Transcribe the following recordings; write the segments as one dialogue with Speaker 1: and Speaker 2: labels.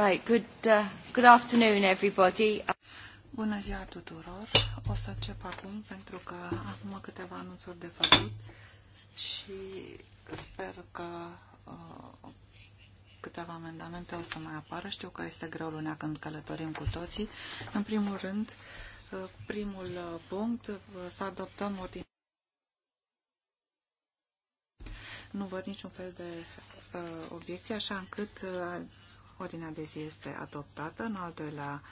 Speaker 1: Right, good, uh, good afternoon everybody. Bună ziua tuturor.
Speaker 2: O să încep acum pentru că am câteva anunțuri de făcut și sper că uh, câteva amendamente o să mai apară. Știu că este greu lunea când călătorim cu toții. În primul rând, uh, primul uh, punct, să adoptăm ordine. nu văd niciun fel de uh, obiecție, așa încât uh, Ordinea de zi este adoptată. În al doilea,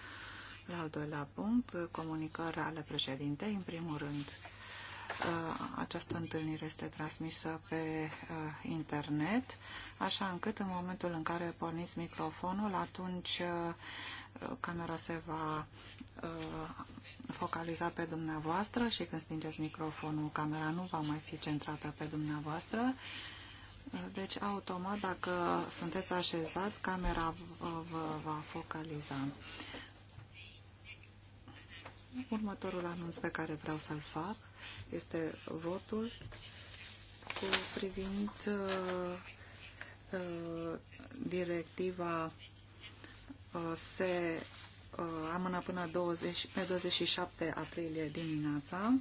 Speaker 2: la al doilea punct, comunicarea ale președintei. În primul rând, uh, această întâlnire este transmisă pe uh, internet, așa încât în momentul în care porniți microfonul, atunci uh, camera se va focaliza pe dumneavoastră și când stingeți microfonul, camera nu va mai fi centrată pe dumneavoastră deci, automat, dacă sunteți așezat, camera vă va focaliza. Următorul anunț pe care vreau să-l fac este votul cu privind uh, uh directiva uh, se uh, amână până 20, pe 27 aprilie dimineața.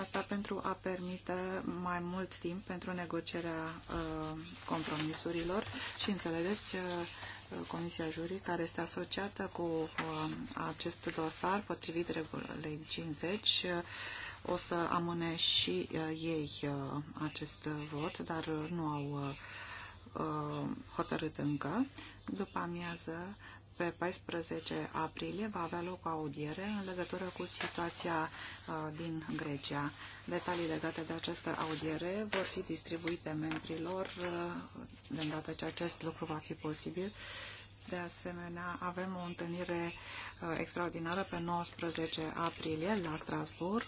Speaker 2: Asta pentru a permite mai mult timp pentru negocierea uh, compromisurilor și înțelegeți uh, Comisia Jurii, care este asociată cu uh, acest dosar potrivit regulilor 50. Uh, o să amâne și uh, ei uh, acest vot, dar nu au uh, uh hotărât încă. După amiază pe 14 aprilie va avea loc o audiere în legătură cu situația uh, din Grecia. Detalii legate de această audiere vor fi distribuite membrilor uh, de îndată ce acest lucru va fi posibil. De asemenea, avem o întâlnire uh, extraordinară pe 19 aprilie la Strasburg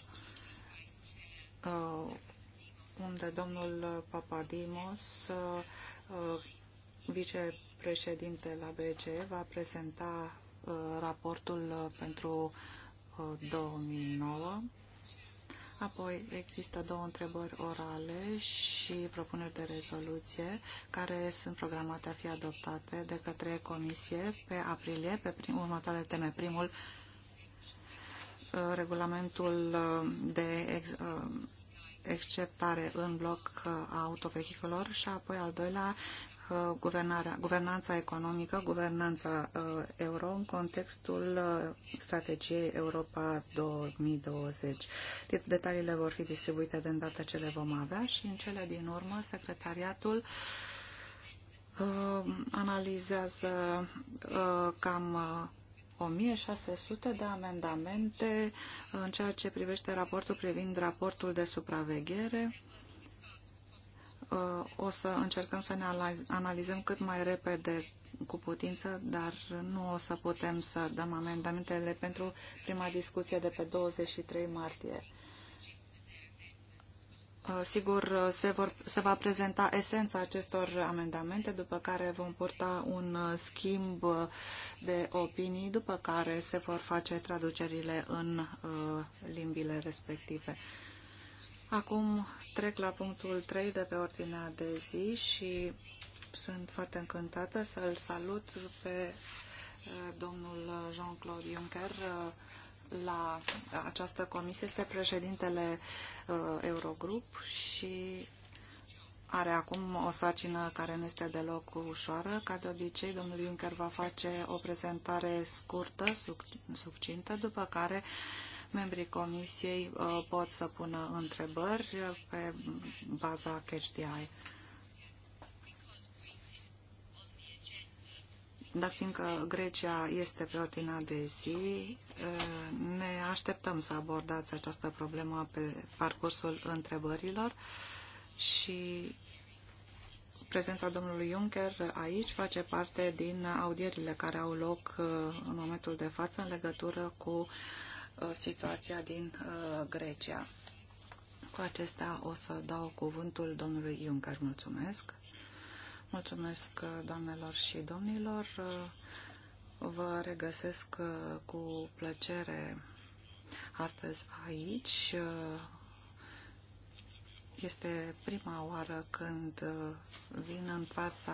Speaker 2: unde domnul Papadimos vicepreședinte la BCE va prezenta uh, raportul uh, pentru uh, 2009. Apoi există două întrebări orale și propuneri de rezoluție care sunt programate a fi adoptate de către Comisie pe aprilie, pe prim, următoarele teme. Primul, uh, regulamentul uh, de ex, exceptare în bloc a autovehiculor și apoi al doilea Uh, guvernarea, guvernanța economică, guvernanța uh, euro în contextul uh, strategiei Europa 2020. Detaliile vor fi distribuite de îndată ce le vom avea și în cele din urmă secretariatul analizează cam 1600 de amendamente în ceea ce privește raportul privind raportul de supraveghere o să încercăm să ne analizăm cât mai repede cu putință, dar nu o să putem să dăm amendamentele pentru prima discuție de pe 23 martie. Uh, sigur, uh, se, vor, se va prezenta esența acestor amendamente, după care vom purta un uh, schimb de opinii, după care se vor face traducerile în limbile respective. Acum trec la punctul 3 de pe ordinea de zi și sunt foarte încântată să-l salut pe uh, domnul Jean-Claude Juncker uh, la această comisie. Este președintele uh, Eurogrup și are acum o sacină care nu este deloc ușoară. Ca de obicei, domnul Juncker va face o prezentare scurtă, succintă, după care Membrii comisiei uh, pot să pună întrebări pe baza CashDI. Dar fiindcă Grecia este pe ordinea de zi, uh, ne așteptăm să abordați această problemă pe parcursul întrebărilor și prezența domnului Juncker aici face parte din audierile care au loc uh, în momentul de față în legătură cu Uh, situația din uh, Grecia. Cu acestea o să dau cuvântul domnului Juncker. Mulțumesc! Mulțumesc uh, doamnelor și domnilor! Vă regăsesc cu plăcere astăzi aici. Este prima oară când vin în fața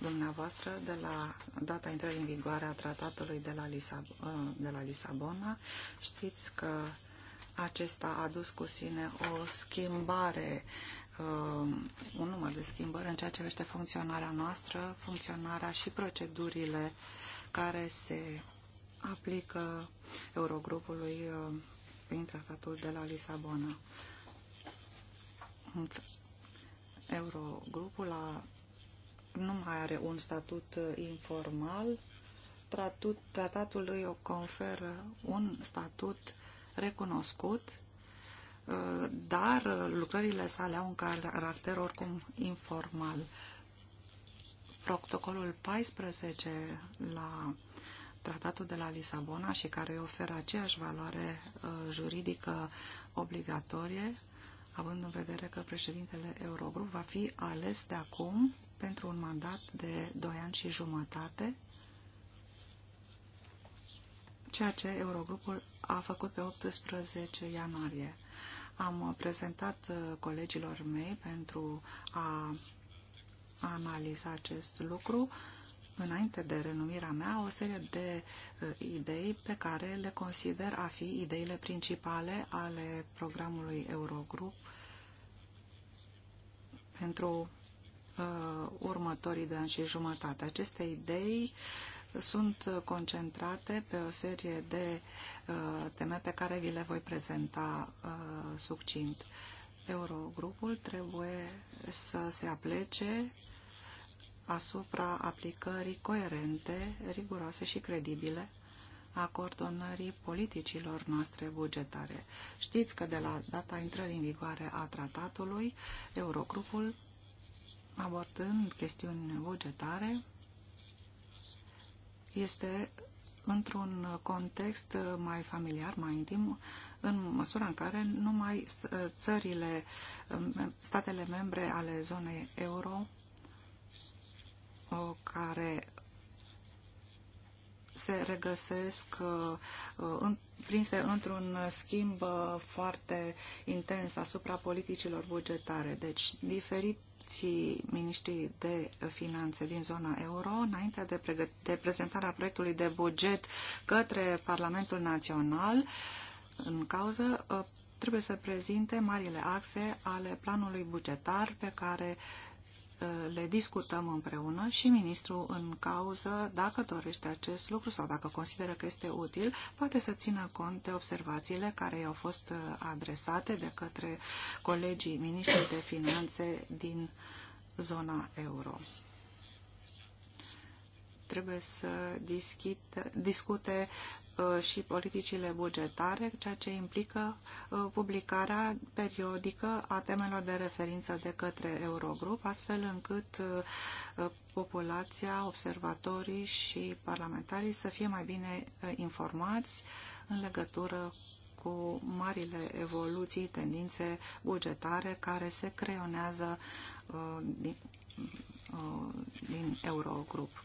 Speaker 2: dumneavoastră de la data intrării în vigoare a tratatului de la, Lisab- ă, de la Lisabona. Știți că acesta a dus cu sine o schimbare, ă, un număr de schimbări în ceea ce vește funcționarea noastră, funcționarea și procedurile care se aplică Eurogrupului ă, prin tratatul de la Lisabona. Eurogrupul a nu mai are un statut uh, informal. Tratut, tratatul îi conferă un statut recunoscut, uh, dar lucrările sale au un caracter oricum informal. Protocolul 14 la tratatul de la Lisabona și care îi oferă aceeași valoare uh, juridică obligatorie, având în vedere că președintele Eurogrup va fi ales de acum pentru un mandat de 2 ani și jumătate, ceea ce Eurogrupul a făcut pe 18 ianuarie. Am prezentat uh, colegilor mei pentru a analiza acest lucru înainte de renumirea mea o serie de uh, idei pe care le consider a fi ideile principale ale programului Eurogrup pentru Uh, următorii de ani și jumătate. Aceste idei sunt concentrate pe o serie de uh, teme pe care vi le voi prezenta uh, succint. Eurogrupul trebuie să se aplece asupra aplicării coerente, riguroase și credibile a coordonării politicilor noastre bugetare. Știți că de la data intrării în vigoare a tratatului, Eurogrupul abordând chestiuni bugetare, este într-un context mai familiar, mai intim, în măsura în care numai țările, um, statele membre ale zonei euro uh, care se regăsesc uh, uh, prinse într-un schimb uh, foarte intens asupra politicilor bugetare. Deci, diferit ministrii miniștrii de finanțe din zona euro, înainte de, de prezentarea proiectului de buget către Parlamentul Național, în cauză, trebuie să prezinte marile axe ale planului bugetar pe care le discutăm împreună și ministrul în cauză, dacă dorește acest lucru sau dacă consideră că este util, poate să țină cont de observațiile care i-au fost uh, adresate de către colegii ministrii de finanțe din zona euro trebuie să discute, discute Uh, și politicile bugetare, ceea ce implică uh, publicarea periodică a temelor de referință de către Eurogrup, astfel încât uh, populația, observatorii și parlamentarii să fie mai bine informați în legătură cu marile evoluții, tendințe bugetare care se creionează din, din Eurogrup.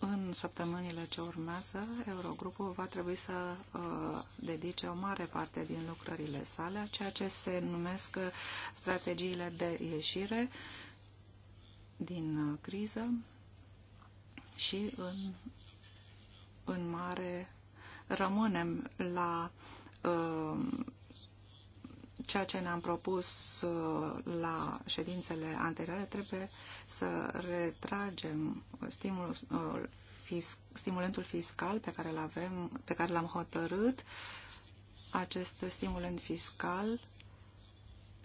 Speaker 2: În săptămânile ce urmează, Eurogrupul va trebui să uh, dedice o mare parte din lucrările sale, ceea ce se numesc strategiile de ieșire din uh, criză și în, în mare rămânem la uh, ceea ce ne-am propus uh, la ședințele anterioare, trebuie să retragem stimul, uh, fisc, stimulentul fiscal pe care, avem, pe care l-am hotărât, acest stimulent fiscal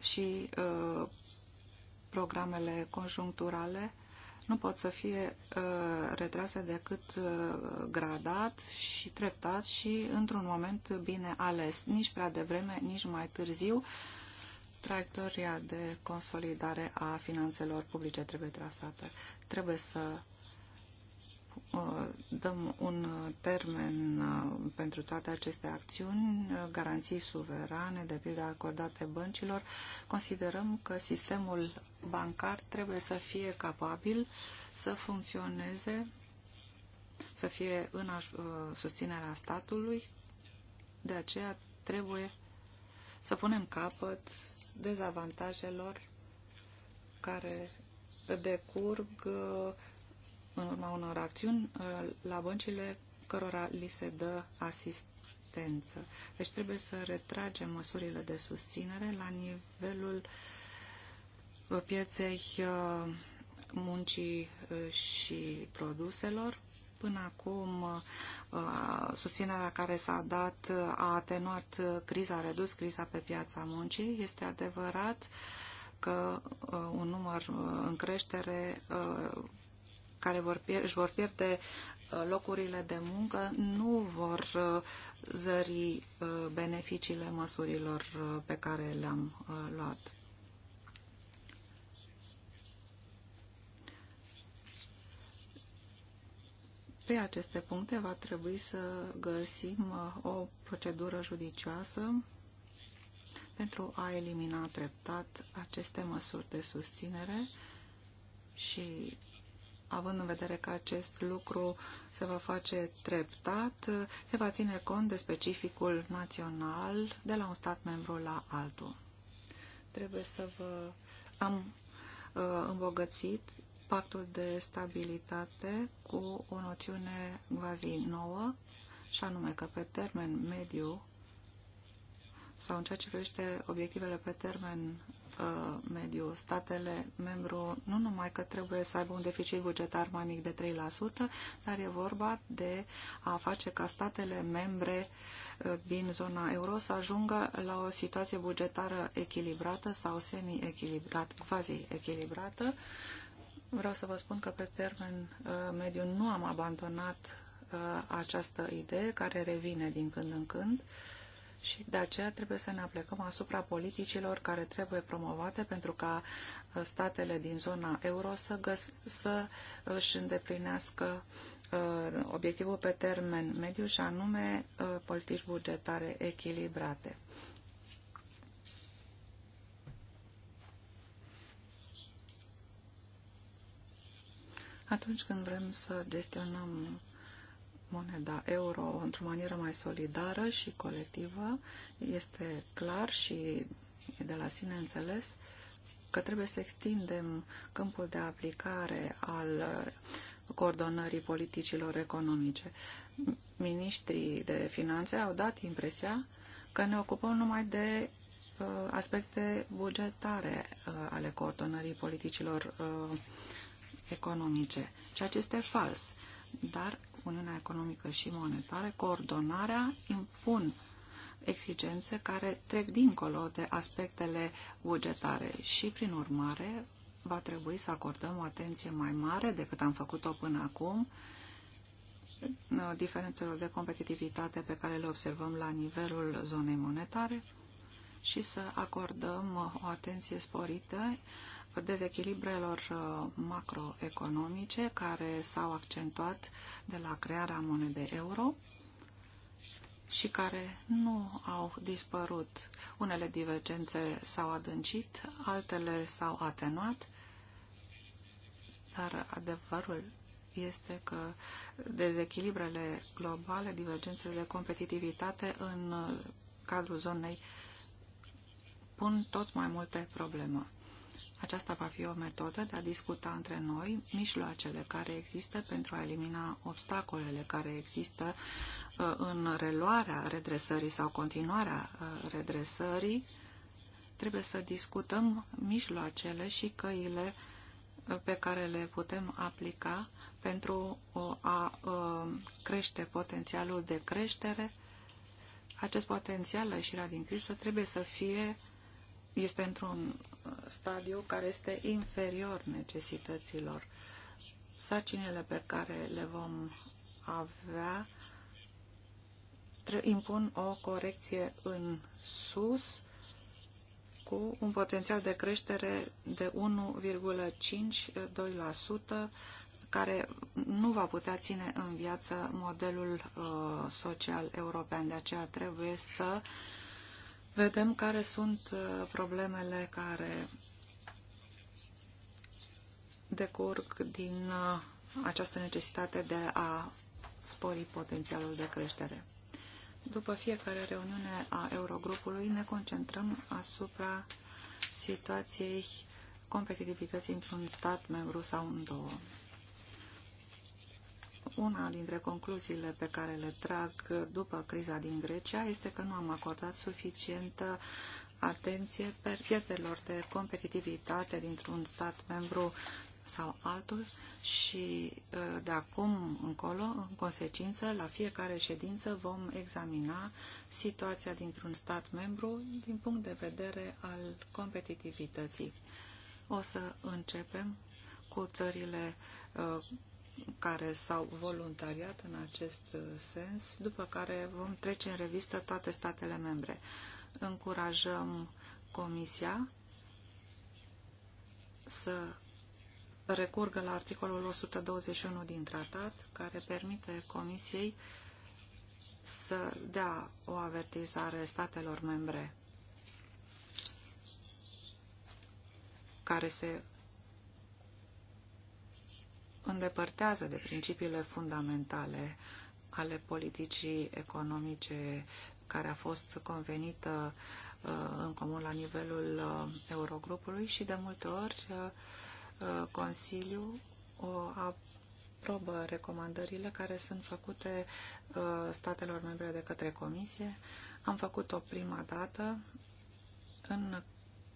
Speaker 2: și uh, programele conjuncturale nu pot să fie uh, retrase decât uh, gradat și treptat și într-un moment bine ales, nici prea devreme, nici mai târziu. Traiectoria de consolidare a finanțelor publice trebuie trasată. Trebuie să Uh, dăm un uh, termen uh, pentru toate aceste acțiuni, garanții suverane, de pildă acordate băncilor, considerăm că sistemul bancar trebuie să fie capabil să funcționeze, să fie în susținerea statului, de aceea trebuie să punem capăt dezavantajelor care decurg în urma unor acțiuni uh, la băncile cărora li se dă asistență. Deci trebuie să retragem măsurile de susținere la nivelul uh, pieței uh, muncii și produselor. Până acum, susținerea care s-a dat a atenuat criza, a redus criza pe piața muncii. Este adevărat că un număr în creștere care vor pierde, își vor pierde uh, locurile de muncă nu vor uh, zări uh, beneficiile măsurilor pe care le-am luat. Pe aceste puncte va trebui să găsim o procedură judicioasă pentru a elimina treptat aceste măsuri de susținere și având în vedere că acest lucru se va face treptat, se va ține cont de specificul național de la un stat membru la altul. Trebuie să vă... Am uh, îmbogățit pactul de stabilitate cu o noțiune quasi nouă, și anume că pe termen mediu sau în ceea ce privește obiectivele pe termen mediu. Statele membru nu numai că trebuie să aibă un deficit bugetar mai mic de 3%, dar e vorba de a face ca statele membre uh, din zona euro să ajungă la o situație bugetară echilibrată sau semi-echilibrată, quasi-echilibrată. Vreau să vă spun că pe termen uh, mediu nu am abandonat uh, această idee care revine din când în când. Uh, și de aceea trebuie să ne aplecăm asupra politicilor care trebuie promovate pentru ca uh, statele din zona euro să, găs- să își îndeplinească uh, obiectivul pe termen mediu și anume uh, politici bugetare echilibrate. Atunci când vrem să gestionăm moneda euro într-o manieră mai solidară și colectivă, este clar și de la sine înțeles că trebuie să extindem câmpul de aplicare al coordonării politicilor economice. Ministrii de finanțe au dat impresia că ne ocupăm numai de uh, aspecte bugetare uh, ale coordonării politicilor uh, economice, ceea ce este fals. Dar Uniunea Economică și Monetară, coordonarea impun exigențe care trec dincolo de aspectele bugetare și, prin urmare, va trebui să acordăm o atenție mai mare decât am făcut-o până acum diferențelor de competitivitate pe care le observăm la nivelul zonei monetare și să acordăm o atenție sporită dezechilibrelor uh, macroeconomice care s-au accentuat de la crearea monedei euro și care nu au dispărut. Unele divergențe s-au adâncit, altele s-au atenuat, dar adevărul este că dezechilibrele globale, divergențele de competitivitate în uh, cadrul zonei pun tot mai multe probleme. Aceasta va fi o metodă de a discuta între noi mijloacele care există pentru a elimina obstacolele care există uh, în reluarea redresării sau continuarea uh, redresării. Trebuie să discutăm mijloacele și căile uh, pe care le putem aplica pentru a crește potențialul de creștere. Acest potențial la ieșirea din criză trebuie să fie este într-un stadiu care este inferior necesităților. Sacinile pe care le vom avea impun o corecție în sus cu un potențial de creștere de 1,5-2% care nu va putea ține în viață modelul uh, social european. De aceea trebuie să uh, vedem care sunt uh, problemele care decurg din uh, această necesitate de a spori potențialul de creștere. După fiecare reuniune a Eurogrupului ne concentrăm asupra situației competitivității într-un stat membru sau în două una dintre concluziile pe care le trag după criza din Grecia este că nu am acordat suficientă atenție pierderilor de competitivitate dintr-un stat membru sau altul și uh, de acum încolo, în consecință, la fiecare ședință vom examina situația dintr-un stat membru din punct de vedere al competitivității. O să începem cu țările uh, care s-au voluntariat în acest uh, sens, după care vom trece în revistă toate statele membre. Încurajăm Comisia să recurgă la articolul 121 din tratat, care permite Comisiei să dea o avertizare statelor membre care se îndepărtează de principiile fundamentale ale politicii economice care a fost convenită uh, în comun la nivelul uh, Eurogrupului și de multe ori uh, Consiliul aprobă recomandările care sunt făcute statelor membre de către Comisie. Am făcut-o prima dată în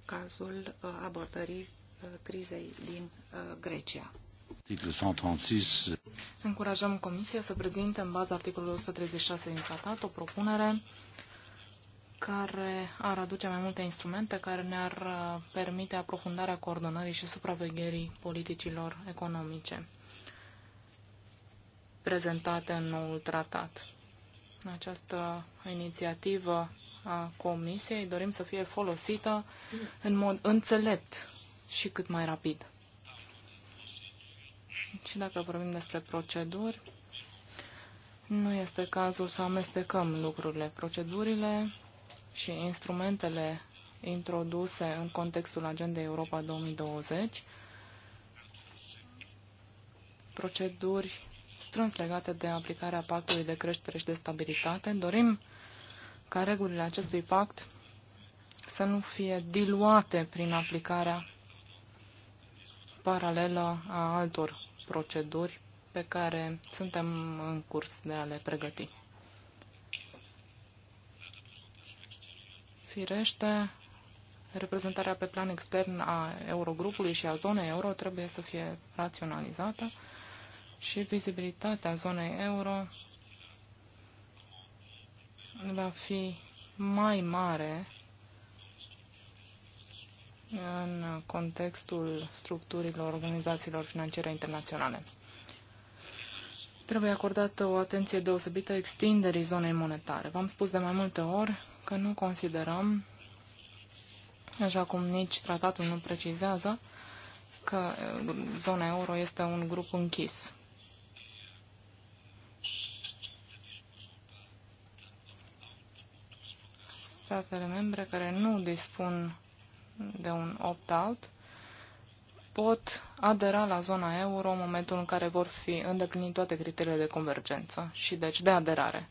Speaker 3: cazul abordării crizei din Grecia.
Speaker 1: Articolul 136.
Speaker 3: Încurajăm Comisia să prezinte în baza articolului 136 din tratat o propunere care ar aduce mai multe instrumente care ne-ar uh, permite aprofundarea coordonării și supravegherii politicilor economice prezentate în noul tratat. În această inițiativă a Comisiei dorim să fie folosită în mod înțelept și cât mai rapid. Și dacă vorbim despre proceduri, nu este cazul să amestecăm lucrurile. Procedurile și instrumentele introduse în contextul Agendei Europa 2020, proceduri strâns legate de aplicarea pactului de creștere și de stabilitate. Dorim ca regulile acestui pact să nu fie diluate prin aplicarea paralelă a altor proceduri pe care suntem în curs de a le pregăti. Firește, reprezentarea pe plan extern a Eurogrupului și a zonei euro trebuie să fie raționalizată și vizibilitatea zonei euro va fi mai mare în contextul structurilor organizațiilor financiare internaționale. Trebuie acordată o atenție deosebită extinderii zonei monetare. V-am spus de mai multe ori că nu considerăm, așa cum nici tratatul nu precizează, că uh, zona euro este un grup închis. Statele membre care nu dispun de un opt-out pot adera la zona euro în momentul în care vor fi îndeplinite toate criteriile de convergență și deci de aderare.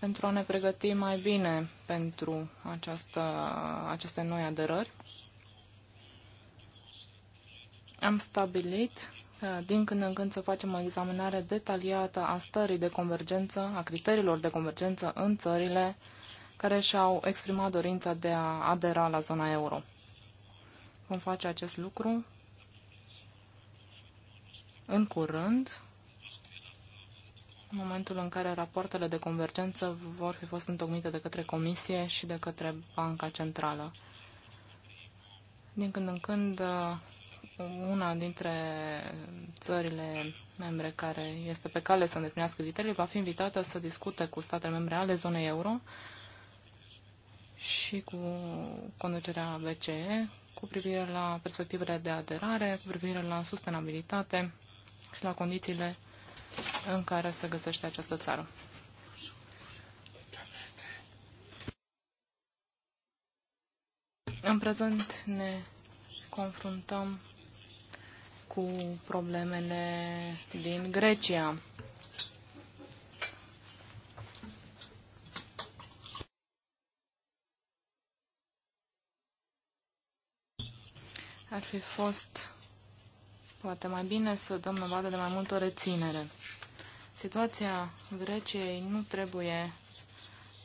Speaker 3: Pentru a ne pregăti mai bine pentru această, aceste noi aderări, am stabilit uh, din când în când să facem o examinare detaliată a stării de convergență, a criteriilor de convergență în țările care și-au exprimat dorința de a adera la zona euro vom face acest lucru în curând, în momentul în care rapoartele de convergență vor fi fost întocmite de către Comisie și de către Banca Centrală. Din când în când, una dintre țările membre care este pe cale să îndeplinească criteriile va fi invitată să discute cu statele membre ale zonei euro și cu conducerea BCE, cu privire la perspectivele de aderare, cu privire la sustenabilitate și la condițiile în care se găsește această țară. În prezent ne confruntăm cu problemele din Grecia Ar fi fost poate mai bine să dăm dovadă de mai multă reținere. Situația Greciei nu trebuie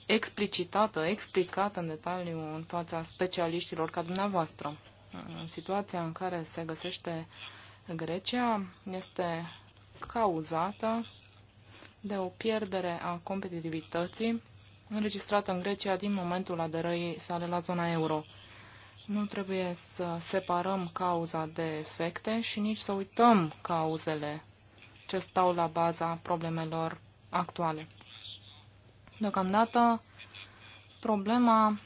Speaker 3: explicitată, explicată în detaliu în fața specialiștilor ca dumneavoastră. Situația în care se găsește Grecia este cauzată de o pierdere a competitivității înregistrată în Grecia din momentul aderării sale la zona euro. Nu trebuie să separăm cauza de efecte și nici să uităm cauzele ce stau la baza problemelor actuale. Deocamdată, problema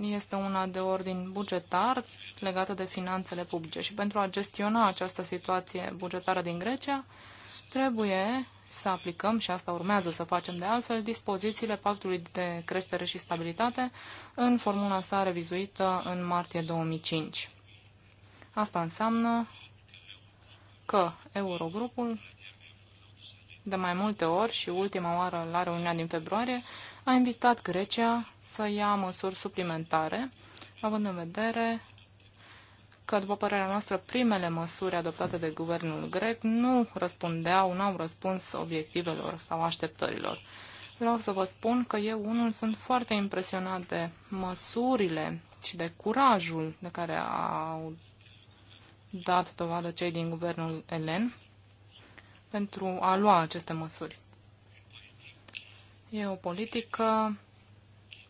Speaker 3: este una de ordin bugetar legată de finanțele publice și pentru a gestiona această situație bugetară din Grecia, trebuie să aplicăm, și asta urmează să facem de altfel, dispozițiile Pactului de Creștere și Stabilitate în formula sa revizuită în martie 2005. Asta înseamnă că Eurogrupul de mai multe ori și ultima oară la reuniunea din februarie a invitat Grecia să ia măsuri suplimentare, având în vedere că, după părerea noastră, primele măsuri adoptate de guvernul grec nu răspundeau, nu au răspuns obiectivelor sau așteptărilor. Vreau să vă spun că eu unul sunt foarte impresionat de măsurile și de curajul de care au dat dovadă cei din guvernul elen pentru a lua aceste măsuri. E o politică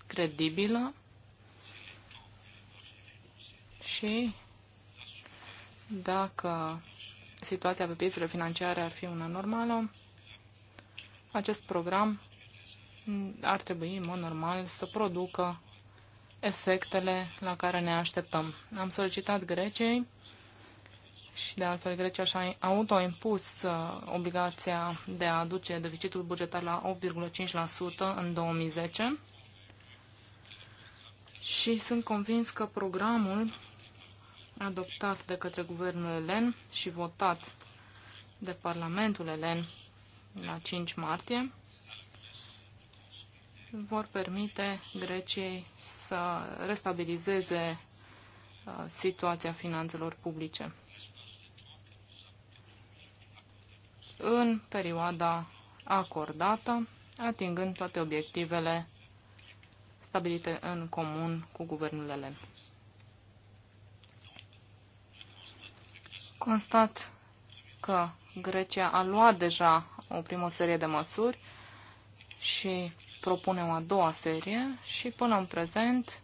Speaker 3: credibilă și dacă situația pe piețele financiare ar fi una normală, acest program ar trebui, în mod normal, să producă efectele la care ne așteptăm. Am solicitat Greciei și, de altfel, Grecia și-a autoimpus uh, obligația de a aduce deficitul bugetar la 8,5% în 2010 și sunt convins că programul adoptat de către guvernul elen și votat de Parlamentul elen la 5 martie, vor permite Greciei să restabilizeze uh, situația finanțelor publice în perioada acordată, atingând toate obiectivele stabilite în comun cu guvernul elen. Constat că Grecia a luat deja o primă serie de măsuri și propune o a doua serie și până în prezent,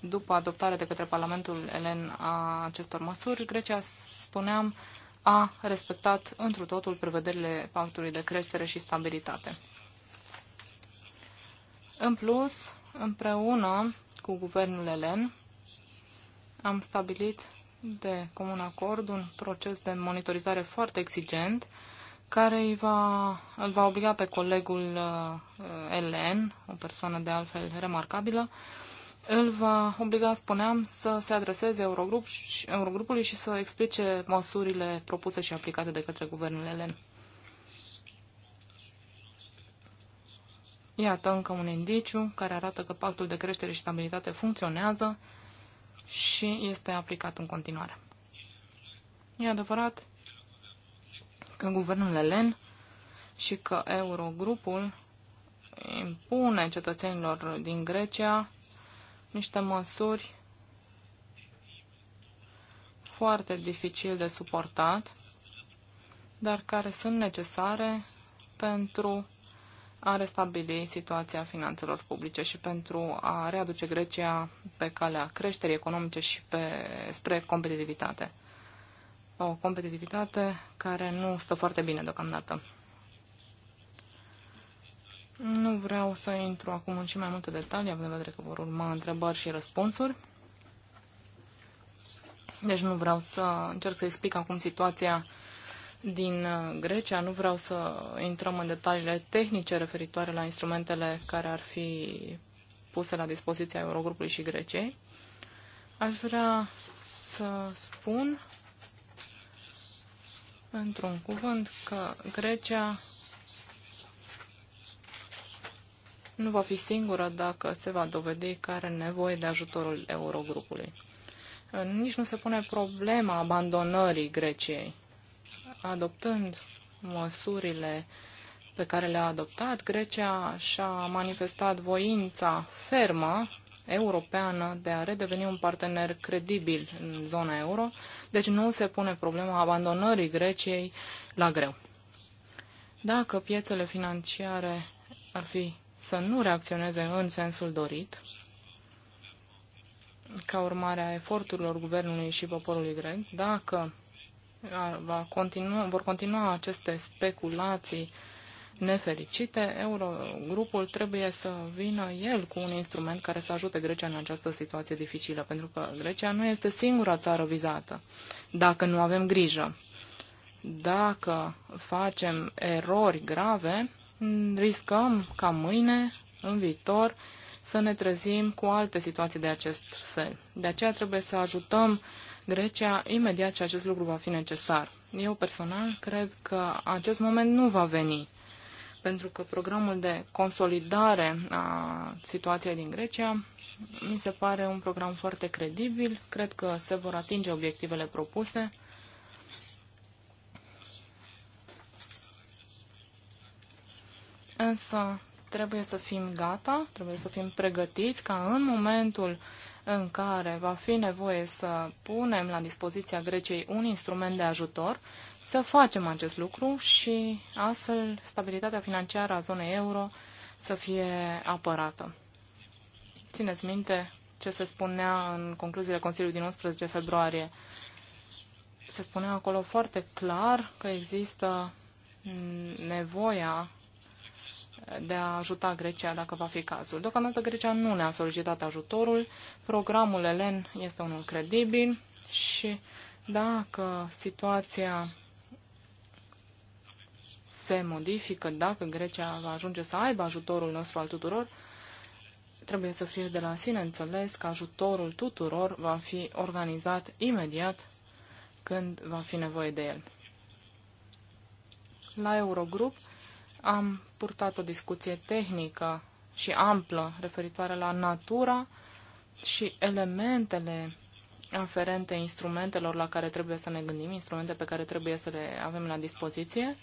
Speaker 3: după adoptarea de către Parlamentul Elen a acestor măsuri, Grecia, spuneam, a respectat întru totul prevederile pactului de creștere și stabilitate. În plus, împreună cu guvernul elen, am stabilit de comun acord un proces de monitorizare foarte exigent care îi va, îl va obliga pe colegul uh, Elen, o persoană de altfel remarcabilă, îl va obliga, spuneam, să se adreseze Eurogrup și, Eurogrupului și să explice măsurile propuse și aplicate de către guvernul Elen. Iată încă un indiciu care arată că pactul de creștere și stabilitate funcționează și este aplicat în continuare. E adevărat că guvernul elen și că Eurogrupul impune cetățenilor din Grecia niște măsuri foarte dificil de suportat, dar care sunt necesare pentru a restabili situația finanțelor publice și pentru a readuce Grecia pe calea creșterii economice și pe, spre competitivitate. O competitivitate care nu stă foarte bine deocamdată. Nu vreau să intru acum în și mai multe detalii, având în vedere că vor urma întrebări și răspunsuri. Deci nu vreau să încerc să explic acum situația din uh, Grecia. Nu vreau să intrăm în detaliile tehnice referitoare la instrumentele care ar fi puse la dispoziția Eurogrupului și Greciei. Aș vrea să spun într-un cuvânt că Grecia nu va fi singură dacă se va dovedi că are nevoie de ajutorul Eurogrupului. Nici nu se pune problema abandonării Greciei adoptând măsurile pe care le-a adoptat, Grecia și-a manifestat voința fermă europeană de a redeveni un partener credibil în zona euro, deci nu se pune problema abandonării Greciei la greu. Dacă piețele financiare ar fi să nu reacționeze în sensul dorit, ca urmare a eforturilor guvernului și poporului grec, dacă va continua, vor continua aceste speculații nefericite, Eurogrupul trebuie să vină el cu un instrument care să ajute Grecia în această situație dificilă, pentru că Grecia nu este singura țară vizată, dacă nu avem grijă. Dacă facem erori grave, riscăm ca mâine, în viitor, să ne trezim cu alte situații de acest fel. De aceea trebuie să ajutăm uh, Grecia imediat ce acest lucru va fi necesar. Eu personal cred că acest moment nu va veni, pentru că programul de consolidare a situației din Grecia mi se pare un program foarte credibil, cred că se vor atinge obiectivele propuse. Însă trebuie să fim gata, trebuie să fim pregătiți ca în momentul uh, în care va fi nevoie să punem la dispoziția Greciei un instrument de ajutor, să facem acest lucru și astfel stabilitatea financiară a zonei euro să fie apărată. Țineți minte ce se spunea în concluziile Consiliului din 11 februarie. Se spunea acolo foarte clar că există nevoia de a ajuta Grecia dacă va fi cazul. Deocamdată Grecia nu ne-a solicitat ajutorul, programul Elen este unul credibil și dacă situația se modifică, dacă Grecia va ajunge să aibă ajutorul nostru al tuturor, trebuie să fie de la sine înțeles că ajutorul tuturor va fi organizat imediat când va fi nevoie de el. La Eurogrup am purtat o discuție tehnică și amplă referitoare la natura și elementele aferente instrumentelor la care trebuie să ne gândim, instrumente pe care trebuie să le avem la dispoziție.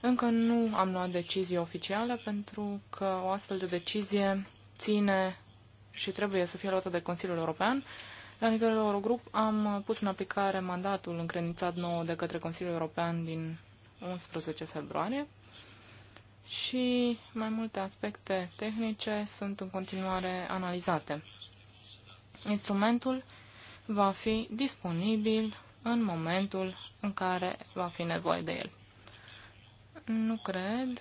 Speaker 3: Încă nu am luat decizie oficială pentru că o astfel de decizie ține și trebuie să fie luată de Consiliul European. La nivelul Eurogrup am pus în aplicare mandatul încredințat nou de către Consiliul European din 11 februarie și mai multe aspecte tehnice sunt în continuare analizate. Instrumentul va fi disponibil în momentul în care va fi nevoie de el. Nu cred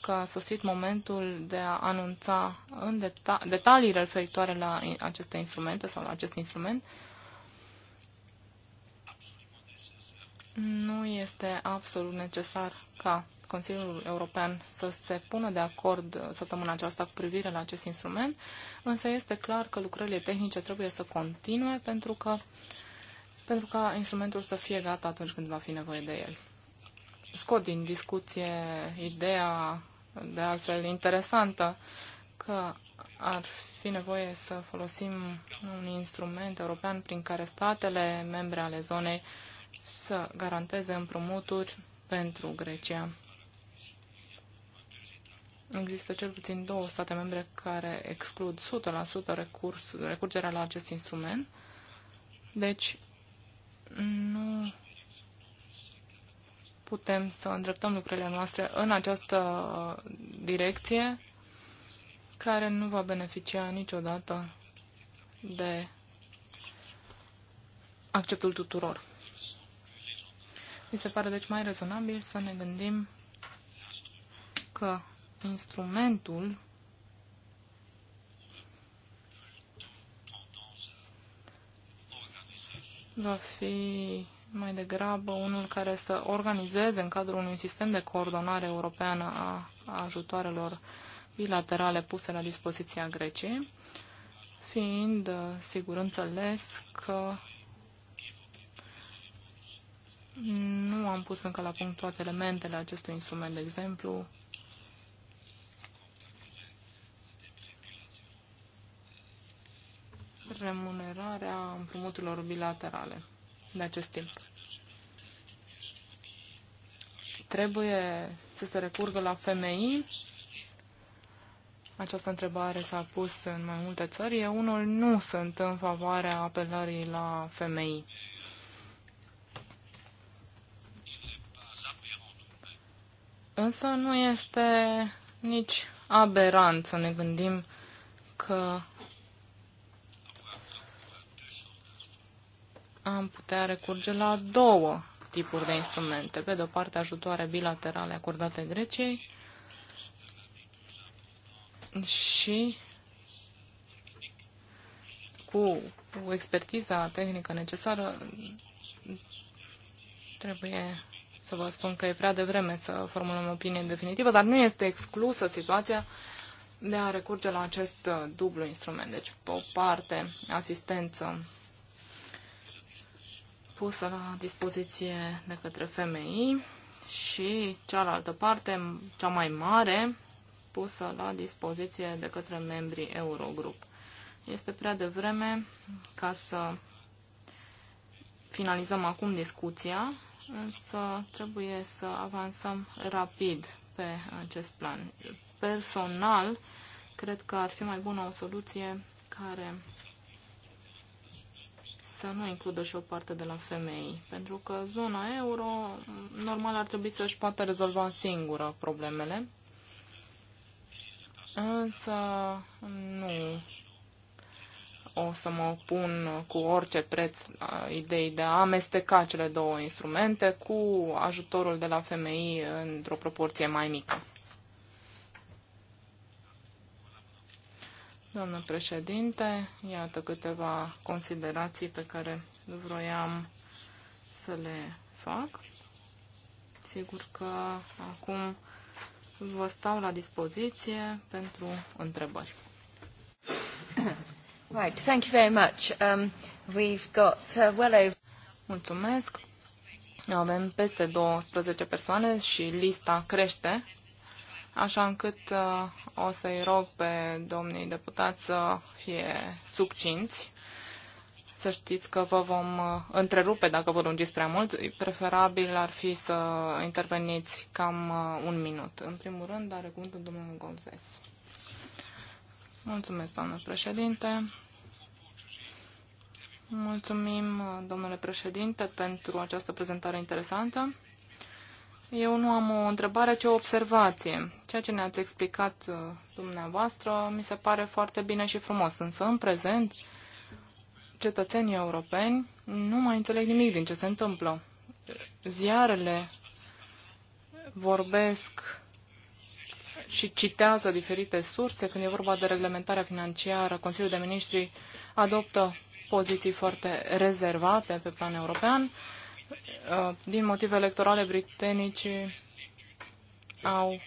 Speaker 3: că a sosit momentul de a anunța în deta- detalii referitoare la aceste instrumente sau la acest instrument. Nu este absolut necesar ca Consiliul European să se pună de acord săptămâna aceasta cu privire la acest instrument, însă este clar că lucrările tehnice trebuie să continue pentru, că, pentru ca instrumentul să fie gata atunci când va fi nevoie de el. Scot din discuție ideea, de altfel interesantă, că ar fi nevoie să folosim un instrument european prin care statele membre ale zonei să garanteze împrumuturi pentru Grecia Există cel puțin două state membre care exclud 100% recurs, recurgerea la acest instrument. Deci, nu putem să îndreptăm lucrurile noastre în această direcție care nu va beneficia niciodată de acceptul tuturor. Mi se pare deci mai rezonabil să ne gândim că instrumentul va fi mai degrabă unul care să organizeze în cadrul unui sistem de coordonare europeană a ajutoarelor bilaterale puse la dispoziția Greciei, fiind, uh, sigur, înțeles că nu am pus încă la punct toate elementele acestui instrument, de exemplu, remunerarea împrumuturilor bilaterale de acest timp. Trebuie să se recurgă la femei. Această întrebare s-a pus în mai multe țări. Eu unul nu sunt în favoarea apelării la femei. Însă nu este nici aberant să ne gândim că am putea recurge la două tipuri de instrumente. Pe de o parte, ajutoare bilaterale acordate Greciei și cu, expertiza tehnică necesară trebuie să vă spun că e prea devreme să formulăm opinie definitivă, dar nu este exclusă situația de a recurge la acest dublu instrument. Deci, pe o parte, asistență pusă la dispoziție de către femei și cealaltă parte, cea mai mare, pusă la dispoziție de către membrii Eurogrup. Este prea devreme ca să finalizăm acum discuția, însă trebuie să avansăm rapid pe acest plan. Personal, cred că ar fi mai bună o soluție care să nu includă și o parte de la femei, pentru că zona euro normal ar trebui să-și poată rezolva singură problemele, însă nu o să mă opun cu orice preț idei de a amesteca cele două instrumente cu ajutorul de la femei într-o proporție mai mică. Doamnă președinte, iată câteva considerații pe care vroiam să le fac. Sigur că acum vă stau la dispoziție pentru întrebări. Right, thank you very much. Um, we've got uh, well over... Mulțumesc. Avem peste 12 persoane și lista crește așa încât uh, o să-i rog pe domnii deputați să fie succinți. Să știți că vă vom uh, întrerupe dacă vă lungiți prea mult. Preferabil ar fi să interveniți cam uh, un minut. În primul rând, dar cuvântul domnul Gomzes. Mulțumesc, doamnă președinte. Mulțumim, domnule președinte, pentru această prezentare interesantă. Eu nu am o întrebare, ci o observație. Ceea ce ne-ați explicat uh, dumneavoastră mi se pare foarte bine și frumos, însă în prezent cetățenii europeni nu mai înțeleg nimic din ce se întâmplă. Ziarele vorbesc și citează diferite surse. Când e vorba de reglementarea financiară, Consiliul de Ministri adoptă poziții foarte rezervate pe plan european Uh, din motive electorale britanicii au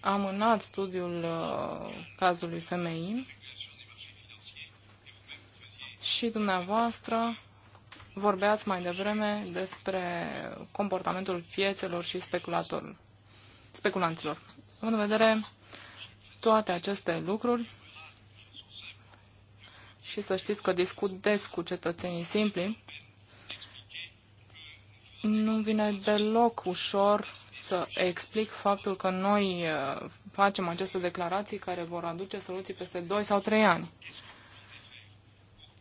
Speaker 3: amânat studiul uh, cazului femeii și dumneavoastră vorbeați mai devreme despre comportamentul piețelor și speculanților. în vedere toate aceste lucruri și să știți că discut des cu cetățenii simpli, nu vine deloc ușor să explic faptul că noi uh, facem aceste declarații care vor aduce soluții peste 2 sau 3 ani.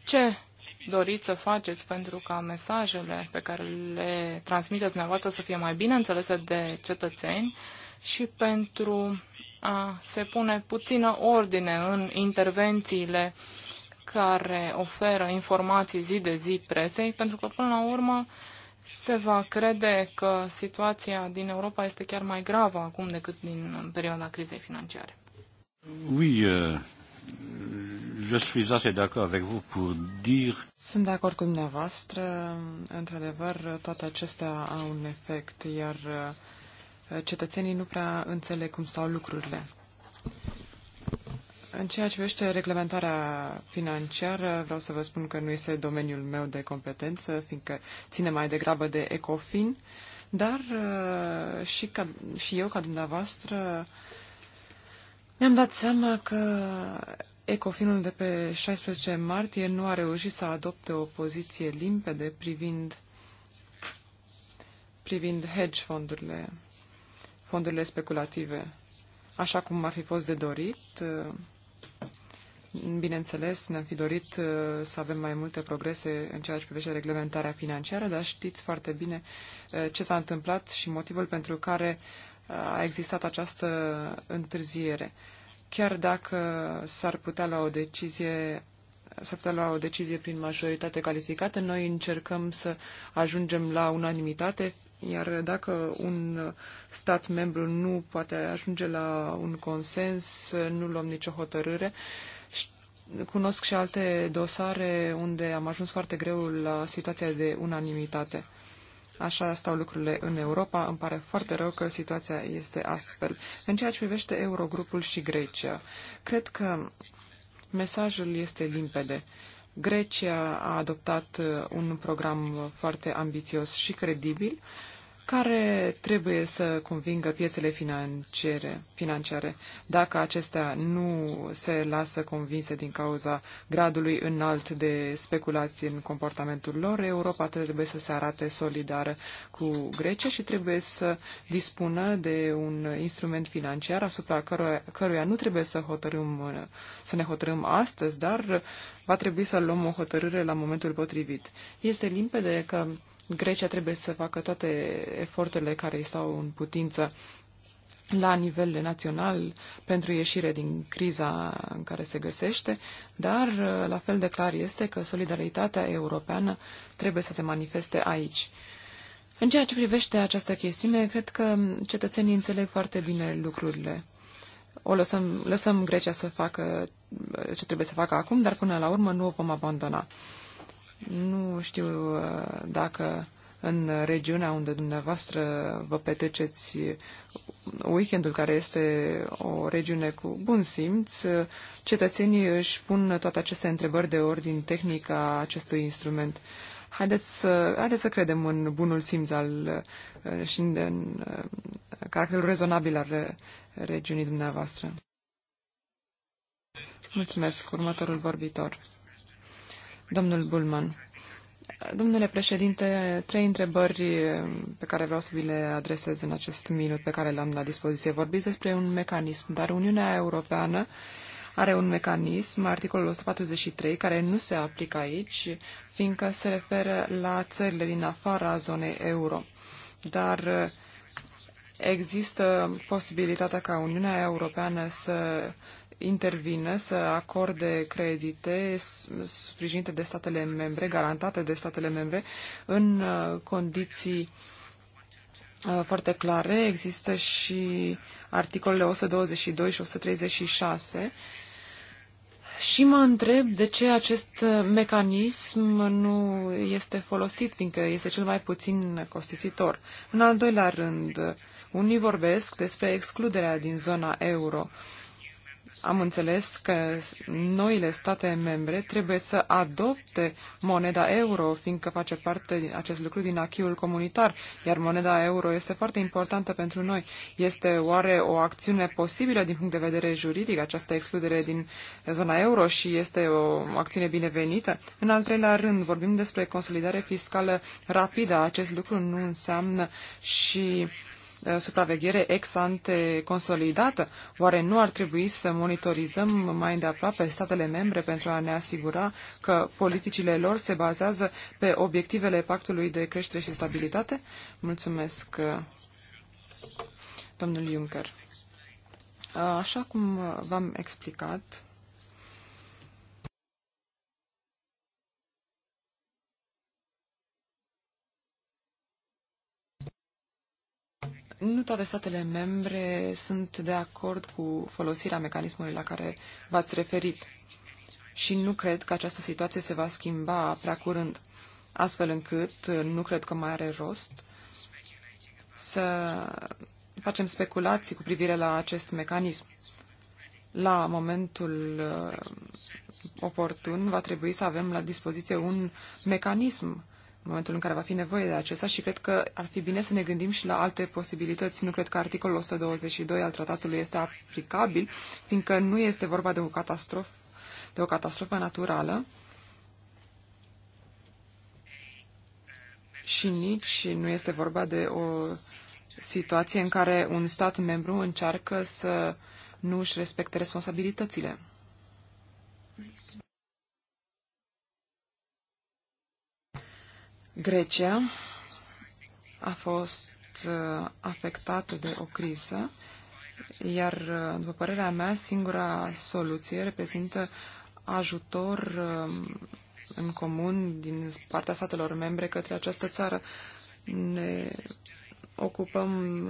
Speaker 3: Ce doriți să faceți pentru ca mesajele pe care le transmiteți dumneavoastră să fie mai bine înțelese de cetățeni și pentru a se pune puțină ordine în intervențiile care oferă informații zi de zi presei, pentru că până la urmă se va crede că situația din Europa este chiar mai gravă acum decât din perioada crizei financiare.
Speaker 1: Oui, uh, je suis assez d'accord avec vous pour dire...
Speaker 4: Sunt de acord cu dumneavoastră. Într-adevăr, toate acestea au un efect, iar uh, cetățenii nu prea înțeleg cum stau lucrurile. În ceea ce privește reglementarea financiară, vreau să vă spun că nu este domeniul meu de competență, fiindcă ține mai degrabă de ECOFIN, dar uh, și, ca, și eu, ca dumneavoastră, mi-am dat seama că Ecofinul de pe 16 martie nu a reușit să adopte o poziție limpede privind, privind hedge fondurile, fondurile speculative, așa cum ar fi fost de dorit. Bineînțeles, ne-am fi dorit uh, să avem mai multe progrese în ceea ce privește reglementarea financiară, dar știți foarte bine uh, ce s-a întâmplat și motivul pentru care uh, a existat această întârziere. Chiar dacă s-ar putea la o decizie s-ar putea lua o decizie prin majoritate calificată, noi încercăm să ajungem la unanimitate, iar dacă un stat membru nu poate ajunge la un consens, nu luăm nicio hotărâre. Uh, cunosc și alte dosare unde am ajuns foarte greu la situația de unanimitate. Așa stau lucrurile în Europa. Îmi pare foarte rău că situația este astfel. În ceea ce privește Eurogrupul și Grecia, cred că mesajul este limpede. Grecia a adoptat uh, un program foarte ambițios și credibil care trebuie să convingă piețele financiare, financiare dacă acestea nu se lasă convinse din cauza gradului înalt de speculații în comportamentul lor, Europa trebuie să se arate solidară cu Grecia și trebuie să dispună de un instrument financiar asupra căruia, căruia nu trebuie să, hotărâm, să ne hotărâm astăzi, dar va trebui să luăm o hotărâre la momentul potrivit. Este limpede că Grecia trebuie să facă toate eforturile care îi stau în putință la nivel național pentru ieșire din criza în care se găsește, dar uh, la fel de clar este că solidaritatea europeană trebuie să se manifeste aici. În ceea ce privește această chestiune, cred că cetățenii înțeleg foarte bine lucrurile. O lăsăm, lăsăm Grecia să facă uh, ce trebuie să facă acum, dar până la urmă nu o vom abandona. Nu știu uh, dacă în regiunea unde dumneavoastră vă petreceți weekendul, care este o regiune cu bun simț, uh, cetățenii își pun toate aceste întrebări de ordin tehnic a acestui instrument. Haideți să, haideți să credem în bunul simț al, uh, și în, în caracterul rezonabil al regiunii dumneavoastră. Mulțumesc. Următorul vorbitor. Domnul Bulman. Domnule președinte, trei întrebări eh, pe care vreau să vi le adresez în acest minut pe care l-am la dispoziție. Vorbiți despre un mecanism, dar Uniunea Europeană are un mecanism, articolul 143, care nu se aplică aici, fiindcă se referă la țările din afara zonei euro. Dar eh, există posibilitatea ca Uniunea Europeană să intervine să acorde credite sprijinite de statele membre, garantate de statele membre, în uh, condiții uh, foarte clare. Există și articolele 122 și 136 și mă întreb de ce acest uh, mecanism nu este folosit, fiindcă este cel mai puțin costisitor. În al doilea rând, unii vorbesc despre excluderea din zona euro. Uh, am înțeles că noile state membre trebuie să adopte moneda euro, fiindcă face parte din acest lucru din achiul comunitar, iar moneda euro este foarte importantă pentru noi. Este oare o acțiune posibilă din punct de vedere juridic, această excludere din zona euro și este o acțiune binevenită? În al treilea rând, vorbim despre consolidare fiscală rapidă. Acest lucru nu înseamnă și Eh, supraveghere ex ante consolidată? Oare nu ar trebui să monitorizăm mai îndeaproape statele membre pentru a ne asigura că politicile lor se bazează pe obiectivele pactului de creștere și stabilitate? Mulțumesc, eh, domnul Juncker. Eh, așa cum v-am explicat, nu toate statele membre sunt de acord cu folosirea mecanismului la care v-ați referit și nu cred că această situație se va schimba prea curând, astfel încât nu cred că mai are rost să facem speculații cu privire la acest mecanism. La momentul uh, oportun va trebui să avem la dispoziție un mecanism în momentul în care va fi nevoie de acesta și cred că ar fi bine să ne gândim și la alte posibilități. Nu cred că articolul 122 al tratatului este aplicabil, fiindcă nu este vorba de o catastrofă, de o catastrofă naturală și nici nu este vorba de o situație în care un stat membru încearcă să nu își respecte responsabilitățile. Grecia a fost uh, afectată de o criză, iar, uh, după părerea mea, singura soluție reprezintă ajutor uh, în comun din partea statelor membre către această țară. Ne ocupăm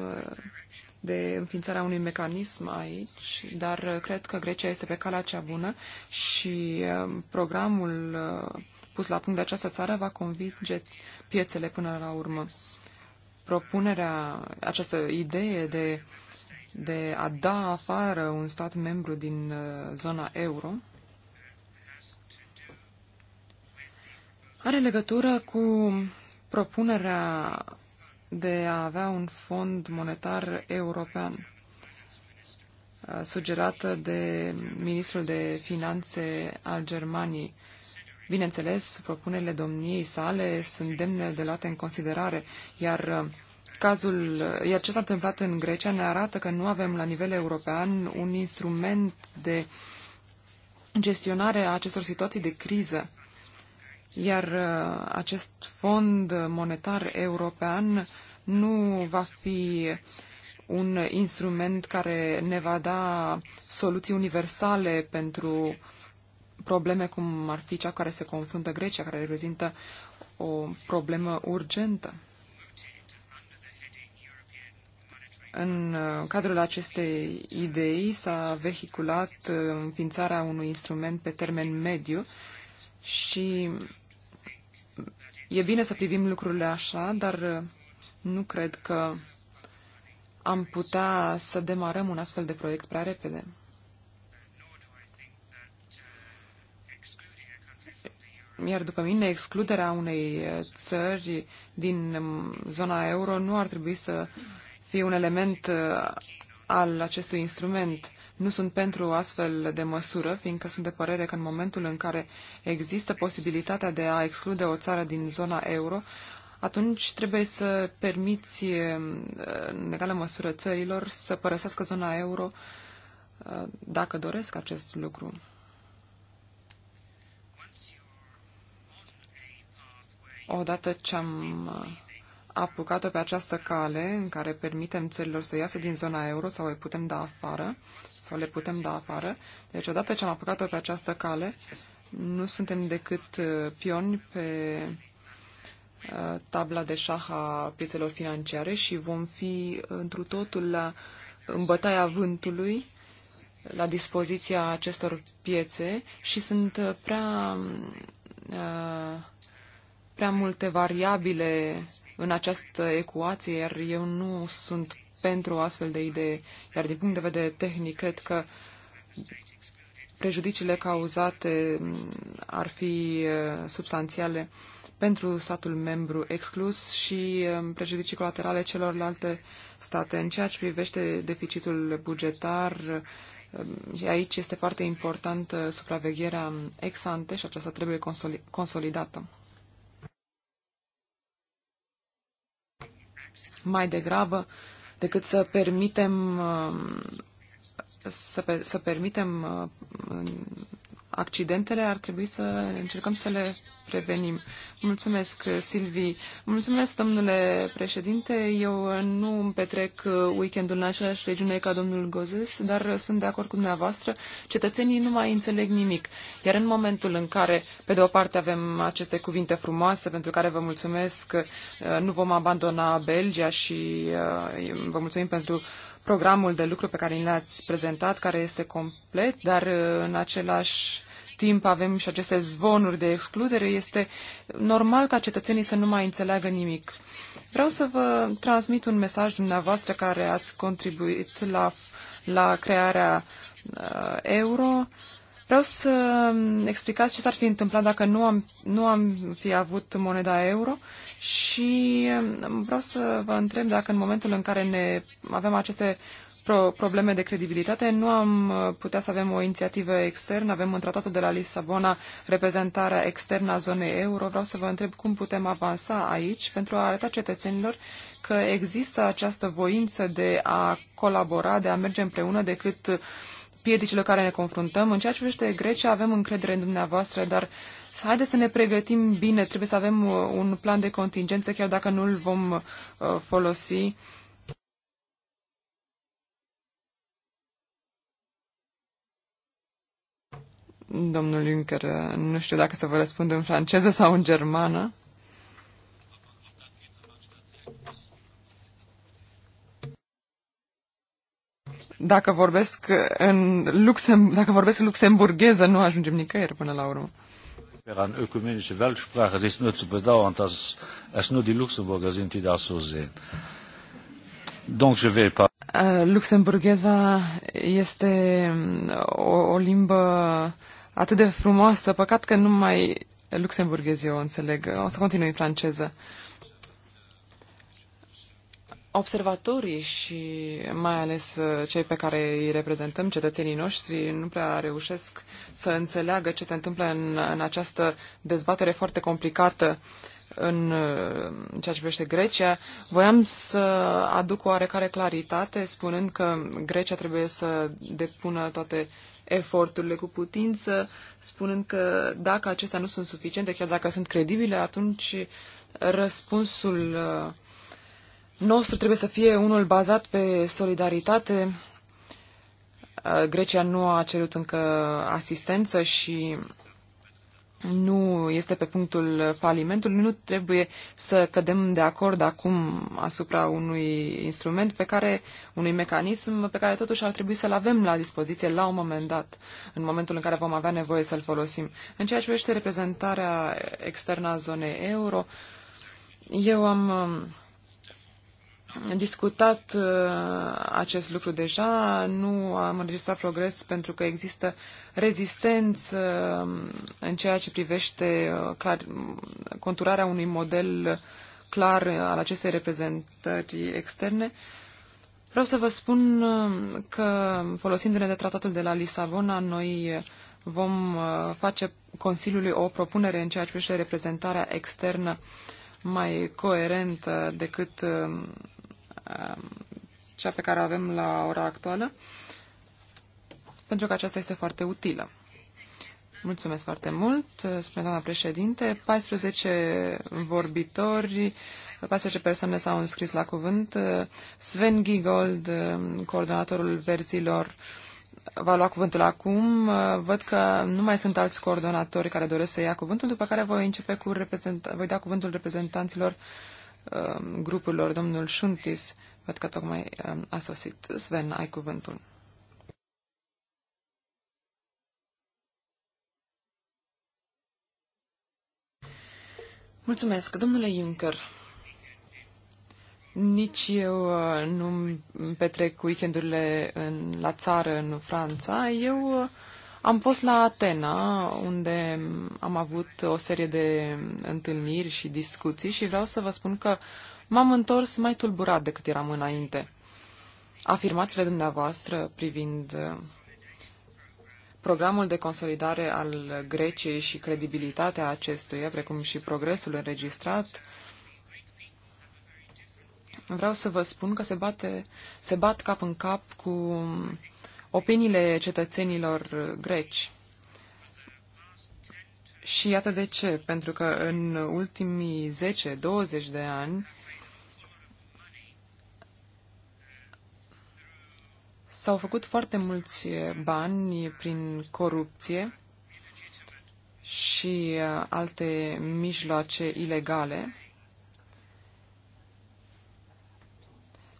Speaker 4: de înființarea unui mecanism aici, dar cred că Grecia este pe calea cea bună și programul pus la punct de această țară va convinge piețele până la urmă. Propunerea, această idee de, de a da afară un stat membru din uh, zona euro are legătură cu propunerea de a avea un fond monetar european uh, sugerată de ministrul de finanțe al Germaniei, Bineînțeles, propunerile domniei sale sunt demne de luate în considerare, iar uh, cazul, uh, iar ce s-a întâmplat în Grecia ne arată că nu avem la nivel european un instrument de gestionare a acestor situații de criză. Iar uh, acest fond monetar european nu va fi un instrument care ne va da soluții universale pentru probleme cum ar fi cea care se confruntă Grecia, care reprezintă o problemă urgentă. În cadrul acestei idei s-a vehiculat uh, înființarea unui instrument pe termen mediu și e bine să privim lucrurile așa, dar uh, nu cred că am putea să demarăm un astfel de proiect prea repede. Iar după mine, excluderea unei eh, țări din mm, zona euro nu ar trebui să fie un element eh, al acestui instrument. Nu sunt pentru astfel de măsură, fiindcă sunt de părere că în momentul în care există posibilitatea de a exclude o țară din zona euro, atunci trebuie să permiți eh, în egală măsură țărilor să părăsească zona euro dacă doresc acest lucru. Odată ce am uh, apucat-o pe această cale în care permitem țărilor să iasă din zona euro sau le putem da afară, sau le putem da afară. Deci odată ce am apucat-o pe această cale, nu suntem decât uh, pioni pe uh, tabla de șah a piețelor financiare și vom fi întru totul la, în bătaia vântului la dispoziția acestor piețe și sunt prea uh, prea multe variabile în această ecuație, iar eu nu sunt pentru o astfel de idee. Iar din punct de vedere tehnic, cred că prejudiciile cauzate ar fi substanțiale pentru statul membru exclus și prejudicii colaterale celorlalte state. În ceea ce privește deficitul bugetar, aici este foarte importantă supravegherea ex ante și aceasta trebuie consolidată. mai degrabă decât să permitem um, să, pe, să permitem uh, accidentele, ar trebui să încercăm să le prevenim. Mulțumesc, Silvi. Mulțumesc, domnule președinte. Eu nu îmi petrec weekendul în aceeași regiune ca domnul Gozes, dar sunt de acord cu dumneavoastră. Cetățenii nu mai înțeleg nimic. Iar în momentul în care, pe de o parte, avem aceste cuvinte frumoase pentru care vă mulțumesc, uh, nu vom abandona Belgia și uh, vă mulțumim pentru programul de lucru pe care l-ați prezentat, care este complet, dar uh, în același timp avem și aceste zvonuri de excludere, este normal ca cetățenii să nu mai înțeleagă nimic. Vreau să vă transmit un mesaj dumneavoastră care ați contribuit la, la crearea uh, euro. Vreau să explicați ce s-ar fi întâmplat dacă nu am, nu am fi avut moneda euro și um, vreau să vă întreb dacă în momentul în care ne avem aceste pro- probleme de credibilitate. Nu am uh, putea să avem o inițiativă externă. Avem în tratatul de la Lisabona reprezentarea externă a zonei euro. Vreau să vă întreb cum putem avansa aici pentru a arăta cetățenilor că există această voință de a colabora, de a merge împreună, decât piedicile care ne confruntăm. În ceea ce privește Grecia, avem încredere în dumneavoastră, dar haideți să ne pregătim bine. Trebuie să avem uh, un plan de contingență, chiar dacă nu îl vom uh, folosi domnul Juncker. Nu știu dacă să vă răspund în franceză sau în germană. Dacă vorbesc în Luxem, dacă vorbesc în luxemburgheză, nu ajungem nicăieri până la urmă.
Speaker 1: an ökumenische Weltsprache. Es ist nur zu bedauern, dass es nur die Luxemburger sind, die das so sehen. Donc je vais pas
Speaker 4: luxemburgheza este o, o limbă atât de frumoasă. Păcat că nu mai luxemburghez eu înțeleg. O să continui în franceză. Observatorii și mai ales uh, cei pe care îi reprezentăm, cetățenii noștri, nu prea reușesc să înțeleagă ce se întâmplă în, în această dezbatere foarte complicată în uh, ceea ce privește Grecia. Voiam să aduc oarecare claritate spunând că Grecia trebuie să depună toate eforturile cu putință, spunând că dacă acestea nu sunt suficiente, chiar dacă sunt credibile, atunci răspunsul uh, nostru trebuie să fie unul bazat pe solidaritate. Uh, Grecia nu a cerut încă asistență și nu este pe punctul falimentului, nu trebuie să cădem de acord acum asupra unui instrument pe care, unui mecanism pe care totuși ar trebui să-l avem la dispoziție la un moment dat, în momentul în care vom avea nevoie să-l folosim. În ceea ce privește reprezentarea externă a zonei euro, eu am um, discutat uh, acest lucru deja, nu am înregistrat progres pentru că există rezistență um, în ceea ce privește uh, clar, conturarea unui model clar al acestei reprezentări externe. Vreau să vă spun um, că, folosindu-ne de tratatul de la Lisabona, noi vom uh, face Consiliului o propunere în ceea ce privește reprezentarea externă mai coerentă decât um, Um, cea pe care o avem la ora actuală, pentru că aceasta este foarte utilă. Mulțumesc foarte mult, spune doamna președinte. 14 vorbitori, 14 persoane s-au înscris la cuvânt. Sven Gigold coordonatorul verzilor, va lua cuvântul acum. Văd că nu mai sunt alți coordonatori care doresc să ia cuvântul, după care voi începe cu reprezent- voi da cuvântul reprezentanților Um, grupurilor, domnul Șuntis, văd că tocmai um, a sosit. Sven, ai cuvântul. Mulțumesc, domnule Juncker. Nici eu uh, nu petrec weekendurile în, la țară, în Franța. Eu uh, am fost la Atena, unde am avut o serie de întâlniri și discuții și vreau să vă spun că m-am întors mai tulburat decât eram înainte. Afirmațiile dumneavoastră privind uh, programul de consolidare al Greciei și credibilitatea acestuia, precum și progresul înregistrat, vreau să vă spun că se, bate, se bat cap în cap cu opiniile cetățenilor greci. Și iată de ce, pentru că în ultimii 10-20 de ani s-au făcut foarte mulți bani prin corupție și uh, alte mijloace ilegale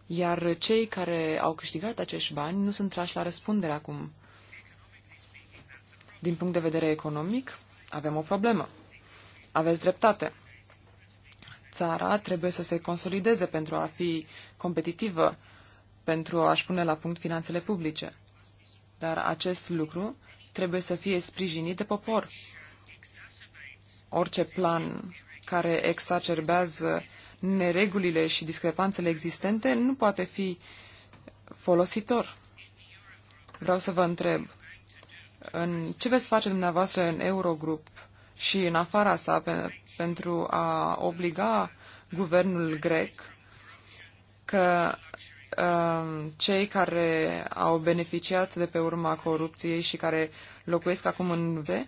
Speaker 4: iar cei care au câștigat acești bani nu sunt trași la răspundere acum. Din punct de vedere economic, avem o problemă. Aveți dreptate. Țara trebuie să se consolideze pentru a fi competitivă, pentru a-și pune la punct finanțele publice. Dar acest lucru trebuie să fie sprijinit de popor. Orice plan care exacerbează neregulile și discrepanțele existente nu poate fi folositor. Vreau să vă întreb, în ce veți face dumneavoastră în Eurogrup și în afara sa pe, pentru a obliga guvernul grec că uh, cei care au beneficiat de pe urma corupției și care locuiesc acum în UE uh,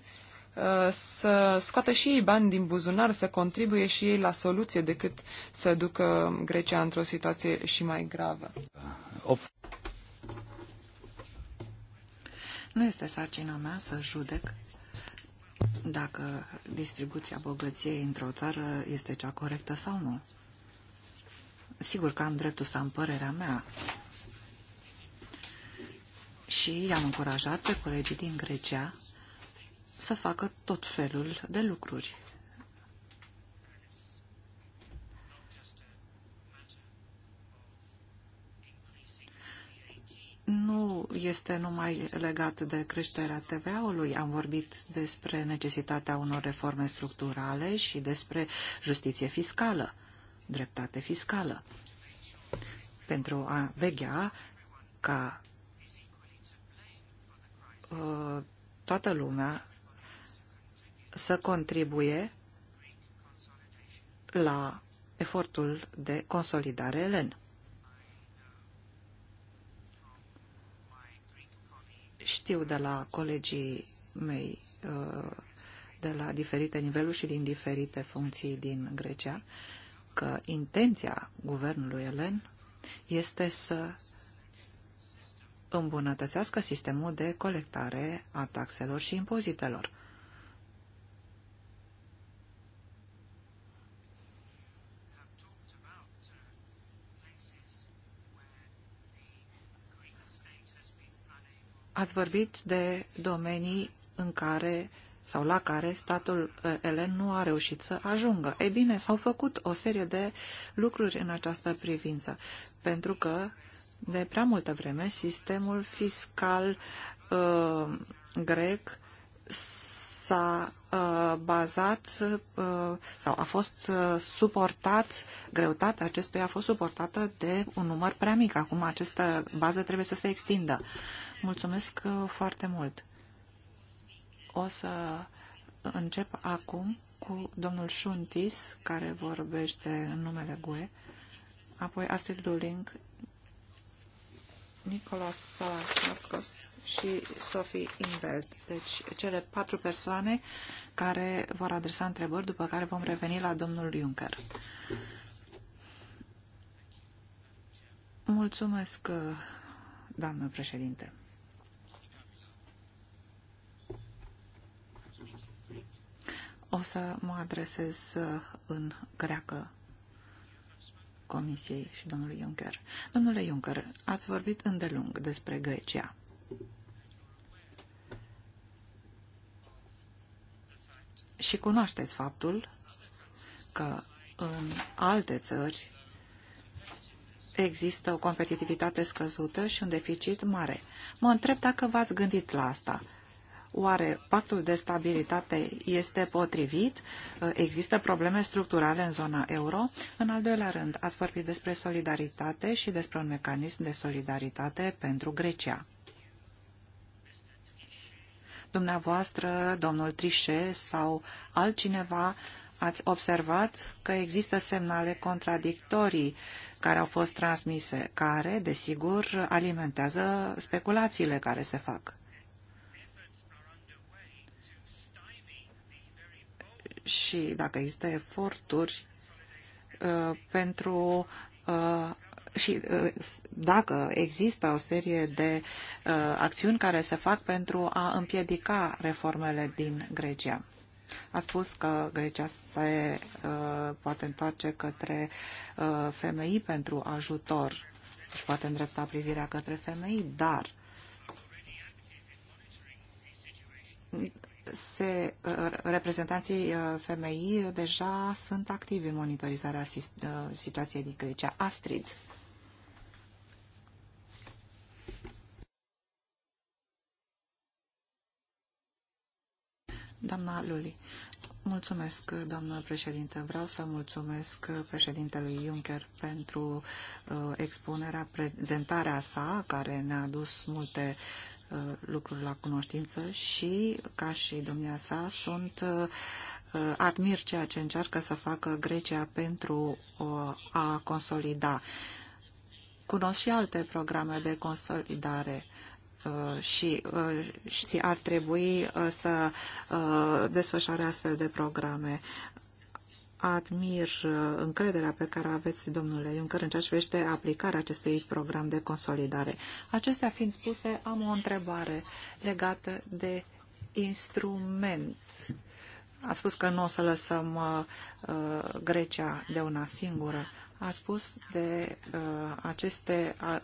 Speaker 4: Uh, să scoată și ei bani din buzunar, să contribuie și ei la soluție, decât să ducă Grecia într-o situație și mai gravă. Nu este sarcina mea să judec
Speaker 2: dacă distribuția bogăției într-o țară este cea corectă sau nu. Sigur că am dreptul să am părerea mea. Și am încurajat pe colegii din Grecia să facă tot felul de lucruri. nu este numai legat de creșterea TVA-ului. Am vorbit despre necesitatea unor reforme structurale și despre justiție fiscală, dreptate fiscală, pentru a veghea ca uh, toată lumea să contribuie la efortul de consolidare elen. Știu de la colegii mei uh, de la diferite niveluri și din diferite funcții din Grecia că intenția guvernului elen este să îmbunătățească sistemul de colectare a taxelor și impozitelor. Ați vorbit de domenii în care sau la care statul uh, elen nu a reușit să ajungă. Ei bine, s-au făcut o serie de lucruri în această privință, pentru că de prea multă vreme sistemul fiscal uh, grec s-a uh, bazat uh, sau a fost uh, suportat, greutatea acestuia a fost suportată de un număr prea mic. Acum această bază trebuie să se extindă. Uh, Mulțumesc uh, foarte mult. O să încep acum cu domnul Șuntis, care vorbește în numele GUE, apoi Astrid Luling, Nicolas Salas și Sophie Inveld. Deci cele patru persoane care vor adresa întrebări, după care vom reveni la domnul Juncker. Mulțumesc, uh, doamnă președinte. O să mă adresez uh, în greacă Comisiei și domnului Juncker. Domnule Juncker, ați vorbit îndelung despre Grecia. Și cunoașteți faptul că în alte țări există o competitivitate scăzută și un deficit mare. Mă întreb dacă v-ați gândit la asta. Oare pactul de stabilitate este potrivit? Există probleme structurale în zona euro? În al doilea rând, ați vorbit despre solidaritate și despre un mecanism de solidaritate pentru Grecia. Dumneavoastră, domnul Trișe sau altcineva ați observat că există semnale contradictorii care au fost transmise, care, desigur, alimentează speculațiile care se fac. și dacă există eforturi uh, pentru uh, și uh, dacă există o serie de acțiuni care se fac pentru a împiedica reformele din Grecia. A spus că Grecia se uh, poate întoarce către uh, femei pentru ajutor și poate îndrepta privirea către femei, dar se, uh, reprezentanții uh, femei uh, deja sunt activi în monitorizarea situației din Grecia. Astrid. Doamna Luli. Mulțumesc, doamnă președinte. Vreau să mulțumesc președintelui Juncker pentru uh, expunerea, prezentarea sa, care ne-a adus multe Uh, lucrul la cunoștință și, ca și domnia sa, sunt, uh, admir ceea ce încearcă să facă Grecia pentru uh, a consolida. Cunosc și alte programe de consolidare și, și ar trebui să desfășoare astfel de programe admir uh, încrederea pe care aveți, domnule Juncker, în ceea ce privește aplicarea acestui program de consolidare. Acestea fiind spuse, am o întrebare legată de instrument. A spus că nu o să lăsăm uh, uh Grecia de una singură. A spus de uh, aceste uh,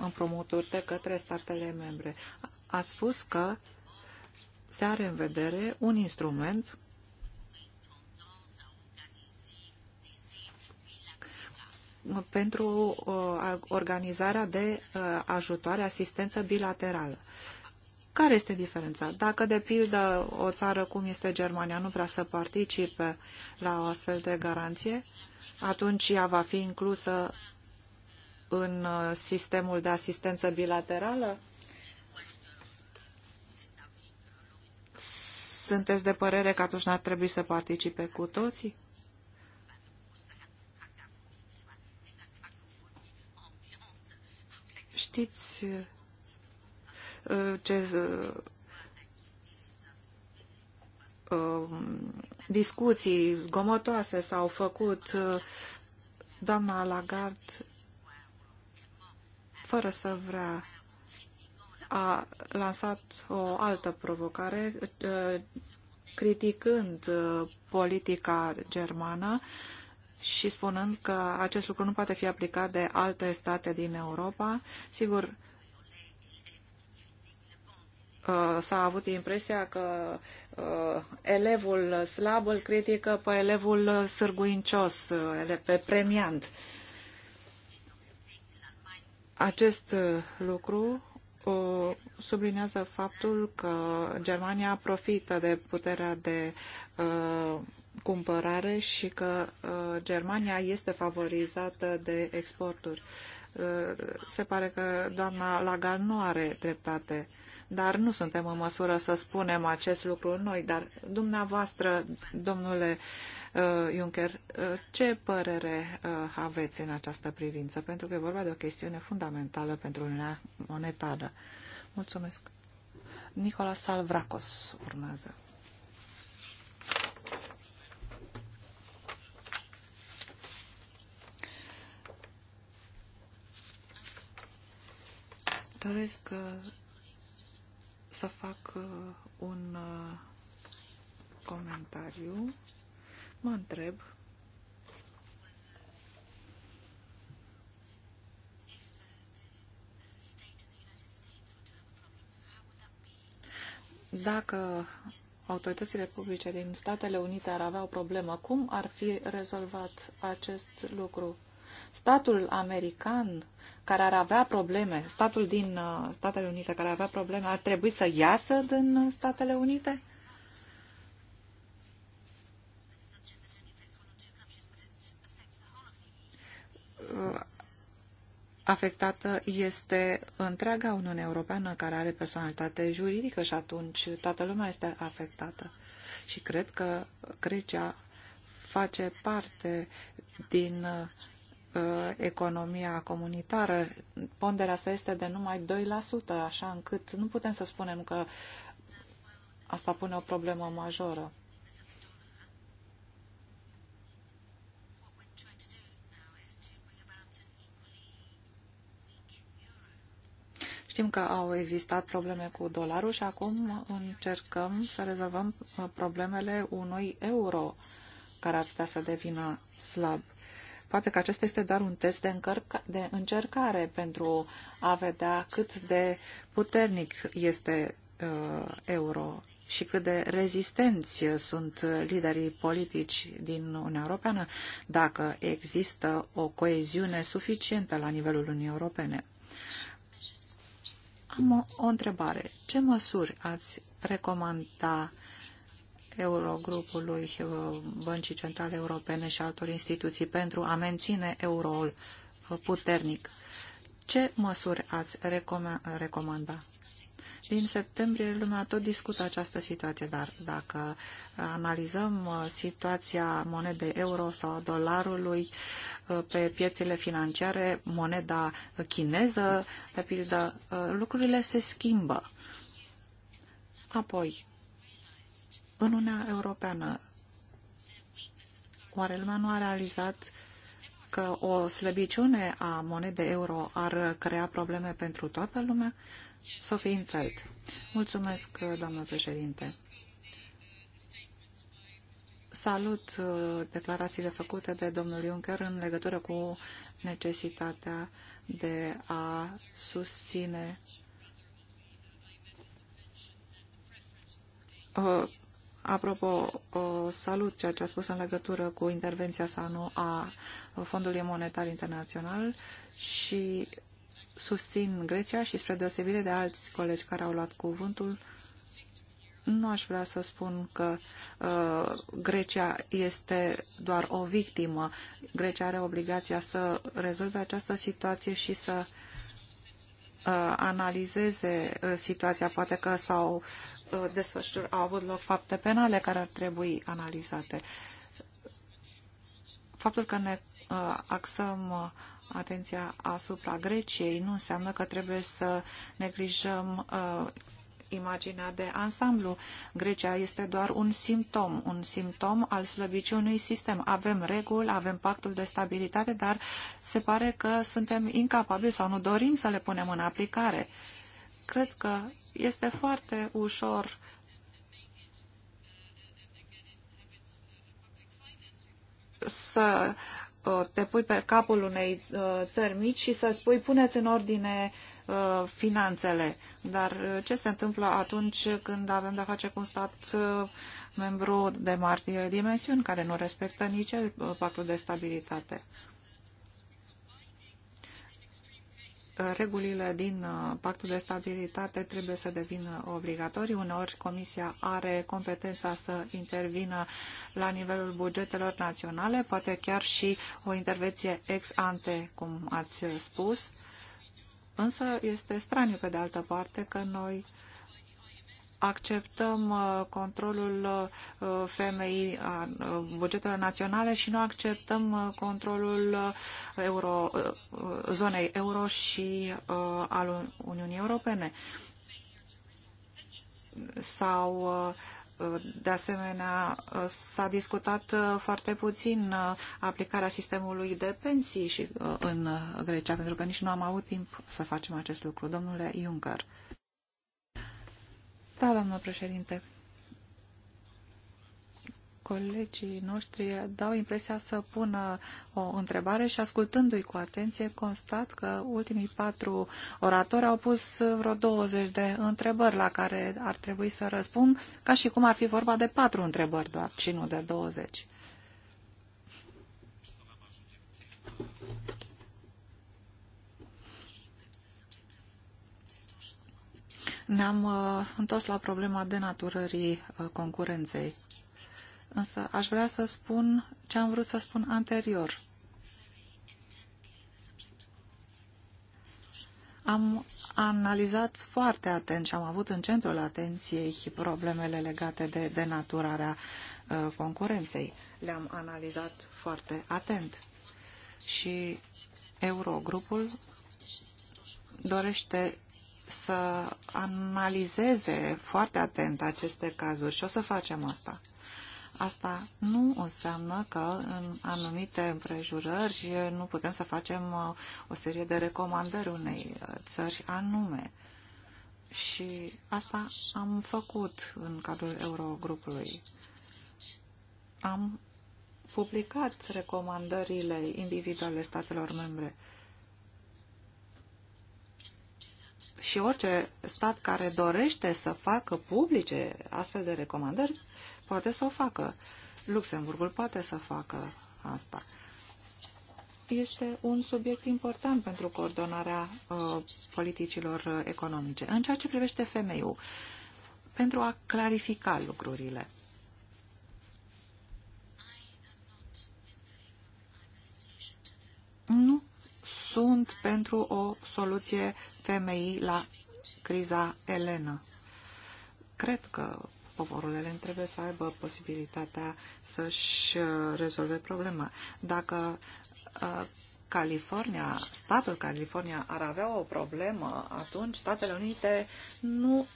Speaker 2: împrumuturi de către statele membre. A spus că se are în vedere un instrument pentru uh, organizarea de uh, ajutoare, asistență bilaterală. Care este diferența? Dacă, de pildă, o țară cum este Germania nu vrea să participe la o astfel de garanție, atunci ea va fi inclusă în uh, sistemul de asistență bilaterală? Sunteți de părere că atunci n-ar trebui să participe cu toții? știți uh, ce uh, um, discuții gomotoase s-au făcut uh, doamna Lagarde fără să vrea a lansat o altă provocare criticând politica germană și spunând că acest lucru nu poate fi aplicat de alte state din Europa. Sigur, uh, s-a avut impresia că uh, elevul slab îl critică pe elevul sârguincios, uh, pe premiant. Acest lucru sublinează faptul că Germania profită de puterea de cumpărare și că uh, Germania este favorizată de exporturi. Uh, se pare că doamna Lagal nu are dreptate, dar nu suntem în măsură să spunem acest lucru noi, dar dumneavoastră, domnule uh, Juncker, uh, ce părere uh, aveți în această privință? Pentru că e vorba de o chestiune fundamentală pentru Uniunea Monetară. Mulțumesc. Nicola Salvracos urmează. doresc uh, să fac uh, un uh, comentariu. Mă întreb dacă autoritățile publice din Statele Unite ar avea o problemă, cum ar fi rezolvat acest lucru? statul american care ar avea probleme, statul din uh, Statele Unite care ar avea probleme, ar trebui să iasă din Statele Unite? Uh, afectată este întreaga Uniune Europeană care are personalitate juridică și atunci toată lumea este afectată. Și cred că Grecia face parte din uh, Uh, economia comunitară. Ponderea sa este de numai 2%, așa încât nu putem să spunem că asta pune o problemă majoră. Știm că au existat probleme cu dolarul și acum încercăm să rezolvăm problemele unui euro care ar putea să devină slab. Poate că acesta este doar un test de, încărca, de încercare pentru a vedea cât de puternic este uh, euro și cât de rezistenți sunt liderii politici din Uniunea Europeană, dacă există o coeziune suficientă la nivelul Uniunii Europene. Am o, o întrebare. Ce măsuri ați recomanda uh, Eurogrupului uh, Băncii Centrale Europene și altor instituții pentru a menține euroul uh, puternic. Ce măsuri ați recomanda? Din septembrie lumea tot discută această situație, dar dacă analizăm uh, situația monedei euro sau a dolarului pe piețele financiare, moneda chineză, de pildă, lucrurile se schimbă. Apoi, în Uniunea Europeană. Oare lumea nu a realizat că o slăbiciune a monedei euro ar crea probleme pentru toată lumea? Sophie Infeld. Mulțumesc, doamnă președinte. Salut uh, declarațiile făcute de domnul Juncker în legătură cu necesitatea de a susține uh, Apropo, uh, salut ceea ce a spus în legătură cu intervenția sa nu a Fondului Monetar Internațional și susțin Grecia și spre deosebire de alți colegi care au luat cuvântul, nu aș vrea să spun că uh, Grecia este doar o victimă. Grecia are obligația să rezolve această situație și să uh, analizeze uh, situația. Poate că s-au Uh, desfășur, au avut loc fapte penale care ar trebui analizate. Faptul că ne uh, axăm uh, atenția asupra Greciei nu înseamnă că trebuie să neglijăm imaginea de ansamblu. Grecia este doar un simptom, un simptom al slăbiciunii sistem. Avem reguli, avem pactul de stabilitate, dar se pare că suntem incapabili sau nu dorim să le punem în aplicare. Cred că este foarte ușor să uh, te pui pe capul unei uh, țări mici și să spui puneți în ordine uh, finanțele. Dar ce se întâmplă atunci când avem de-a face cu un stat membru de mari dimensiuni care nu respectă nici pactul de stabilitate? regulile din uh, pactul de stabilitate trebuie să devină obligatorii. Uneori Comisia are competența să intervină la nivelul bugetelor naționale, poate chiar și o intervenție ex ante, cum ați spus. Însă este straniu, pe de altă parte, că noi acceptăm uh, controlul uh, FMI a uh, bugetelor naționale și nu acceptăm controlul euro, zonei euro și al Uniunii Europene. Sau de asemenea, s-a discutat foarte puțin aplicarea sistemului de pensii și în Grecia, pentru că nici nu am avut timp să facem acest lucru. Domnule Juncker. Da, doamnă președinte. Colegii noștri dau impresia să pună o întrebare și ascultându-i cu atenție constat că ultimii patru oratori au pus vreo 20 de întrebări la care ar trebui să răspund ca și cum ar fi vorba de patru întrebări doar și nu de 20. Ne-am uh, întors la problema denaturării uh, concurenței. Însă aș vrea să spun ce am vrut să spun anterior. Am analizat foarte atent și am avut în centrul atenției problemele legate de denaturarea uh, concurenței. Le-am analizat foarte atent. Și Eurogrupul dorește să analizeze foarte atent aceste cazuri și o să facem asta. Asta nu înseamnă că în anumite împrejurări nu putem să facem uh, o serie de recomandări unei uh, țări anume. Și asta am făcut în cadrul Eurogrupului. Am publicat recomandările individuale statelor membre și orice stat care dorește să facă publice astfel de recomandări poate să o facă. Luxemburgul poate să facă asta. Este un subiect important pentru coordonarea uh, politicilor economice. În ceea ce privește femeiul, pentru a clarifica lucrurile. Nu sunt pentru o soluție femei la criza Elena. Cred că poporul elen trebuie să aibă posibilitatea să-și uh, rezolve problema. Dacă uh, California, statul California ar avea o problemă, atunci Statele Unite nu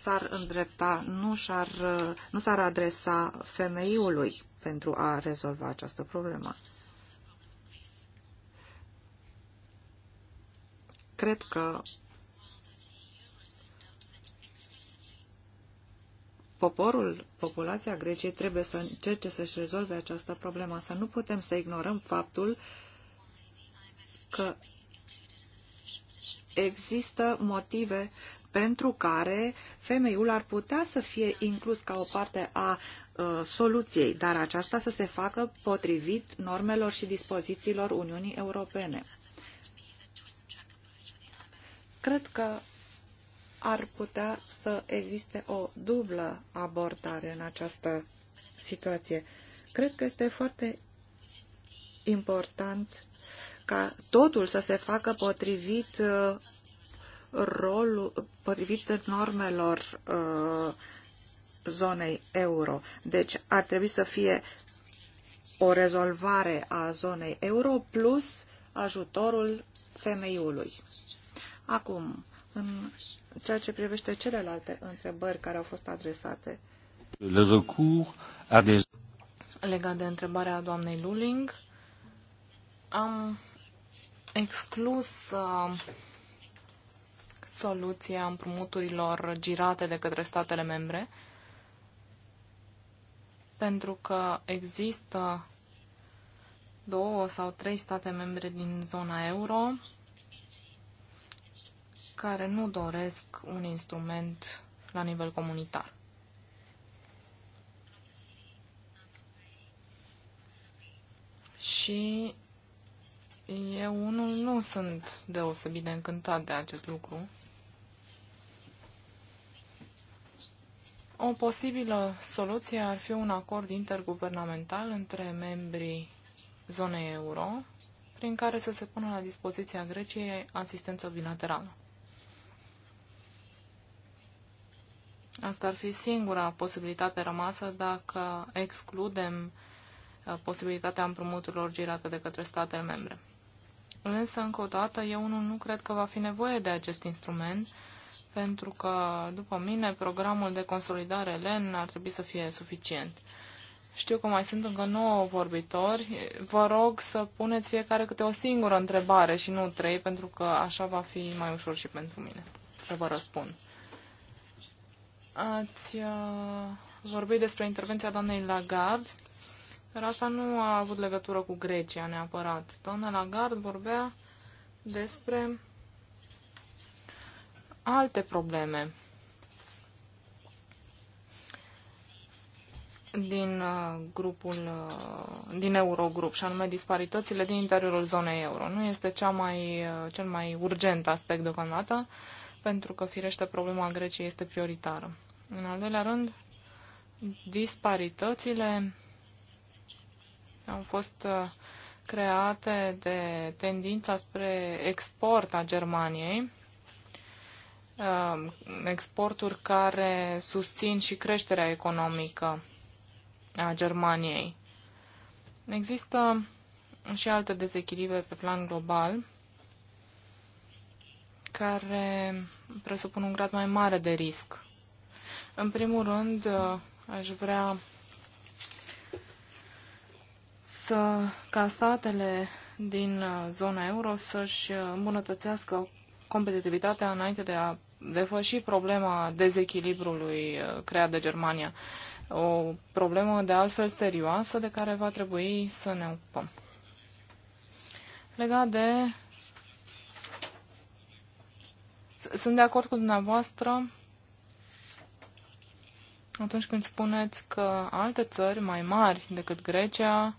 Speaker 2: s-ar îndrepta, nu s-ar, uh, nu s-ar adresa femeiului pentru a rezolva această problemă. Cred că poporul, populația Greciei trebuie să încerce să-și rezolve această problemă, să nu putem să ignorăm faptul că există motive pentru care femeiul ar putea să fie inclus ca o parte a uh, soluției, dar aceasta să se facă potrivit normelor și dispozițiilor Uniunii Europene. Cred că ar putea să existe o dublă abordare în această situație. Cred că este foarte important ca totul să se facă potrivit uh, rolul, potrivit normelor uh, zonei euro. Deci ar trebui să fie o rezolvare a zonei euro plus ajutorul femeiului. Acum, în ceea ce privește celelalte întrebări care au fost adresate.
Speaker 1: Le recours a des...
Speaker 3: Legat de întrebarea doamnei Luling, am exclus uh, soluția împrumuturilor girate de către statele membre, pentru că există două sau trei state membre din zona euro care nu doresc un instrument la nivel comunitar. Și eu unul nu sunt deosebit de încântat de acest lucru. O posibilă soluție ar fi un acord interguvernamental între membrii zonei euro, prin care să se pună la dispoziția Greciei asistență bilaterală. Asta ar fi singura posibilitate rămasă dacă excludem uh, posibilitatea împrumuturilor girate de către statele membre. Însă, încă o dată, eu nu, nu cred că va fi nevoie de acest instrument, pentru că, după mine, programul de consolidare LEN ar trebui să fie suficient. Știu că mai sunt încă 9 vorbitori. Vă rog să puneți fiecare câte o singură întrebare și nu trei, pentru că așa va fi mai ușor și pentru mine să vă răspund. Ați uh, vorbit despre intervenția doamnei Lagarde, dar asta nu a avut legătură cu Grecia neapărat. Doamna Lagarde vorbea despre alte probleme din uh, grupul, uh, din Eurogrup, și anume disparitățile din interiorul zonei euro. Nu este cea mai, cel mai urgent aspect deocamdată, pentru că, firește, problema Greciei este prioritară. În al doilea rând, disparitățile au fost uh, create de tendința spre export a Germaniei, uh, exporturi care susțin și creșterea economică a Germaniei. Există și alte dezechilibre pe plan global care presupun un grad mai mare de risc în primul rând, aș vrea să, ca statele din zona euro să-și îmbunătățească competitivitatea înainte de a depăși problema dezechilibrului creat de Germania. O problemă de altfel serioasă de care va trebui să ne ocupăm. Legat de... Sunt de acord cu dumneavoastră atunci când spuneți că alte țări mai mari decât Grecia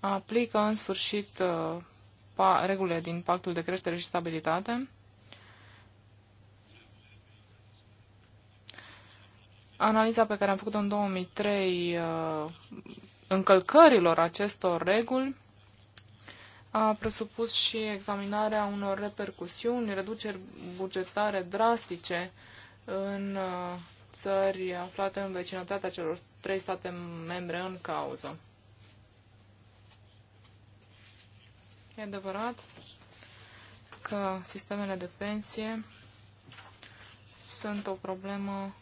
Speaker 3: aplică în sfârșit uh, regulile din pactul de creștere și stabilitate. Analiza pe care am făcut-o în 2003 uh, încălcărilor acestor reguli a presupus și examinarea unor repercusiuni, reduceri bugetare drastice în uh, țări aflate în vecinătatea celor trei state membre în cauză. E adevărat că sistemele de pensie sunt o problemă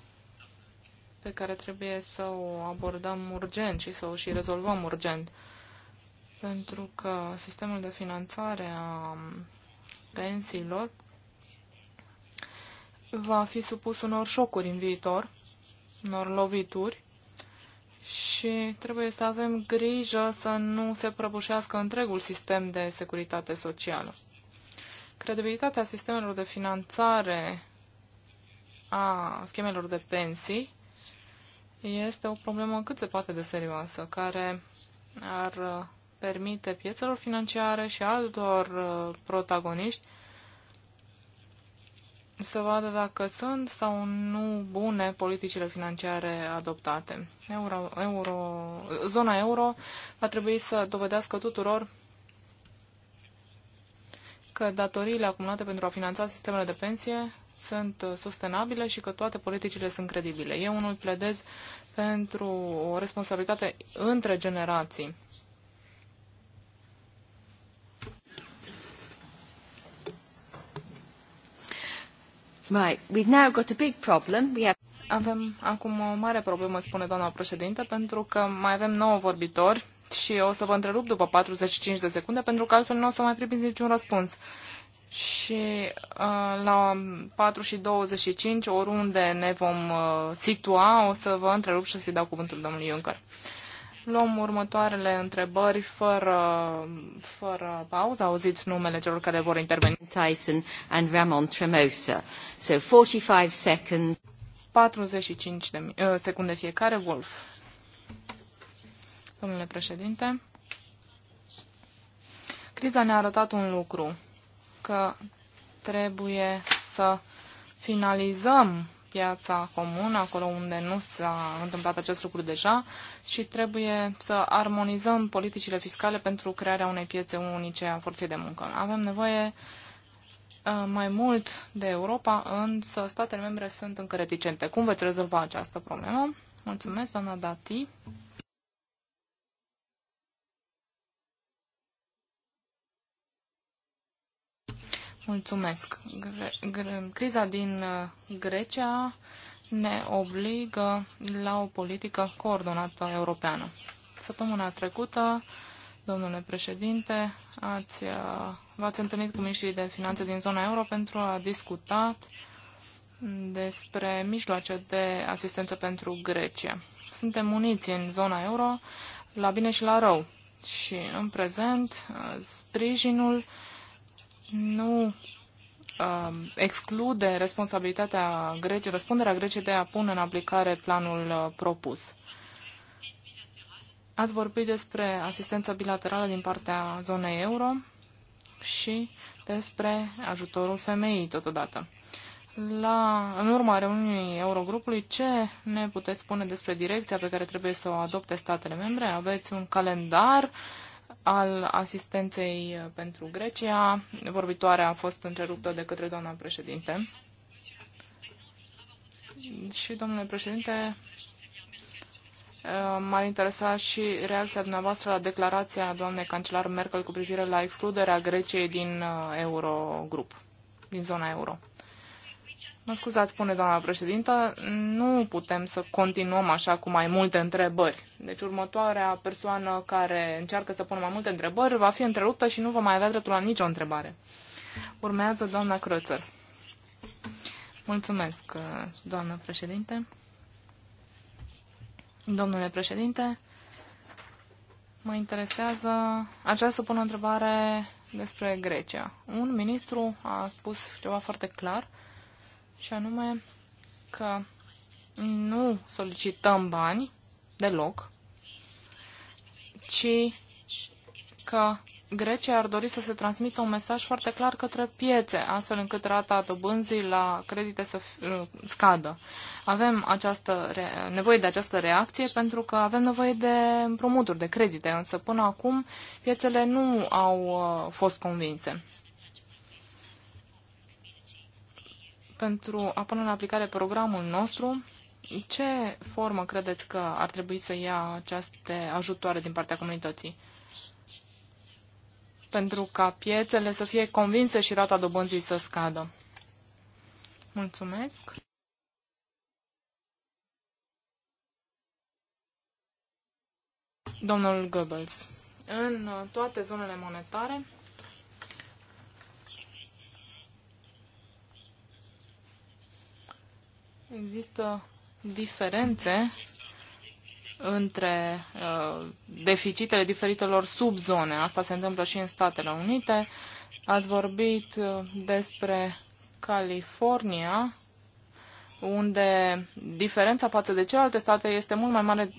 Speaker 3: pe care trebuie să o abordăm urgent și să o și rezolvăm urgent. Pentru că sistemul de finanțare a pensiilor va fi supus unor șocuri în viitor, unor lovituri și trebuie să avem grijă să nu se prăbușească întregul sistem de securitate socială. Credibilitatea sistemelor de finanțare a schemelor de pensii este o problemă cât se poate de serioasă, care ar uh, permite piețelor financiare și altor uh, protagoniști să vadă dacă sunt sau nu bune politicile financiare adoptate. Euro, euro, zona euro va trebui să dovedească tuturor că datoriile acumulate pentru a finanța sistemele de pensie sunt sustenabile și că toate politicile sunt credibile. Eu unul pledez pentru o responsabilitate între generații Right, we've now got a big problem. We have... Avem acum o mare problemă, spune doamna președinte, pentru că mai avem nouă vorbitori și o să vă întrerup după 45 de secunde, pentru că altfel nu o să mai primiți niciun răspuns. Și uh, la 4 și 25, oriunde ne vom uh, situa, o să vă întrerup și o să-i dau cuvântul domnului Juncker. Luăm următoarele întrebări fără, fără pauză. Auziți numele celor care vor interveni. Tyson and Ramon Tremosa. So 45 seconds. 45 de, uh, secunde fiecare. Wolf. Domnule președinte, criza ne-a arătat un lucru, că trebuie să finalizăm piața comună, acolo unde nu s-a întâmplat acest lucru deja și trebuie să armonizăm politicile fiscale pentru crearea unei piețe unice a forței de muncă. Avem nevoie uh, mai mult de Europa, însă statele membre sunt încă reticente. Cum veți rezolva această problemă? Mulțumesc, doamna Dati. Mulțumesc. Gre- gre- criza din uh, Grecia ne obligă la o politică coordonată europeană. Săptămâna trecută, domnule președinte, ați, uh, v-ați întâlnit cu miștrii de finanțe din zona euro pentru a discuta despre mijloace de asistență pentru Grecia. Suntem uniți în zona euro, la bine și la rău. Și în prezent, uh, sprijinul nu um, exclude responsabilitatea Greciei, răspunderea Greciei de a pune în aplicare planul uh, propus. Ați vorbit despre asistența bilaterală din partea zonei euro și despre ajutorul femeii totodată. La, în urma reuniunii Eurogrupului, ce ne puteți spune despre direcția pe care trebuie să o adopte statele membre? Aveți un calendar uh, al asistenței pentru Grecia. Vorbitoarea a fost întreruptă de către doamna președinte. Și, domnule președinte, m-ar interesa și reacția dumneavoastră la declarația doamnei cancelar Merkel cu privire la excluderea Greciei din uh, Eurogrup, din zona euro. Mă scuzați, spune doamna președintă, nu putem să continuăm așa cu mai multe întrebări. Deci următoarea persoană care încearcă să pună mai multe întrebări va fi întreruptă și nu va mai avea dreptul la nicio întrebare. Urmează doamna Crățăr. Mulțumesc, doamnă președinte. Domnule președinte, mă interesează... Aș să pun o întrebare despre Grecia. Un ministru a spus ceva foarte clar și anume că nu solicităm bani deloc, ci că Grecia ar dori să se transmită un mesaj foarte clar către piețe, astfel încât rata dobânzii la credite să uh, scadă. Avem această nevoie de această reacție pentru că avem nevoie de împrumuturi, de credite, însă până acum piețele nu au uh, fost convinse. pentru a pune în aplicare programul nostru, ce formă credeți că ar trebui să ia aceste ajutoare din partea comunității? Pentru ca piețele să fie convinse și rata dobânzii să scadă. Mulțumesc. Domnul Goebbels. În toate zonele monetare, Există diferențe între uh, deficitele diferitelor subzone. Asta se întâmplă și în Statele Unite. Ați vorbit uh, despre California, unde diferența față de celelalte state este mult mai mare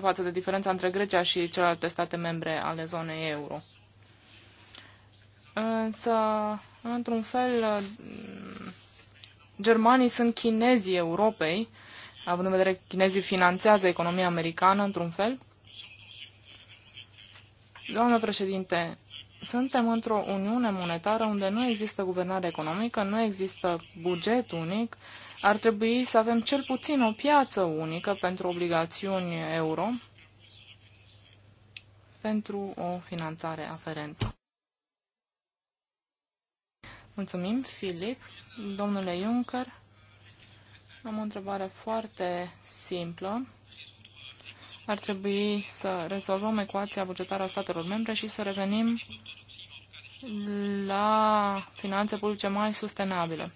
Speaker 3: față de diferența între Grecia și celelalte state membre ale zonei euro. Însă, într-un fel, uh, Germanii sunt chinezii Europei, având în vedere că chinezii finanțează economia americană într-un fel. Doamne președinte, suntem într-o uniune monetară unde nu există guvernare economică, nu există buget unic, ar trebui să avem cel puțin o piață unică pentru obligațiuni euro pentru o finanțare aferentă. Mulțumim, Filip. Domnule Juncker, am o întrebare foarte simplă. Ar trebui să rezolvăm ecuația bugetară a statelor membre și să revenim la finanțe publice mai sustenabile.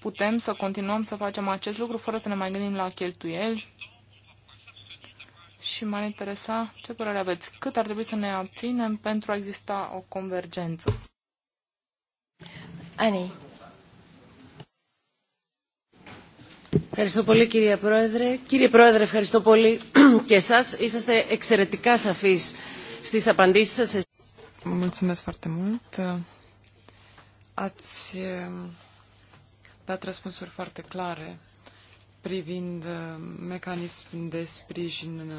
Speaker 3: Putem să continuăm să facem acest lucru fără să ne mai gândim la cheltuieli și m-ar interesa ce părere aveți. Cât ar trebui să ne abținem pentru a exista o convergență?
Speaker 1: Annie.
Speaker 2: Ευχαριστώ πολύ κύριε Πρόεδρε. Κύριε Πρόεδρε, ευχαριστώ πολύ και εσάς. Είσαστε εξαιρετικά σαφείς στις
Speaker 4: απαντήσεις σας. Mulțumesc foarte mult. Ați dat răspunsuri foarte clare privind mecanismul de sprijin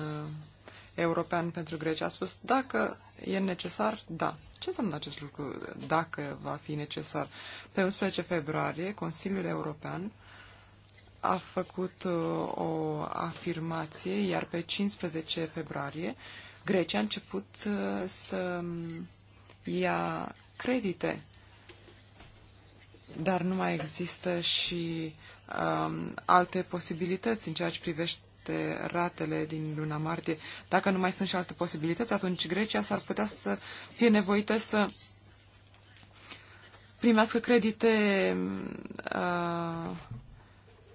Speaker 4: european pentru Grecia. A spus, dacă e necesar, da. Ce înseamnă acest lucru, dacă va fi necesar? Pe 11 februarie, Consiliul European a făcut uh, o afirmație, iar pe 15 februarie, Grecia a început uh, să um, ia credite. Dar nu mai există și um, alte posibilități în ceea ce privește toate ratele din luna martie. Dacă nu mai sunt și alte posibilități, atunci Grecia s-ar putea să fie nevoită să primească credite uh,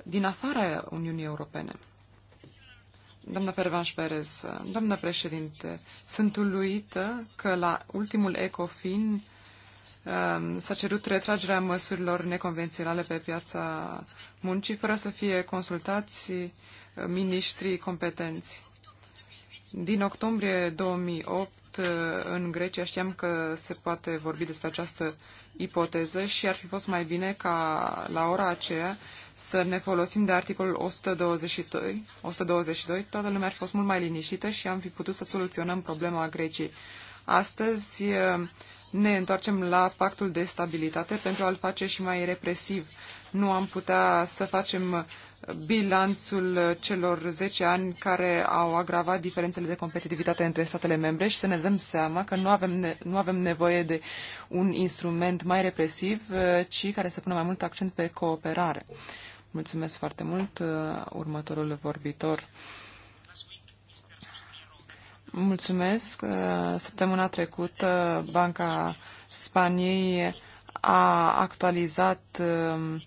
Speaker 4: din afara Uniunii Europene. Doamna Pervanș Perez, doamna președinte, sunt uluită că la ultimul ECOFIN um, s-a cerut retragerea măsurilor neconvenționale pe piața muncii fără să fie consultați miniștrii competenți. Din octombrie 2008, în Grecia știam că se poate vorbi despre această ipoteză și ar fi fost mai bine ca la ora aceea să ne folosim de articolul 122. 122. Toată lumea ar fi fost mult mai liniștită și am fi putut să soluționăm problema Greciei. Astăzi ne întoarcem la pactul de stabilitate pentru a-l face și mai represiv. Nu am putea să facem bilanțul celor 10 ani care au agravat diferențele de competitivitate între statele membre și să ne dăm seama că nu avem, ne- nu avem nevoie de un instrument mai represiv, uh, ci care să pună mai mult accent pe cooperare. Mulțumesc foarte mult. Uh, următorul vorbitor. Mulțumesc. Uh, săptămâna trecută Banca Spaniei a actualizat uh,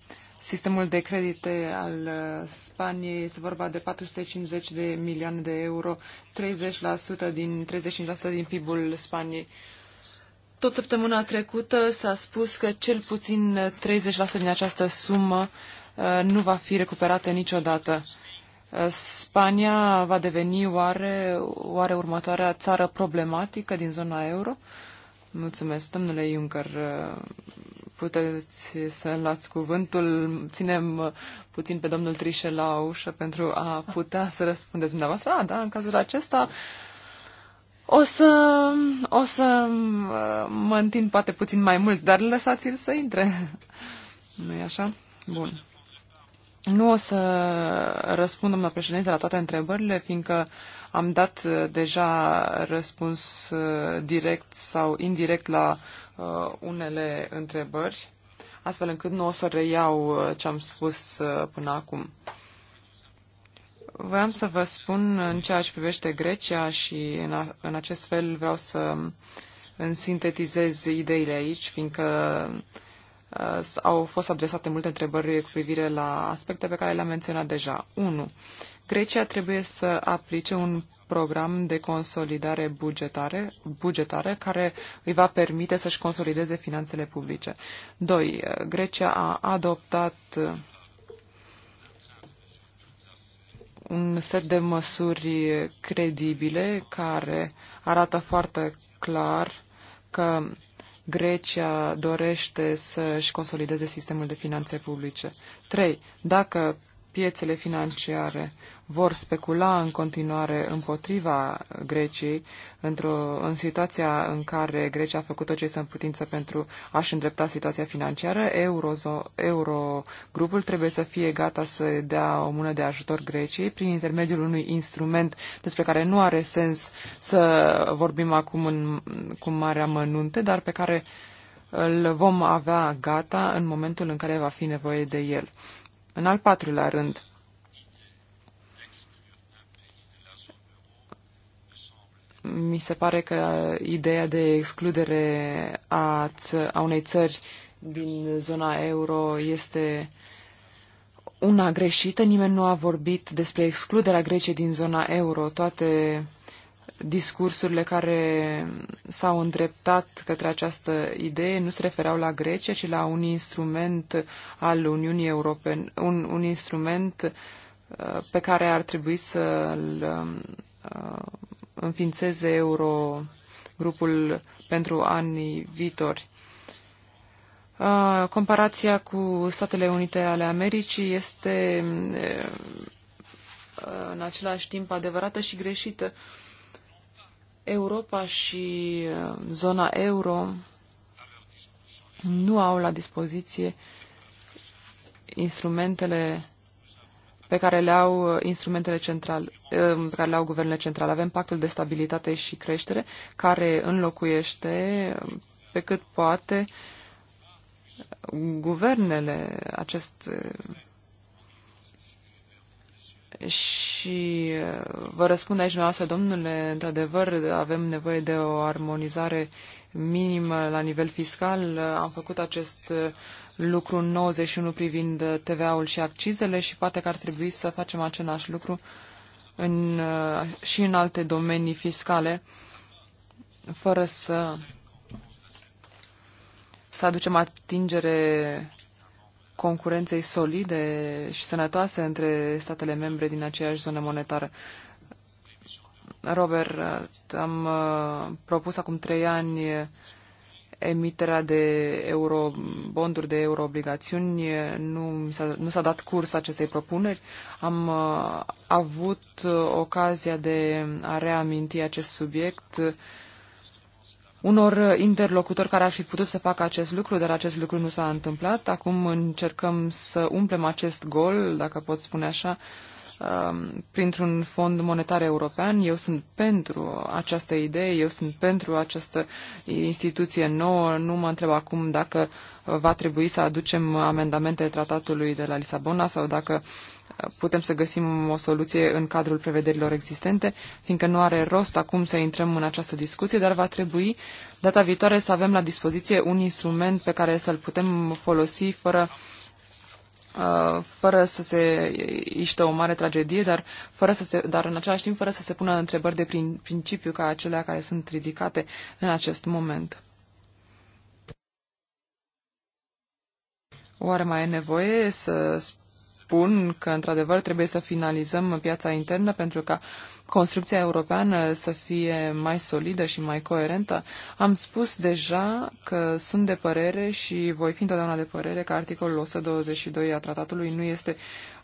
Speaker 4: sistemul de credite al uh, Spaniei. Este vorba de 450 de milioane de euro, 30% din, 35% din PIB-ul Spaniei. Tot săptămâna trecută s-a spus că cel puțin 30% din această sumă uh, nu va fi recuperată niciodată. Uh, Spania va deveni oare, oare următoarea țară problematică din zona euro? Mulțumesc, domnule Juncker puteți să luați cuvântul. Ținem uh, puțin pe domnul Trișe la ușă pentru a putea să răspundeți dumneavoastră. A, ah, da, în cazul acesta o să, o să uh, mă întind poate puțin mai mult, dar lăsați-l să intre. nu e așa? Bun. Nu o să răspund, domnul președinte, la toate întrebările, fiindcă am dat uh, deja răspuns direct sau indirect la uh, unele întrebări, astfel încât nu o să reiau uh, ce am spus uh, până acum. Vreau să vă spun în ceea ce privește Grecia și în, a, în acest fel vreau să um, îmi sintetizez ideile aici, fiindcă uh, au fost adresate multe întrebări cu privire la aspecte pe care le-am menționat deja. 1. Grecia trebuie să aplice un program de consolidare bugetare, bugetare care îi va permite să-și consolideze finanțele publice. 2. Grecia a adoptat uh, un set de măsuri credibile care arată foarte clar că Grecia dorește să-și consolideze sistemul de finanțe publice. 3. Dacă piețele financiare vor specula în continuare împotriva Greciei, într-o, în situația în care Grecia a făcut tot ce este în putință pentru a-și îndrepta situația financiară, Eurogrupul Eurogrupul trebuie să fie gata să dea o mână de ajutor Greciei prin intermediul unui instrument despre care nu are sens să vorbim acum în, cu mare amănunte, dar pe care îl vom avea gata în momentul în care va fi nevoie de el. În al patrulea rând, mi se pare că ideea de excludere a, a unei țări din zona euro este una greșită. Nimeni nu a vorbit despre excluderea Greciei din zona euro. Toate discursurile care s-au îndreptat către această idee nu se refereau la Grecia, ci la un instrument al Uniunii Europene, un, un instrument uh, pe care ar trebui să-l uh, înființeze Eurogrupul pentru anii viitori. Comparația cu Statele Unite ale Americii este în același timp adevărată și greșită. Europa și zona euro nu au la dispoziție instrumentele pe care le au uh, instrumentele centrale, uh, pe care le au guvernele centrale. Avem pactul de stabilitate și creștere, care înlocuiește um, pe cât poate guvernele acest uh, și vă răspund aici dumneavoastră, domnule, într-adevăr avem nevoie de o armonizare minimă la nivel fiscal. Am făcut acest lucru 91 privind uh, TVA-ul și accizele și poate că ar trebui să facem același lucru în, uh, și în alte domenii fiscale, fără să, să aducem atingere concurenței solide și sănătoase între statele membre din aceeași zonă monetară. Robert, uh, am propus acum trei ani emiterea de eurobonduri bonduri de euroobligațiuni, nu, nu s-a dat curs acestei propuneri. Am uh, avut uh, ocazia de a reaminti acest subiect uh, unor interlocutori care ar fi putut să facă acest lucru, dar acest lucru nu s-a întâmplat. Acum încercăm să umplem acest gol, dacă pot spune așa, uh, Um, printr-un fond monetar european. Eu sunt pentru această idee, eu sunt pentru această instituție nouă. Nu mă întreb acum dacă uh, va trebui să aducem amendamente tratatului de la Lisabona sau dacă uh, putem să găsim o soluție în cadrul prevederilor existente, fiindcă nu are rost acum să intrăm în această discuție, dar va trebui data viitoare să avem la dispoziție un instrument pe care să-l putem folosi fără uh, Uh, fără să se iște o mare tragedie, dar, fără să se, dar în același timp fără să se pună întrebări de prin, principiu ca acelea care sunt ridicate în acest moment. Oare mai e nevoie să spun că, într-adevăr, trebuie să finalizăm piața internă pentru ca uh, construcția europeană să fie mai solidă și mai coerentă, am spus deja că sunt de părere și voi fi întotdeauna de părere că articolul 122 a tratatului nu este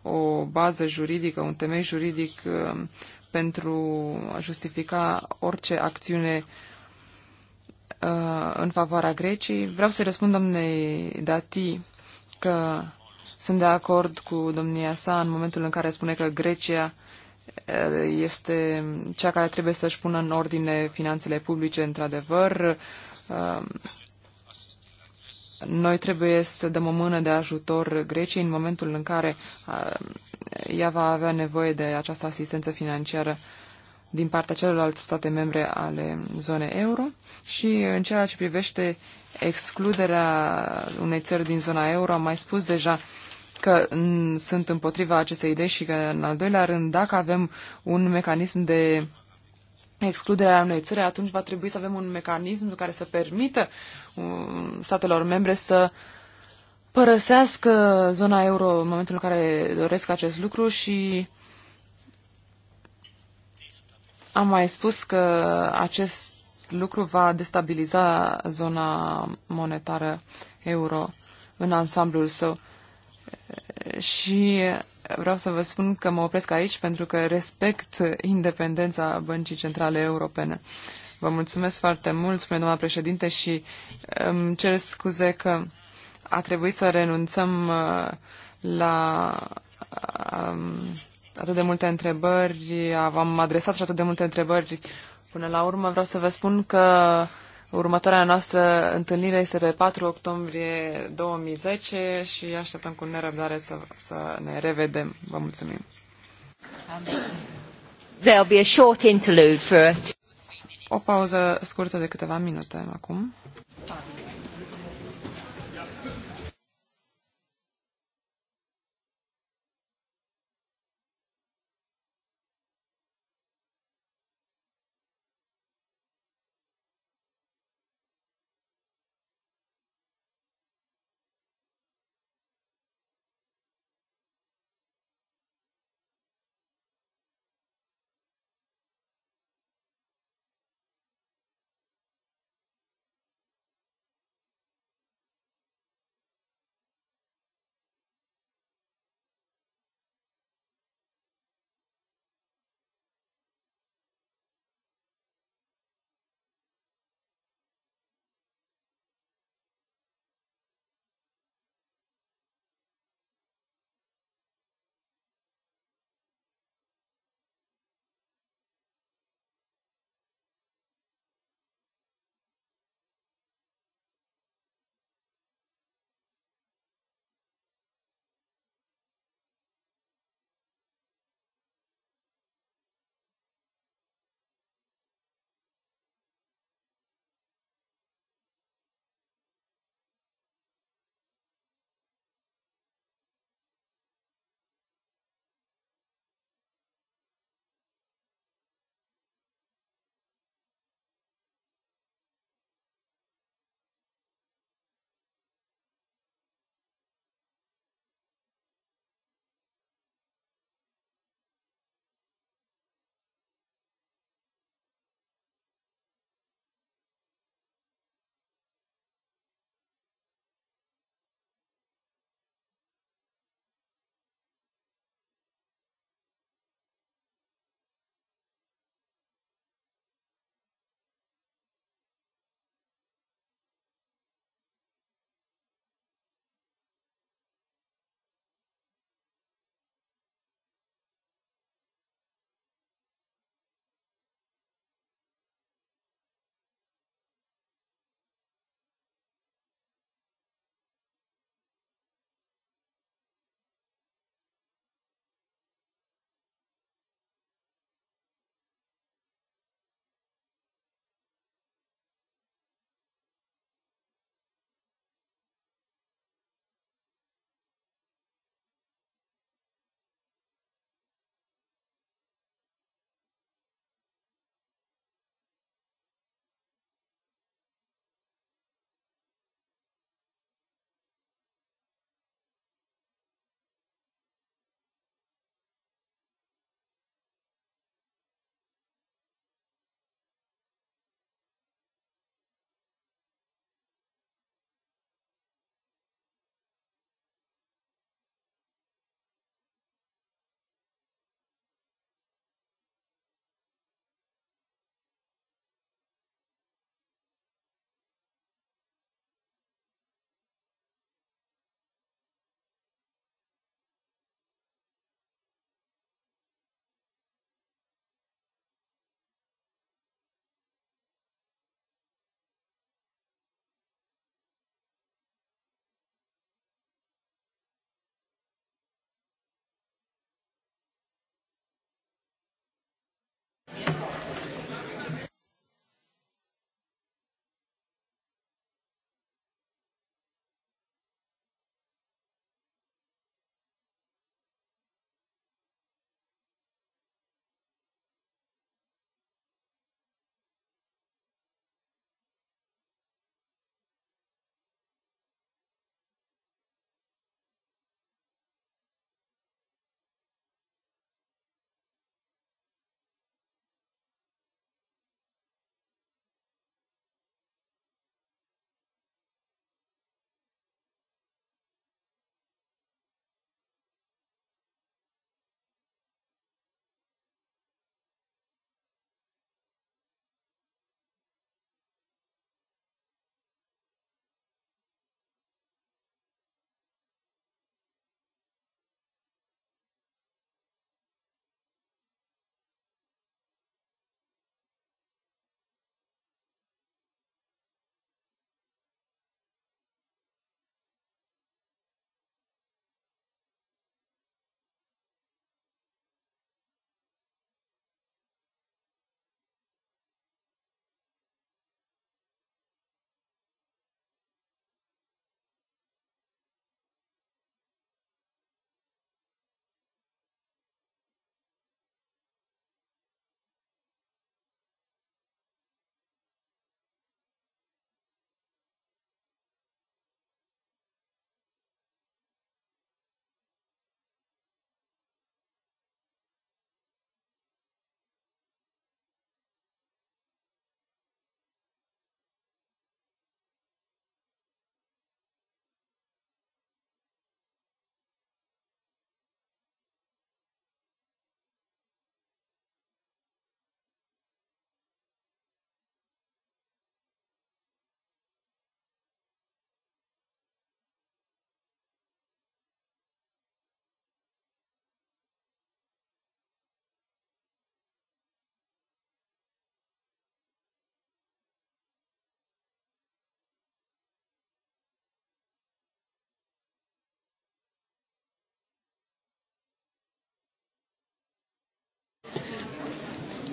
Speaker 4: o bază juridică, un temei juridic uh, pentru a justifica orice acțiune uh, în favoarea Greciei. Vreau să răspund domnei Dati că sunt de acord cu domnia sa în momentul în care spune că Grecia este cea care trebuie să-și pună în ordine finanțele publice, într-adevăr. Um, noi trebuie să dăm o mână de ajutor Greciei în momentul în care um, ea va avea nevoie de această asistență financiară din partea celorlalte state membre ale zonei euro și în ceea ce privește excluderea unei țări din zona euro, am mai spus deja uh, că sunt împotriva acestei idei și că, în al doilea rând, dacă avem un mecanism de excluderea unei țări, atunci va trebui să avem un mecanism care să permită um, statelor membre să părăsească zona euro în momentul în care doresc acest lucru și am mai spus că acest lucru va destabiliza zona monetară euro în ansamblul său și vreau să vă spun că mă opresc aici pentru că respect independența Băncii Centrale Europene. Vă mulțumesc foarte mult, spune doamna președinte, și îmi cer scuze că a trebuit să renunțăm uh, la um, atât de multe întrebări, v-am adresat și atât de multe întrebări până la urmă. Vreau să vă spun că Următoarea noastră întâlnire este pe 4 octombrie 2010 și așteptăm cu nerăbdare să, să ne revedem. Vă mulțumim. There'll be a short interlude for it. O pauză scurtă de câteva minute acum.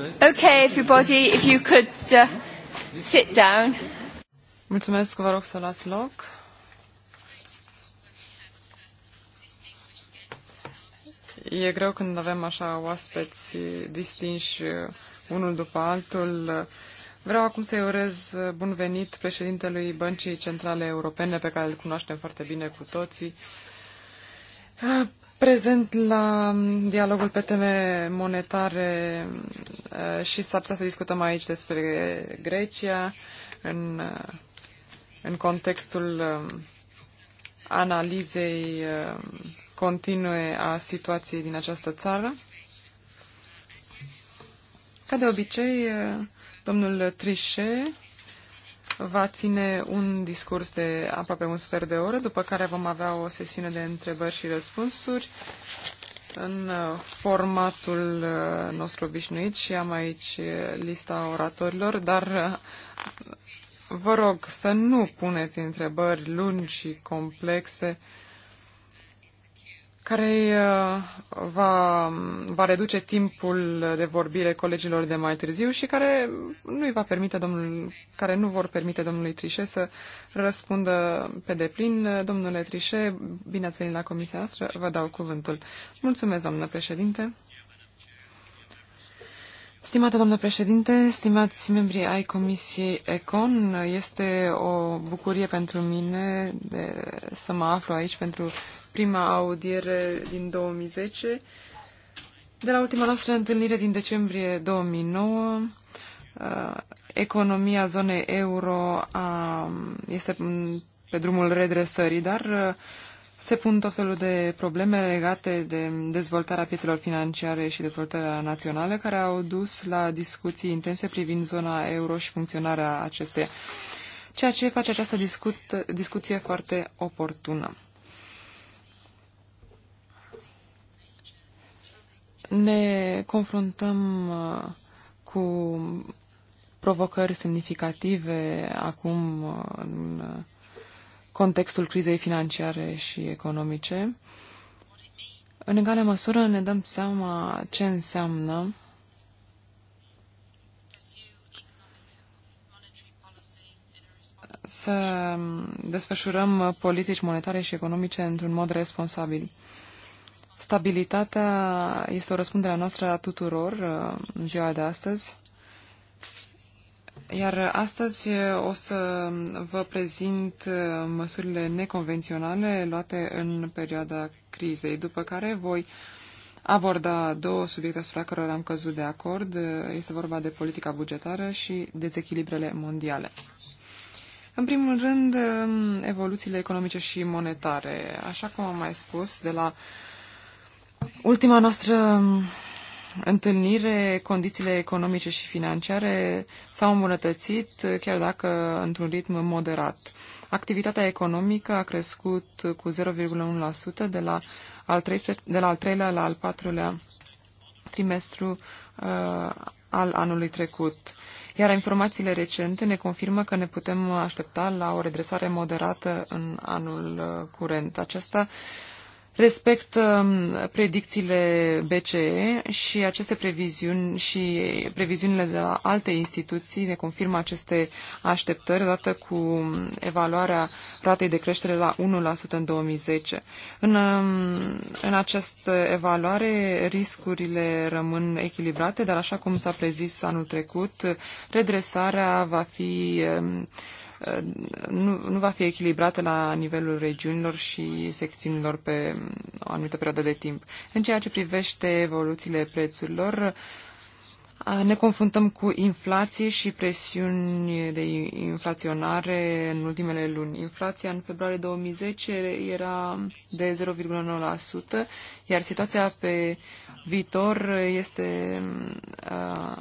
Speaker 1: Okay, everybody, if you could uh, sit down. Mulțumesc,
Speaker 4: vă rog să luați loc. E greu când avem așa oaspeți distinși unul după altul. Vreau acum să-i urez bun venit președintelui Băncii Centrale Europene, pe care îl cunoaștem foarte bine cu toții prezent la dialogul pe teme monetare uh, și s-ar putea să discutăm aici despre Grecia în, uh, în contextul uh, analizei continue a situației din această țară. Ca de obicei, domnul Trichet va ține un discurs de aproape un sfert de oră, după care vom avea o sesiune de întrebări și răspunsuri în uh, formatul uh, nostru obișnuit și am aici uh, lista oratorilor, dar vă rog să nu puneți întrebări lungi și complexe care uh, va, va reduce timpul de vorbire colegilor de mai târziu și care nu va permite domnul, care nu vor permite domnului Trișe să răspundă pe deplin. Domnule Trișe, bine ați venit la comisia noastră, vă dau cuvântul. Mulțumesc, doamnă președinte. Stimată doamnă președinte, stimați membri ai Comisiei ECON, este o bucurie pentru mine de, să mă aflu aici pentru prima audiere din 2010. De la ultima noastră întâlnire din decembrie 2009, uh, economia zonei euro a, este pe drumul redresării, dar uh, se pun tot felul de probleme legate de dezvoltarea piețelor financiare și dezvoltarea națională, care au dus la discuții intense privind zona euro și funcționarea acesteia, ceea ce face această discut, discuție foarte oportună. Ne confruntăm uh, cu provocări semnificative acum uh, în uh, contextul crizei financiare și economice, în egală măsură ne dăm seama ce înseamnă să desfășurăm politici monetare și economice într-un mod responsabil. Stabilitatea este o răspundere a noastră a tuturor uh, în ziua de astăzi iar astăzi o să vă prezint măsurile neconvenționale luate în perioada crizei, după care voi aborda două subiecte asupra cărora am căzut de acord. Este vorba de politica bugetară și dezechilibrele mondiale. În primul rând, evoluțiile economice și monetare. Așa cum am mai spus, de la ultima noastră întâlnire, condițiile economice și financiare s-au îmbunătățit, chiar dacă într-un ritm moderat. Activitatea economică a crescut cu 0,1% de la al, 13, de la al treilea la al patrulea trimestru uh, al anului trecut. Iar informațiile recente ne confirmă că ne putem aștepta la o redresare moderată în anul uh, curent. Aceasta uh, respect um, predicțiile BCE și aceste previziuni și previziunile de la alte instituții ne confirmă aceste așteptări, odată cu um, evaluarea ratei de creștere la 1% în 2010. În, um, în această evaluare, riscurile rămân echilibrate, dar așa cum s-a prezis anul trecut, redresarea va fi nu, nu va fi echilibrată la nivelul regiunilor și secțiunilor pe o anumită perioadă de timp. În ceea ce privește evoluțiile prețurilor, ne confruntăm cu inflații și presiuni de inflaționare în ultimele luni. Inflația în februarie 2010 era de 0,9%, iar situația pe viitor este uh,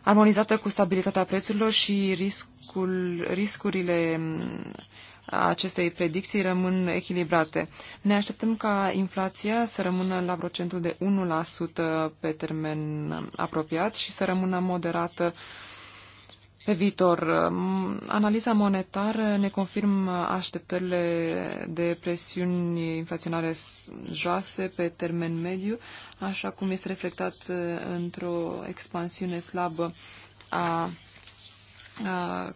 Speaker 4: armonizată cu stabilitatea prețurilor și risc, riscul, riscurile mm, acestei predicții rămân echilibrate. Ne așteptăm ca inflația să rămână la procentul de 1% pe termen apropiat și să rămână moderată pe viitor. Mm, analiza monetară ne confirmă așteptările de presiuni inflaționare joase pe termen mediu, așa cum este reflectat uh, într-o expansiune slabă a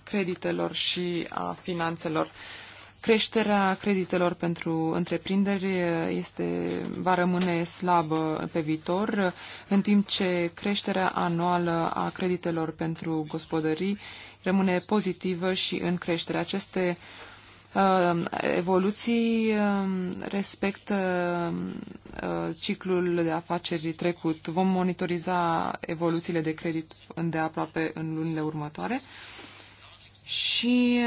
Speaker 4: creditelor și a finanțelor. Creșterea creditelor pentru întreprinderi este, va rămâne slabă pe viitor, în timp ce creșterea anuală a creditelor pentru gospodării rămâne pozitivă și în creștere. Aceste uh, evoluții uh, respectă uh, ciclul de afaceri trecut. Vom monitoriza evoluțiile de credit îndeaproape în lunile următoare. Uh, și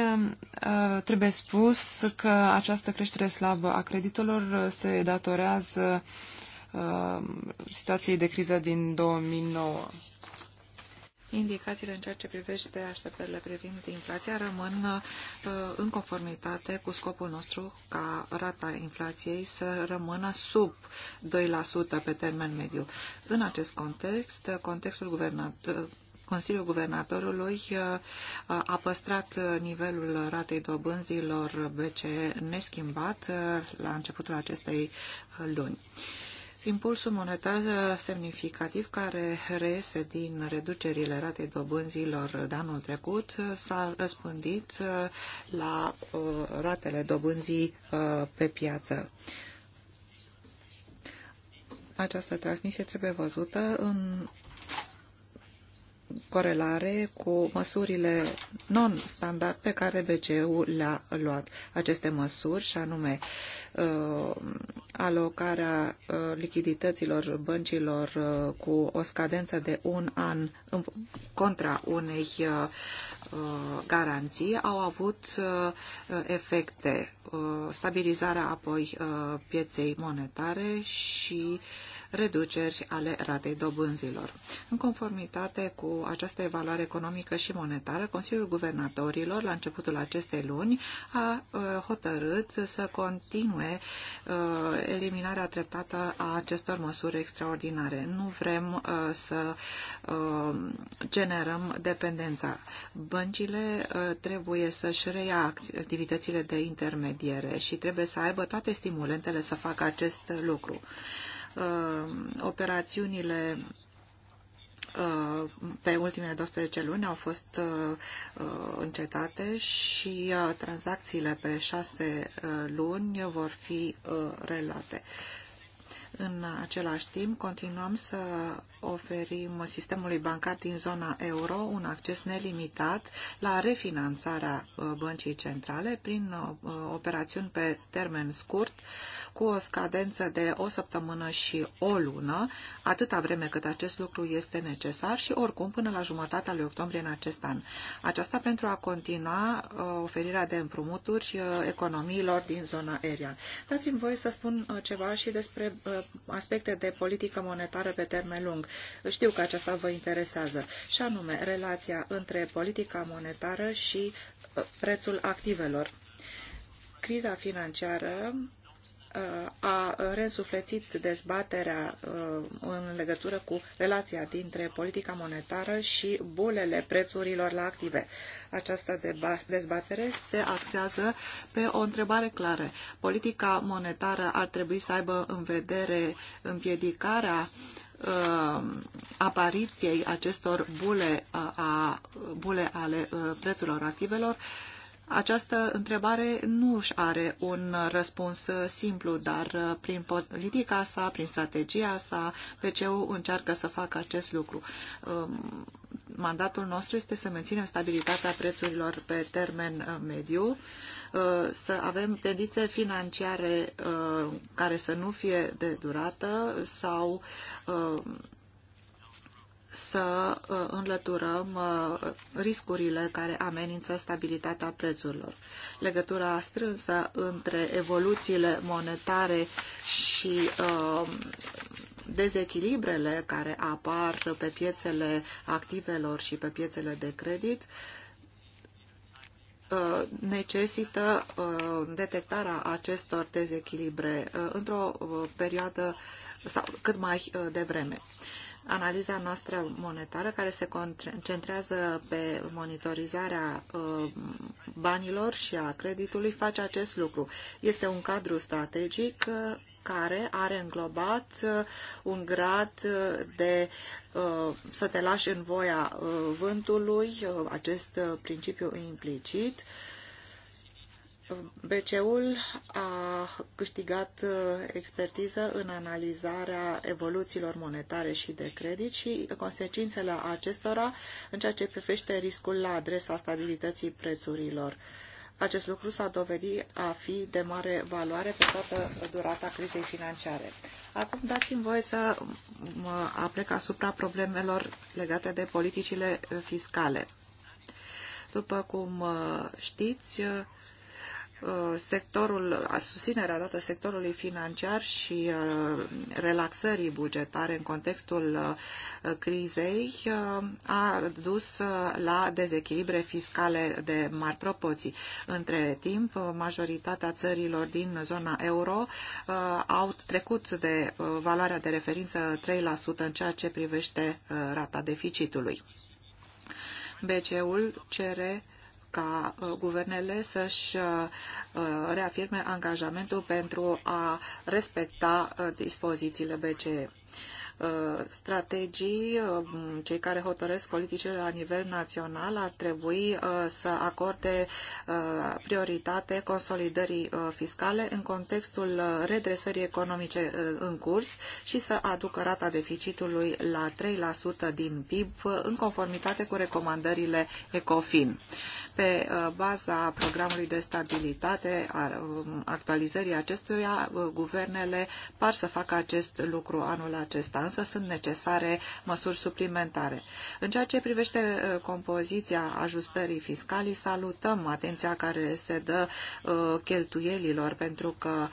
Speaker 4: uh, trebuie spus că această creștere slabă a creditelor se datorează uh, situației de criză din 2009.
Speaker 2: Indicațiile în ceea ce privește așteptările privind inflația rămân uh, în conformitate cu scopul nostru ca rata inflației să rămână sub 2% pe termen mediu. În acest context, contextul guvernativ Consiliul Guvernatorului uh, a păstrat nivelul ratei dobânzilor BCE neschimbat uh, la începutul acestei uh, luni. Impulsul monetar semnificativ care reiese din reducerile ratei dobânzilor de anul trecut s-a răspândit la ratele dobânzii pe piață. Această transmisie trebuie văzută în corelare cu măsurile non-standard pe care BCE-ul le-a luat. Aceste măsuri, și anume uh, alocarea uh, lichidităților băncilor uh, cu o scadență de un an în, contra unei uh, uh garanții, au avut uh, efecte, uh, stabilizarea apoi uh, pieței monetare și uh, reduceri ale ratei dobânzilor. În conformitate cu această evaluare economică și monetară, Consiliul Guvernatorilor, la începutul acestei luni, a uh, hotărât să continue uh, eliminarea treptată a acestor măsuri extraordinare. Nu vrem uh, să generăm dependența. Băncile trebuie să-și reia activitățile de intermediere și trebuie să aibă toate stimulentele să facă acest lucru. Uh, operațiunile uh, pe ultimele 12 luni au fost uh, încetate și tranzacțiile pe 6 luni vor fi relate. În același timp, continuăm să oferim sistemului bancar din zona euro un acces nelimitat la refinanțarea uh, băncii centrale prin uh, uh, operațiuni pe termen scurt cu o scadență de o săptămână și o lună, atâta vreme cât acest lucru este necesar și oricum până la jumătatea lui octombrie în acest an. Aceasta pentru a continua oferirea de împrumuturi economiilor din zona aerian. Dați-mi voie să spun ceva și despre aspecte de politică monetară pe termen lung știu că aceasta vă interesează, și anume relația între politica monetară și uh, prețul activelor. Criza financiară uh, a resuflețit dezbaterea uh, în legătură cu relația dintre politica monetară și bulele prețurilor la active. Această dezbatere se axează pe o întrebare clară. Politica monetară ar trebui să aibă în vedere împiedicarea uh, Uh, apariției acestor bule, uh, a, bule ale uh, prețurilor activelor, această întrebare nu își are un răspuns simplu, dar prin politica sa, prin strategia sa, PCU încearcă să facă acest lucru. Um, mandatul nostru este să menținem stabilitatea prețurilor pe termen uh, mediu, uh, să avem tendințe financiare uh, care să nu fie de durată sau să înlăturăm riscurile care amenință stabilitatea prețurilor. Legătura strânsă între evoluțiile monetare și dezechilibrele care apar pe piețele activelor și pe piețele de credit uh, necesită uh, detectarea acestor dezechilibre uh, într-o perioadă sau cât mai devreme. Analiza noastră monetară, care se concentrează pe monitorizarea banilor și a creditului, face acest lucru. Este un cadru strategic care are înglobat uh, un grad uh, de uh, să te lași în voia vântului, acest principiu implicit. BCE-ul a câștigat expertiză în analizarea evoluțiilor monetare și de credit și consecințele acestora în ceea ce privește riscul la adresa stabilității prețurilor. Acest lucru s-a dovedit a fi de mare valoare pe toată durata crizei financiare. Acum dați-mi voie să mă aplec asupra problemelor legate de politicile fiscale. După cum uh, știți, uh, Uh, sectorul, susținerea dată sectorului financiar și uh, relaxării bugetare în contextul uh, crizei a dus la dezechilibre fiscale de mari proporții. Între timp, majoritatea țărilor din zona euro au trecut de valoarea de referință 3% în ceea ce privește rata deficitului. BCE-ul cere ca uh, guvernele să-și uh, uh, reafirme angajamentul pentru a respecta dispozițiile BCE strategii, cei care hotărăsc politicile la nivel național ar trebui să acorde prioritate consolidării fiscale în contextul redresării economice în curs și să aducă rata deficitului la 3% din PIB în conformitate cu recomandările ECOFIN pe uh, baza programului de stabilitate, um, actualizării acestuia, uh, guvernele par să facă acest lucru anul acesta, însă sunt necesare măsuri suplimentare. În ceea ce privește uh, compoziția ajustării fiscalii, salutăm atenția care se dă cheltuielilor, pentru că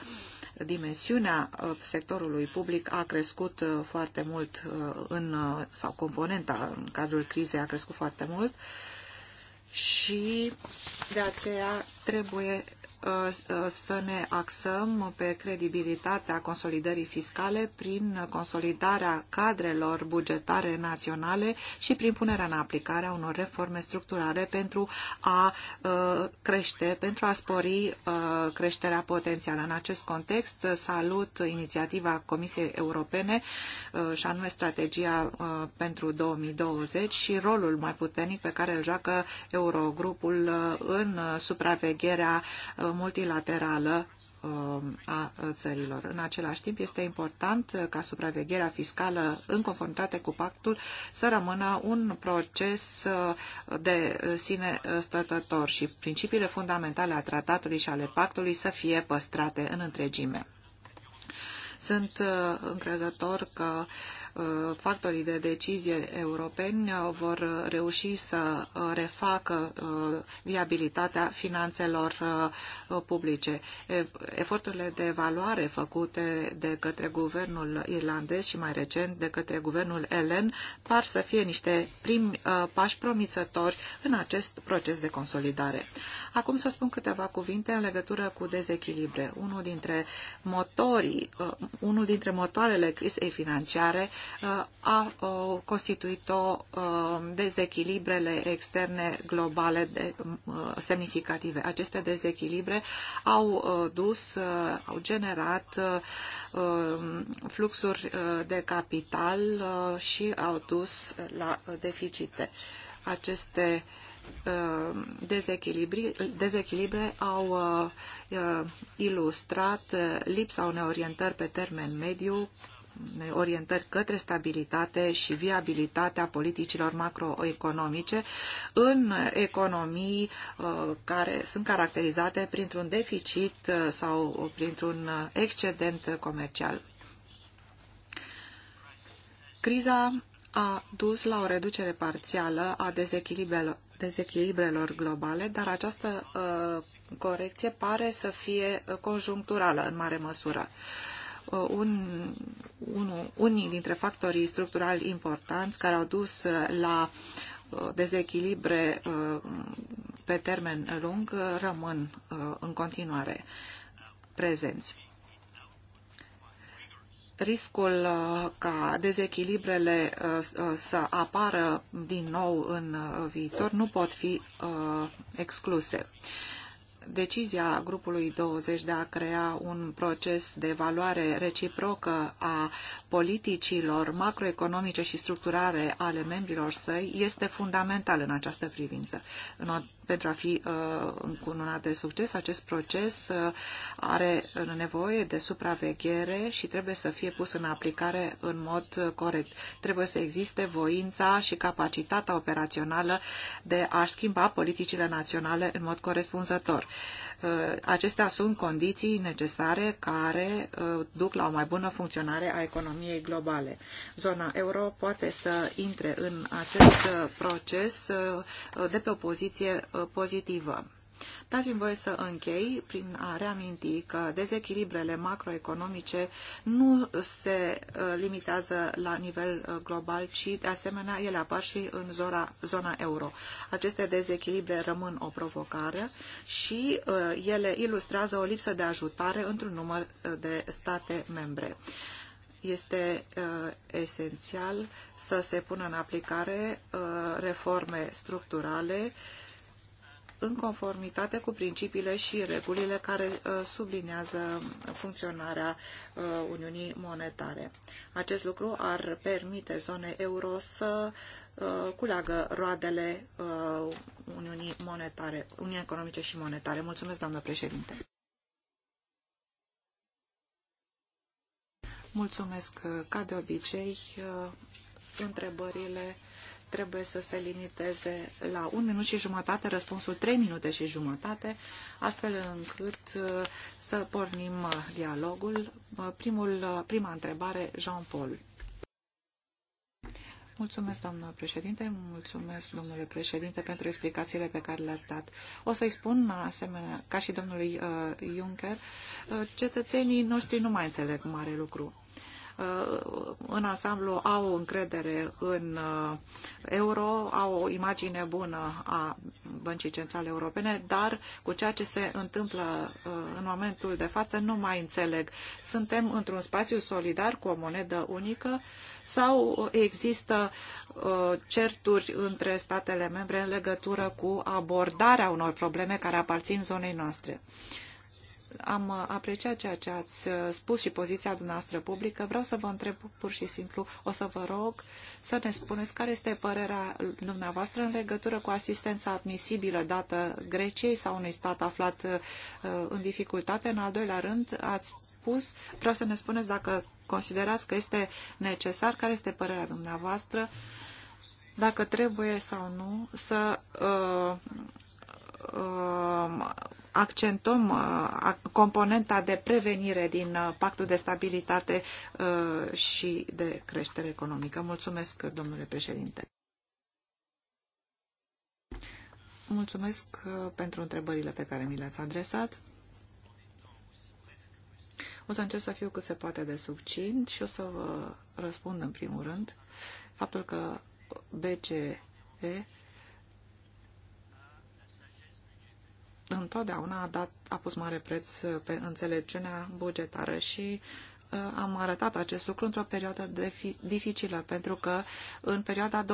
Speaker 2: dimensiunea sectorului public a crescut foarte mult în, sau componenta în cadrul crizei a crescut foarte mult și de aceea trebuie Uh, să ne axăm pe credibilitatea consolidării fiscale prin consolidarea cadrelor bugetare naționale și prin punerea în aplicare a unor reforme structurale pentru a uh, crește, pentru a spori uh, creșterea potențială. În acest context salut inițiativa Comisiei Europene și anume strategia pentru 2020 și rolul mai puternic pe care îl joacă Eurogrupul în supravegherea multilaterală um, a țărilor. În același timp, este important ca supravegherea fiscală în conformitate cu pactul să rămână un proces uh, de sine stătător și principiile fundamentale a tratatului și ale pactului să fie păstrate în întregime. Sunt uh, încrezător că uh, Uh, factorii de decizie europeni vor reuși să refacă uh, viabilitatea finanțelor uh, publice. Eforturile de evaluare făcute de către guvernul irlandez și mai recent de către guvernul elen par să fie niște primi pași promițători în acest proces de consolidare. Acum să spun câteva cuvinte în legătură cu dezechilibre. Unul dintre motorii, uh, unul dintre motoarele crizei financiare uh, a uh, constituit-o dezechilibrele externe globale de, semnificative. Aceste dezechilibre au dus, au generat um, fluxuri de capital și au dus la deficite. Aceste uh, Uh, dezechilibre au uh, uh, ilustrat lipsa unei orientări pe termen mediu, unei orientări către stabilitate și viabilitatea politicilor macroeconomice în economii care sunt caracterizate printr-un deficit sau printr-un excedent comercial. Criza a dus la o reducere parțială a dezechilibrelor dezechilibrelor globale, dar această uh, corecție pare să fie uh, conjuncturală în mare măsură. Uh, un, unu, unii dintre factorii structurali importanți care au dus uh, la uh, dezechilibre uh, pe termen lung uh, rămân în continuare prezenți riscul uh, ca dezechilibrele uh, uh, să apară din nou în viitor nu pot fi excluse. Decizia grupului 20 de a crea un proces de evaluare reciprocă a politicilor macroeconomice și structurare ale membrilor săi este fundamental în această privință. În pentru a fi uh, încununat de succes, acest proces uh, are nevoie de supraveghere și trebuie să fie pus în aplicare în mod corect. Trebuie să existe voința și capacitatea operațională de a schimba politicile naționale în mod corespunzător. Uh, acestea sunt condiții necesare care uh, duc la o mai bună funcționare a economiei globale. Zona euro poate să intre în acest uh, proces de pe o poziție pozitivă. Dați-mi voie să închei prin a reaminti că dezechilibrele macroeconomice nu se uh, limitează la nivel uh, global, ci de asemenea ele apar și în zona, zona euro. Aceste dezechilibre rămân o provocare și uh, ele ilustrează o lipsă de ajutare într-un număr de state membre este uh, esențial să se pună în aplicare uh, reforme structurale în conformitate cu principiile și regulile care uh, sublinează funcționarea uh, Uniunii Monetare. Acest lucru ar permite zonei euro să uh, culeagă roadele Uniunii Monetare, Uniunii Economice și Monetare. Mulțumesc, doamnă președinte! Mulțumesc, ca de obicei, întrebările trebuie să se limiteze la un minut și jumătate, răspunsul trei minute și jumătate, astfel încât uh, să pornim uh, dialogul. Uh, primul, prima întrebare, Jean-Paul. Mulțumesc, doamnă președinte, mulțumesc, domnule președinte, pentru explicațiile pe care le-ați dat. O să-i spun, asemenea, ca și domnului uh, Juncker, uh, cetățenii noștri nu mai înțeleg mare lucru în ansamblu au încredere în uh, euro, au o imagine bună a Băncii Centrale Europene, dar cu ceea ce se întâmplă uh, în momentul de față nu mai înțeleg. Suntem într-un spațiu solidar cu o monedă unică sau există uh, certuri între statele membre în legătură cu abordarea unor probleme care aparțin zonei noastre? Uh, am apreciat ceea ce ați uh, spus și poziția dumneavoastră publică. Vreau să vă întreb pur și simplu, o să vă rog să ne spuneți care este părerea dumneavoastră în legătură cu asistența admisibilă dată Greciei sau unui stat aflat uh, în dificultate. În al doilea rând, ați spus, vreau să ne spuneți dacă considerați că este necesar, care este părerea dumneavoastră, dacă trebuie sau nu să uh, uh, accentuăm uh, componenta de prevenire din uh, pactul de stabilitate uh, și de creștere economică. Mulțumesc, domnule președinte. Mulțumesc pentru întrebările pe care mi le-ați adresat. O să încerc să fiu cât se poate de subțin și o să vă răspund în primul rând faptul că BCE întotdeauna a, dat, a pus mare preț uh, pe înțelepciunea bugetară și uh, am arătat acest lucru într-o perioadă dificilă, pentru că în perioada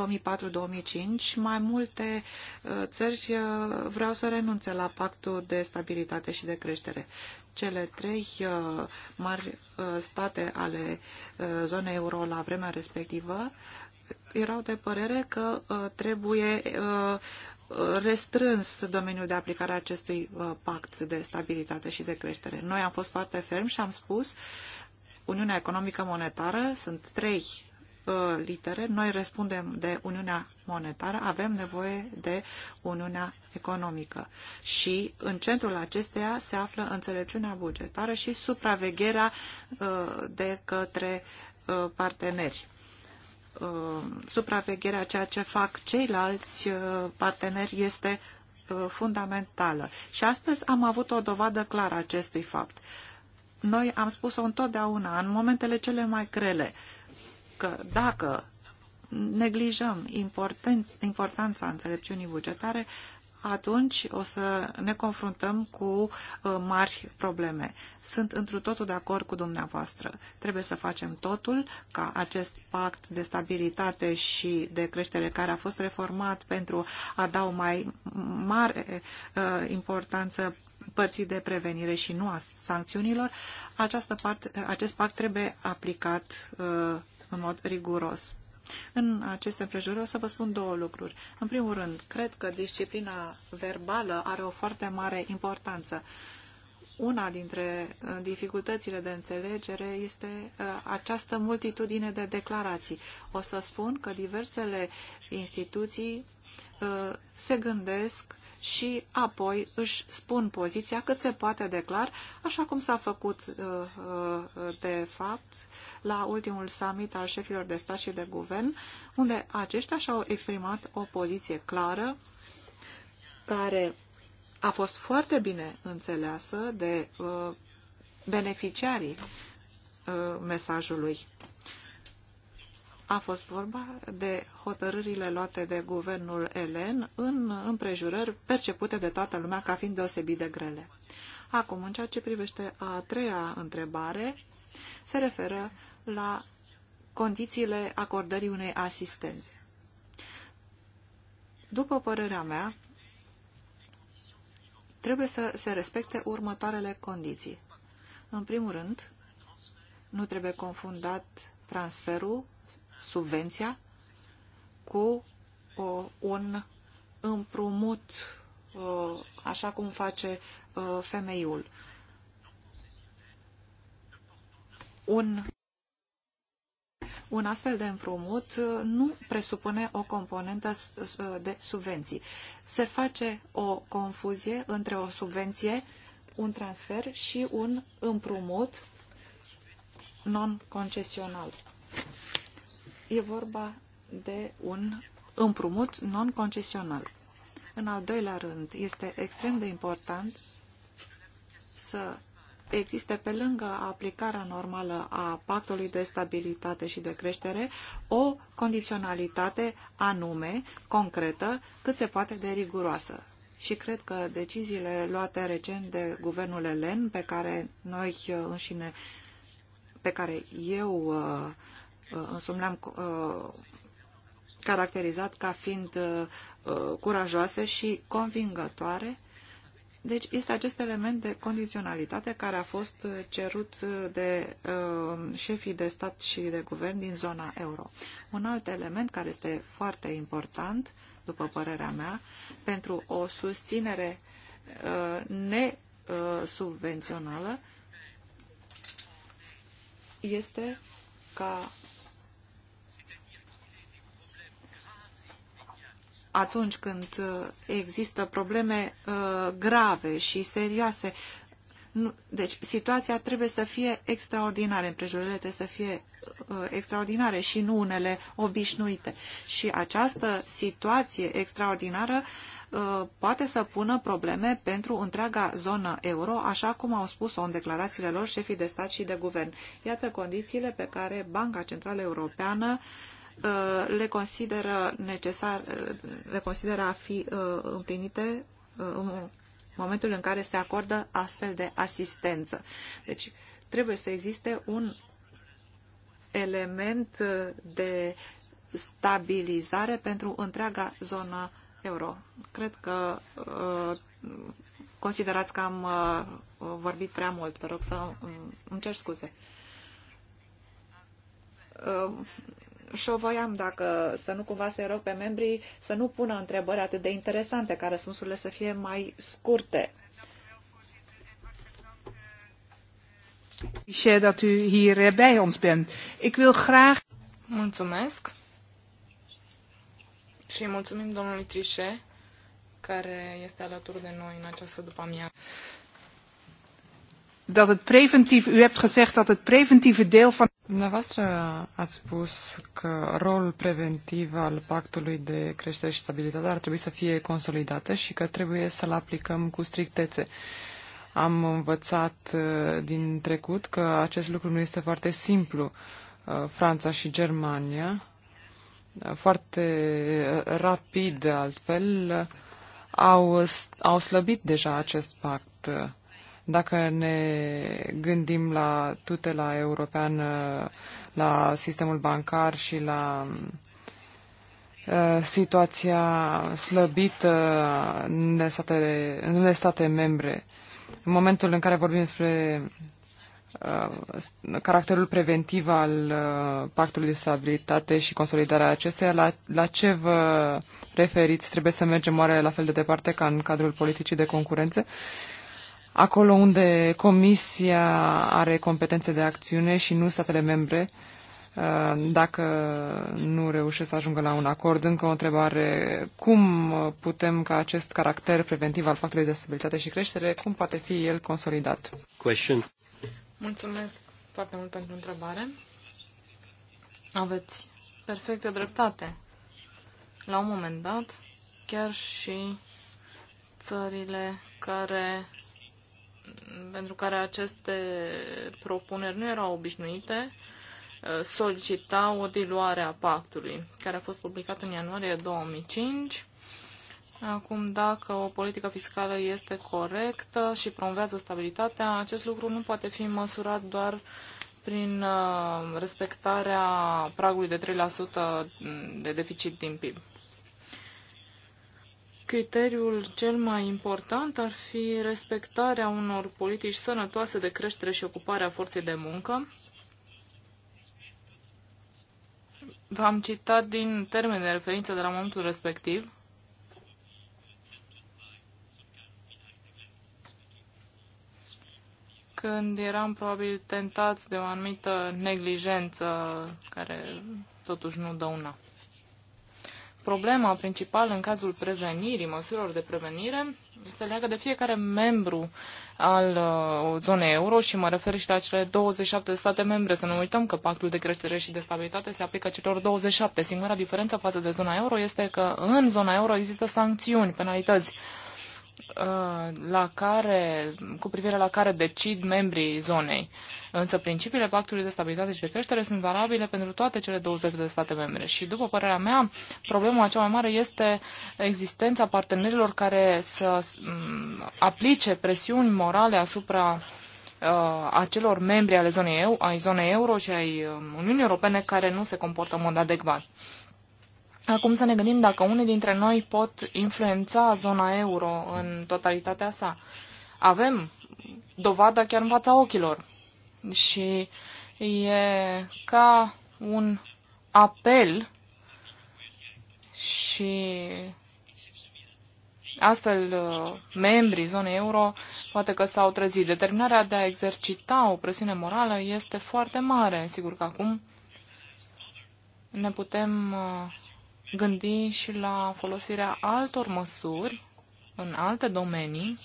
Speaker 2: 2004-2005 mai multe uh, țări uh, vreau să renunțe la pactul de stabilitate și de creștere. Cele trei uh, mari uh, state ale uh, zonei euro la vremea respectivă erau de părere că uh, trebuie uh, restrâns domeniul de aplicare a acestui uh, pact de stabilitate și de creștere. Noi am fost foarte ferm și am spus Uniunea Economică Monetară sunt trei uh, litere. Noi răspundem de Uniunea Monetară, avem nevoie de Uniunea Economică. Și în centrul acesteia se află înțelepciunea bugetară și supravegherea uh, de către parteneri. Uh, supravegherea ceea ce fac ceilalți uh, parteneri este uh, fundamentală. Și astăzi am avut o dovadă clară acestui fapt. Noi am spus-o întotdeauna, în momentele cele mai grele, că dacă neglijăm importanța înțelepciunii bugetare, atunci o să ne confruntăm cu uh, mari probleme. Sunt întru totul de acord cu dumneavoastră. Trebuie să facem totul ca acest pact de stabilitate și de creștere care a fost reformat pentru a da o mai mare uh, importanță părții de prevenire și nu a sancțiunilor, această part, acest pact trebuie aplicat uh, în mod riguros în aceste prejuri o să vă spun două lucruri. În primul rând, cred că disciplina verbală are o foarte mare importanță. Una dintre uh, dificultățile de înțelegere este uh, această multitudine de declarații. O să spun că diversele instituții uh, se gândesc și apoi își spun poziția cât se poate declar, așa cum s-a făcut uh, uh, de fapt la ultimul summit al șefilor de stat și de guvern, unde aceștia și-au exprimat o poziție clară care a fost foarte bine înțeleasă de uh, beneficiarii mesajului a fost vorba de hotărârile luate de guvernul elen în împrejurări percepute de toată lumea ca fiind deosebit de grele. Acum, în ceea ce privește a treia întrebare, se referă la condițiile acordării unei asistențe. După părerea mea, trebuie să se respecte următoarele condiții. În primul rând, nu trebuie confundat transferul subvenția cu uh, un împrumut, uh, așa cum face uh, femeiul. Un, un astfel de împrumut uh, nu presupune o componentă uh, de subvenții. Se face o confuzie între o subvenție, un transfer și un împrumut non-concesional. E vorba de un împrumut non-concesional. În al doilea rând, este extrem de important să existe pe lângă aplicarea normală a pactului de stabilitate și de creștere o condiționalitate anume, concretă, cât se poate de riguroasă. Și cred că deciziile luate recent de guvernul elen, pe care noi uh, înșine, pe care eu uh, însumi le-am uh, caracterizat ca fiind uh, uh, curajoase și convingătoare. Deci este acest element de condiționalitate care a fost cerut de uh, șefii de stat și de guvern din zona euro. Un alt element care este foarte important, după părerea mea, pentru o susținere uh, nesubvențională este ca atunci când uh, există probleme uh, grave și serioase. Deci situația trebuie să fie extraordinară, împrejurările trebuie să fie uh, extraordinare și nu unele obișnuite. Și această situație extraordinară poate să pună probleme pentru întreaga zonă euro, așa cum au spus-o în declarațiile lor șefii de stat și de guvern. Iată condițiile pe care Banca Centrală Europeană uh, Uh, le consideră necesar, uh, le consideră a fi uh, împlinite în momentul în care se acordă astfel de asistență. Deci trebuie să existe un element de stabilizare pentru întreaga zonă euro. Cred că considerați că am vorbit prea mult. Vă rog să um, îmi cer scuze și o voiam, dacă să nu cumva să rog pe membrii să nu pună întrebări atât de interesante, ca răspunsurile să fie mai scurte.
Speaker 3: u eh, bij ons bent. Ik wil graag... Mulțumesc. Și mulțumim domnului Trișe, care este alături de noi în această
Speaker 4: după-amiază. Dat het preventief, u hebt gezegd dat het preventieve deel van Dumneavoastră ați spus că rolul preventiv al pactului de creștere și stabilitate ar trebui să fie consolidată și că trebuie să-l aplicăm cu strictețe. Am învățat uh, din trecut că acest lucru nu este foarte simplu. Uh, Franța și Germania, uh, foarte rapid altfel, au, au slăbit deja acest pact dacă ne gândim la tutela europeană, la sistemul bancar și la uh, situația slăbită în unele state, state membre, în momentul în care vorbim despre uh, caracterul preventiv al uh, pactului de stabilitate și consolidarea acesteia, la, la ce vă referiți? Trebuie să mergem oare la fel de departe ca în cadrul politicii de concurență? Uh, acolo unde Comisia are competențe de acțiune și nu statele membre, uh, dacă nu reușesc să ajungă la un acord. Încă o întrebare. Cum putem ca acest caracter preventiv al Pactului de Stabilitate și Creștere, cum poate fi el consolidat? Question.
Speaker 3: Mulțumesc foarte mult pentru întrebare. Aveți perfectă dreptate. La un moment dat, chiar și țările care pentru care aceste propuneri nu erau obișnuite, uh, solicitau o diluare a pactului, care a fost publicat în ianuarie 2005. Acum, dacă o politică fiscală este corectă și promovează stabilitatea, acest lucru nu poate fi măsurat doar prin uh, respectarea pragului de 3% de deficit din PIB criteriul cel mai important ar fi respectarea unor politici sănătoase de creștere și ocupare a forței de muncă. V-am citat din termeni de referință de la momentul respectiv. când eram probabil tentați de o anumită neglijență care totuși nu una problema principală în cazul prevenirii, măsurilor de prevenire, se leagă de fiecare membru al uh, zonei euro și mă refer și la cele 27 de state membre. Să nu uităm că pactul de creștere și de stabilitate se aplică celor 27. Singura diferență față de zona euro este că în zona euro există sancțiuni, penalități Uh, la care, cu privire la care decid membrii zonei. Însă principiile Pactului de Stabilitate și de Creștere sunt valabile pentru toate cele 20 de state membre. Și după părerea mea, problema cea mai mare este existența partenerilor care să mm, aplice presiuni morale asupra uh, acelor membri ale zonei, eu, ai zonei euro și ai uh, Uniunii Europene care nu se comportă în mod adecvat. Acum să ne gândim dacă unii dintre noi pot influența zona euro în totalitatea sa. Avem dovada chiar în fața ochilor. Și e ca un apel și astfel uh, membrii zonei euro poate că s-au trezit. Determinarea de a exercita o presiune morală este foarte mare. Sigur că acum ne putem uh, gândi și la folosirea altor măsuri în alte domenii,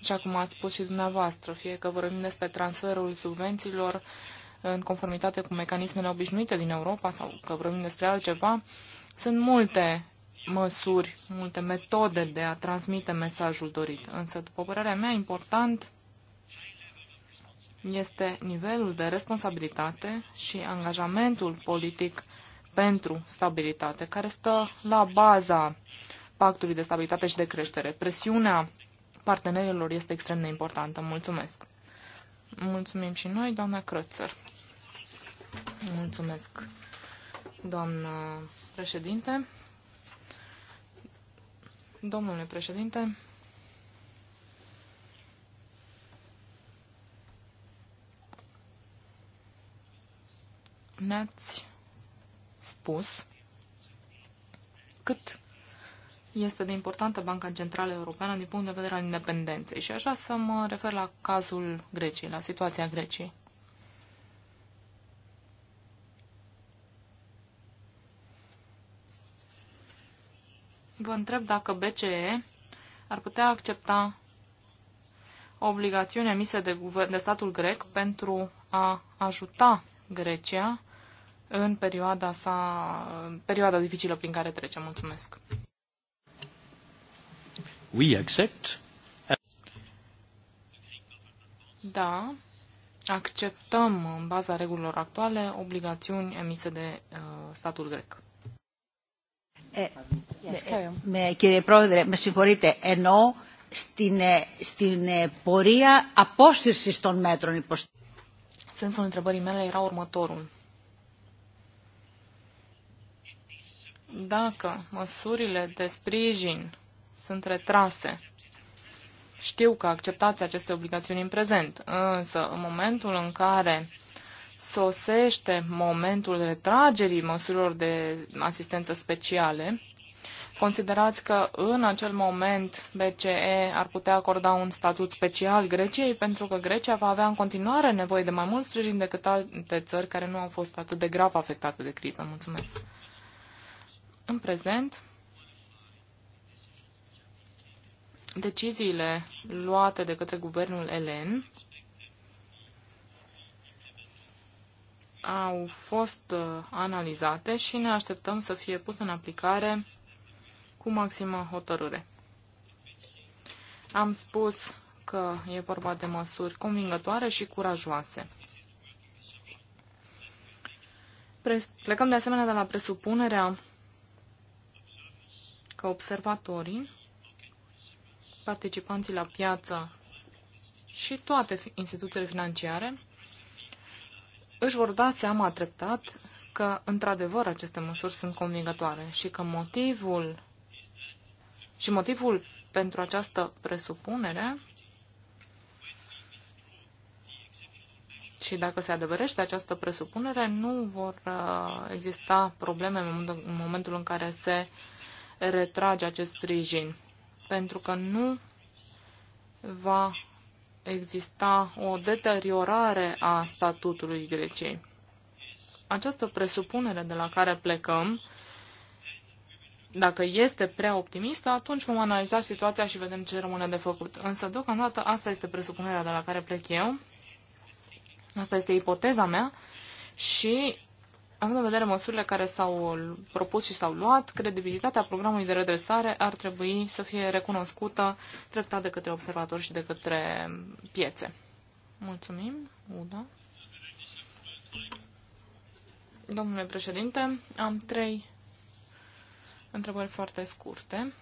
Speaker 3: așa cum ați spus și dumneavoastră, fie că vorbim despre transferul subvențiilor în conformitate cu mecanismele obișnuite din Europa sau că vorbim despre altceva, sunt multe măsuri, multe metode de a transmite mesajul dorit. Însă, după părerea mea, important este nivelul de responsabilitate și angajamentul politic pentru stabilitate, care stă la baza pactului de stabilitate și de creștere. Presiunea partenerilor este extrem de importantă. Mulțumesc! Mulțumim și noi, doamna Crățăr. Mulțumesc, doamnă președinte. Domnule președinte, ne-ați spus cât este de importantă Banca Centrală Europeană din punct de vedere al independenței. Și așa să mă refer la cazul Greciei, la situația Greciei. Vă întreb dacă BCE ar putea accepta o obligațiune emisă de, de statul grec pentru a ajuta Grecia în perioada, sa, în perioada dificilă prin care trece. Mulțumesc!
Speaker 1: We accept.
Speaker 3: Da, acceptăm în baza regulilor actuale obligațiuni emise de uh, statul grec.
Speaker 2: Ναι, κύριε Πρόεδρε, με συγχωρείτε, εννοώ στην, στην πορεία απόσυρσης των μέτρων υποστήριξης.
Speaker 3: Sensul întrebării mele era următorul. Dacă măsurile de sprijin sunt retrase, știu că acceptați aceste obligațiuni în prezent, însă în momentul în care sosește momentul retragerii măsurilor de asistență speciale, Considerați că în acel moment BCE ar putea acorda un statut special Greciei pentru că Grecia va avea în continuare nevoie de mai mult sprijin decât alte țări care nu au fost atât de grav afectate de criză. Mulțumesc. În prezent, deciziile luate de către guvernul elen au fost uh, analizate și ne așteptăm să fie pus în aplicare cu maximă hotărâre. Am spus că e vorba de măsuri convingătoare și curajoase. Plecăm de asemenea de la presupunerea că observatorii, participanții la piață și toate instituțiile financiare își vor da seama treptat că, într-adevăr, aceste măsuri sunt convingătoare și că motivul și motivul pentru această presupunere și dacă se adevărește această presupunere, nu vor uh, exista probleme în momentul în care se retrage acest sprijin, pentru că nu va exista o deteriorare a statutului Greciei. Această presupunere de la care plecăm, dacă este prea optimistă, atunci vom analiza situația și vedem ce rămâne de făcut. Însă, deocamdată, asta este presupunerea de la care plec eu, asta este ipoteza mea și Având în vedere măsurile care s-au propus și s-au luat, credibilitatea programului de redresare ar trebui să fie recunoscută treptat de către observatori și de către piețe. Mulțumim, Uda. Domnule președinte, am trei întrebări foarte scurte.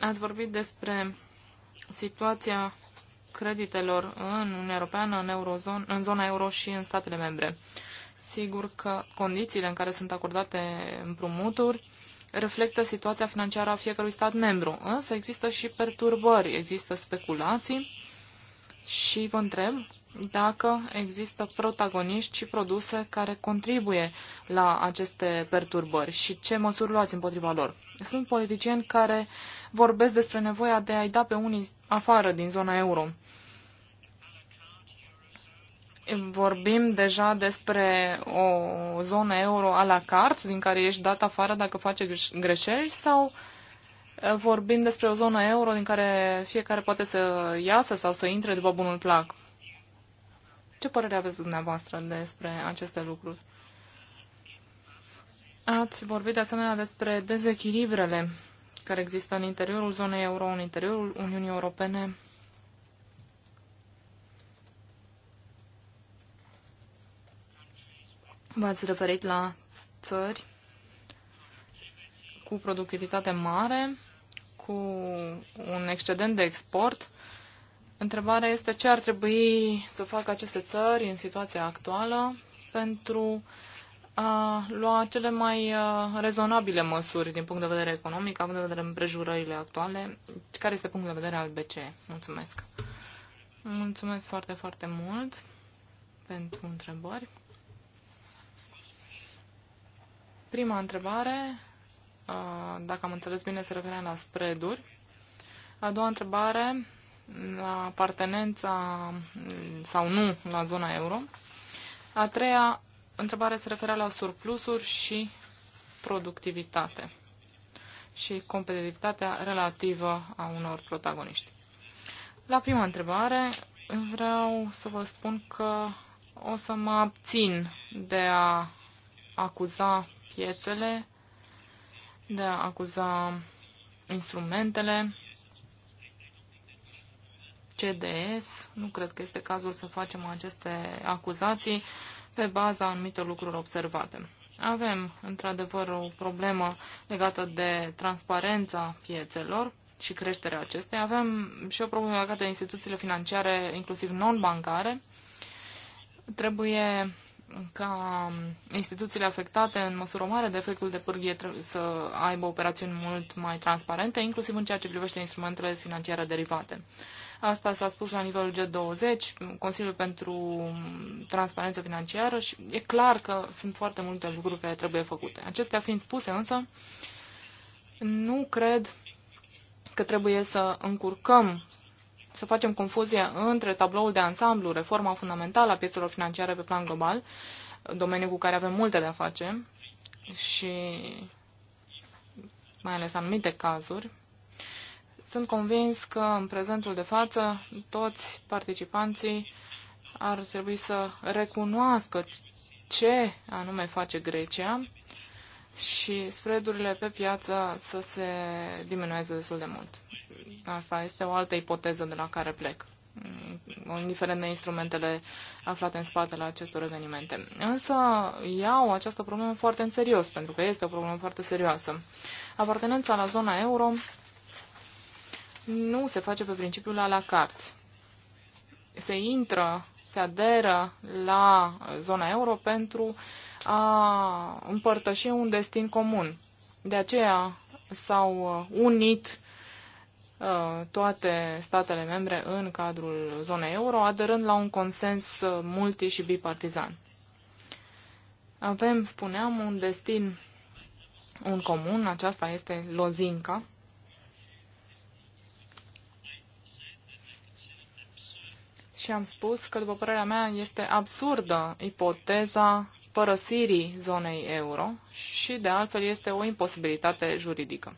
Speaker 3: Ați vorbit despre situația creditelor în Uniunea Europeană, în, eurozon, în zona euro și în statele membre. Sigur că condițiile în care sunt acordate împrumuturi reflectă situația financiară a fiecărui stat membru, însă există și perturbări, există speculații și vă întreb dacă există protagoniști și produse care contribuie la aceste perturbări și ce măsuri luați împotriva lor. Sunt politicieni care vorbesc despre nevoia de a-i da pe unii afară din zona euro. Vorbim deja despre o zonă euro a la carte, din care ești dat afară dacă faci greșeli, sau vorbim despre o zonă euro din care fiecare poate să iasă sau să intre după bunul plac? Ce părere aveți dumneavoastră despre aceste lucruri? Ați vorbit de asemenea despre dezechilibrele care există în interiorul zonei euro, în interiorul Uniunii Europene. V-ați referit la țări cu productivitate mare, cu un excedent de export. Întrebarea este ce ar trebui să facă aceste țări în situația actuală pentru a lua cele mai uh, rezonabile măsuri din punct de vedere economic, având în vedere împrejurările actuale. Care este punctul de vedere al BCE? Mulțumesc! Mulțumesc foarte, foarte mult pentru întrebări. Prima întrebare, uh, dacă am înțeles bine, se referea la spreaduri. A doua întrebare, la apartenența mm, sau nu la zona euro. A treia, întrebare se referea la surplusuri și productivitate și competitivitatea relativă a unor protagoniști. La prima întrebare vreau să vă spun că o să mă abțin de a acuza piețele, de a acuza instrumentele, CDS. Nu cred că este cazul să facem aceste acuzații pe baza anumitor lucruri observate. Avem, într-adevăr, o problemă legată de transparența piețelor și creșterea acesteia. Avem și o problemă legată de instituțiile financiare, inclusiv non-bancare. Trebuie ca instituțiile afectate în măsură mare de efectul de pârghie să aibă operațiuni mult mai transparente, inclusiv în ceea ce privește instrumentele financiare derivate. Asta s-a spus la nivelul G20, Consiliul pentru Transparență Financiară și e clar că sunt foarte multe lucruri care trebuie făcute. Acestea fiind spuse însă, nu cred că trebuie să încurcăm să facem confuzie între tabloul de ansamblu, reforma fundamentală a piețelor financiare pe plan global, domeniul cu care avem multe de a face și mai ales anumite cazuri, sunt convins că în prezentul de față toți participanții ar trebui să recunoască ce anume face Grecia și spreadurile pe piață să se diminueze destul de mult. Asta este o altă ipoteză de la care plec, indiferent de instrumentele aflate în spatele acestor evenimente. Însă iau această problemă foarte în serios, pentru că este o problemă foarte serioasă. Apartenența la zona euro nu se face pe principiul la la carte. Se intră, se aderă la zona euro pentru a împărtăși un destin comun. De aceea s-au uh, unit uh, toate statele membre în cadrul zonei euro, aderând la un consens uh, multi și bipartizan. Avem, spuneam, un destin, un comun, aceasta este lozinca, și am spus că, după părerea mea, este absurdă ipoteza părăsirii zonei euro și, de altfel, este o imposibilitate juridică.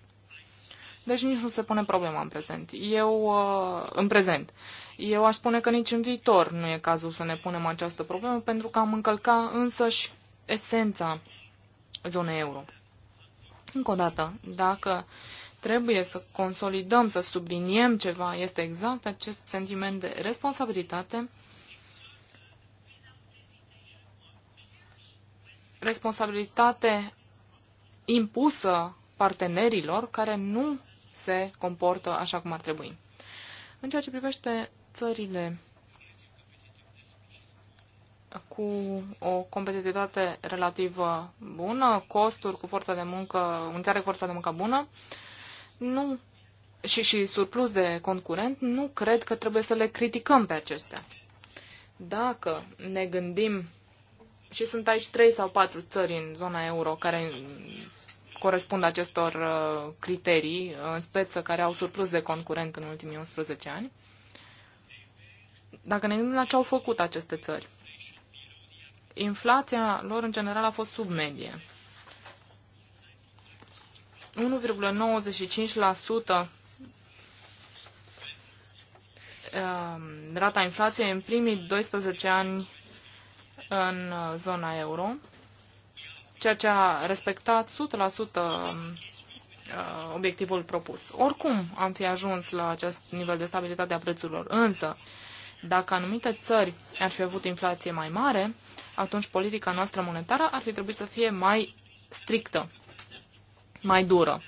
Speaker 3: Deci nici nu se pune problema în prezent. Eu, uh, în prezent. Eu aș spune că nici în viitor nu e cazul să ne punem această problemă, pentru că am încălca însăși esența zonei euro. Încă o dată, dacă uh, trebuie să consolidăm, să subliniem ceva, este exact acest sentiment de responsabilitate, responsabilitate impusă partenerilor care nu se comportă așa cum ar trebui. În ceea ce privește țările cu o competitivitate relativ bună, costuri cu forța de muncă, unitare cu forța de muncă bună, nu, și, și surplus de concurent, nu cred că trebuie să le criticăm pe acestea. Dacă ne gândim, și sunt aici trei sau patru țări în zona euro care corespund acestor uh, criterii, uh, în speță care au surplus de concurent în ultimii 11 ani, dacă ne gândim la ce au făcut aceste țări, inflația lor în general a fost sub medie. 1,95% um, rata inflației în primii 12 ani în uh, zona euro, ceea ce a respectat 100% um, uh, obiectivul propus. Oricum am fi ajuns la acest nivel de stabilitate a prețurilor, însă dacă anumite țări ar fi avut inflație mai mare, atunci politica noastră monetară ar fi trebuit să fie mai strictă mai dură.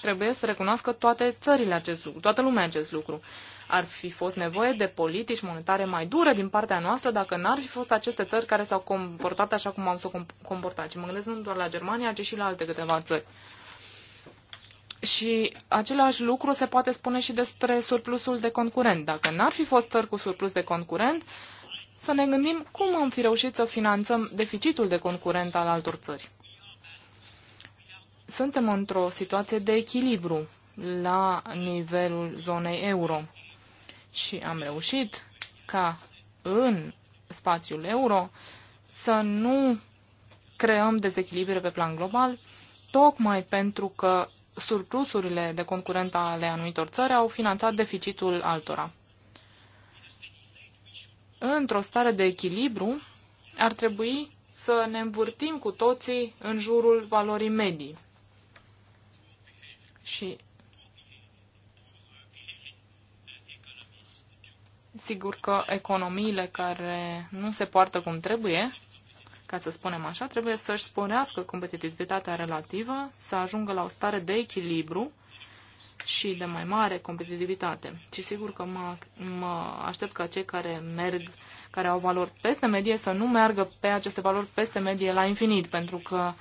Speaker 3: Trebuie să recunoască toate țările acest lucru, toată lumea acest lucru. Ar fi fost nevoie de politici monetare mai dure din partea noastră dacă n-ar fi fost aceste țări care s-au comportat așa cum au s-au comportat. Și mă gândesc nu doar la Germania, ci și la alte câteva țări. Și același lucru se poate spune și despre surplusul de concurent. Dacă n-ar fi fost țări cu surplus de concurent, să ne gândim cum am fi reușit să finanțăm deficitul de concurent al altor țări. Suntem într-o situație de echilibru la nivelul zonei euro și am reușit ca în spațiul euro să nu creăm dezechilibre pe plan global, tocmai pentru că surplusurile de concurent ale anumitor țări au finanțat deficitul altora. Într-o stare de echilibru, ar trebui să ne învârtim cu toții în jurul valorii medii și sigur că economiile care nu se poartă cum trebuie, ca să spunem așa, trebuie să-și sporească competitivitatea relativă, să ajungă la o stare de echilibru și de mai mare competitivitate. Și sigur că mă, mă aștept ca cei care merg, care au valori peste medie, să nu meargă pe aceste valori peste medie la infinit, pentru că uh,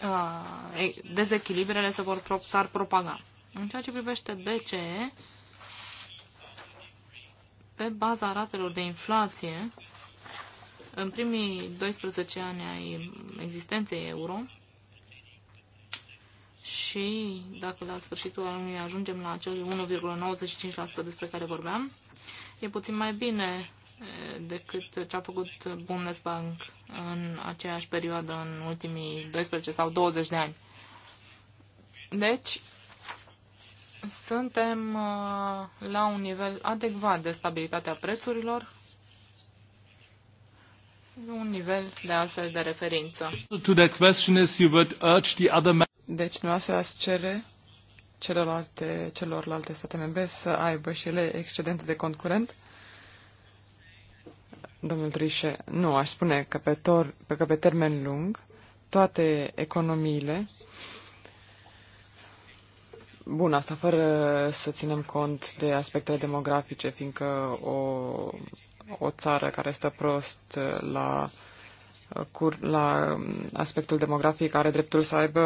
Speaker 3: Ah, dezechilibrele se vor s-ar propaga. În ceea ce privește BCE, pe baza ratelor de inflație, în primii 12 ani ai existenței euro și dacă la sfârșitul anului ajungem la acel 1,95% despre care vorbeam, e puțin mai bine decât ce a făcut Bundesbank în aceeași perioadă, în ultimii 12 sau 20 de ani. Deci, suntem uh, la un nivel adecvat de stabilitate a prețurilor, un nivel de altfel de referință.
Speaker 4: deci, dumneavoastră ați cere celorlalte, celorlalte state membre să aibă și ele excedente de concurent. Domnul Trișe, nu, aș spune că pe, tor, că pe termen lung toate economiile Bun, asta fără să ținem cont de aspectele demografice, fiindcă o, o țară care stă prost uh, la, uh, la um, aspectul demografic are dreptul să aibă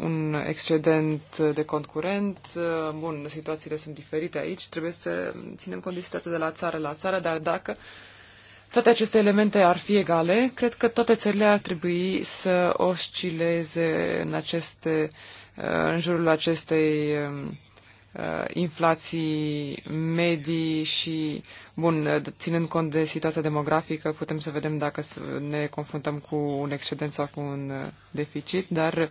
Speaker 4: un excedent de cont curent. Uh, bun, situațiile sunt diferite aici, trebuie să ținem cont de situația de la țară la țară, dar dacă uh, toate aceste elemente ar fi egale, cred că toate țările ar trebui să oscileze în, aceste, uh, în jurul acestei um, uh, inflații medii și, bun, ținând cont de situația demografică, putem să vedem dacă ne confruntăm cu un excedent sau cu un uh, deficit, dar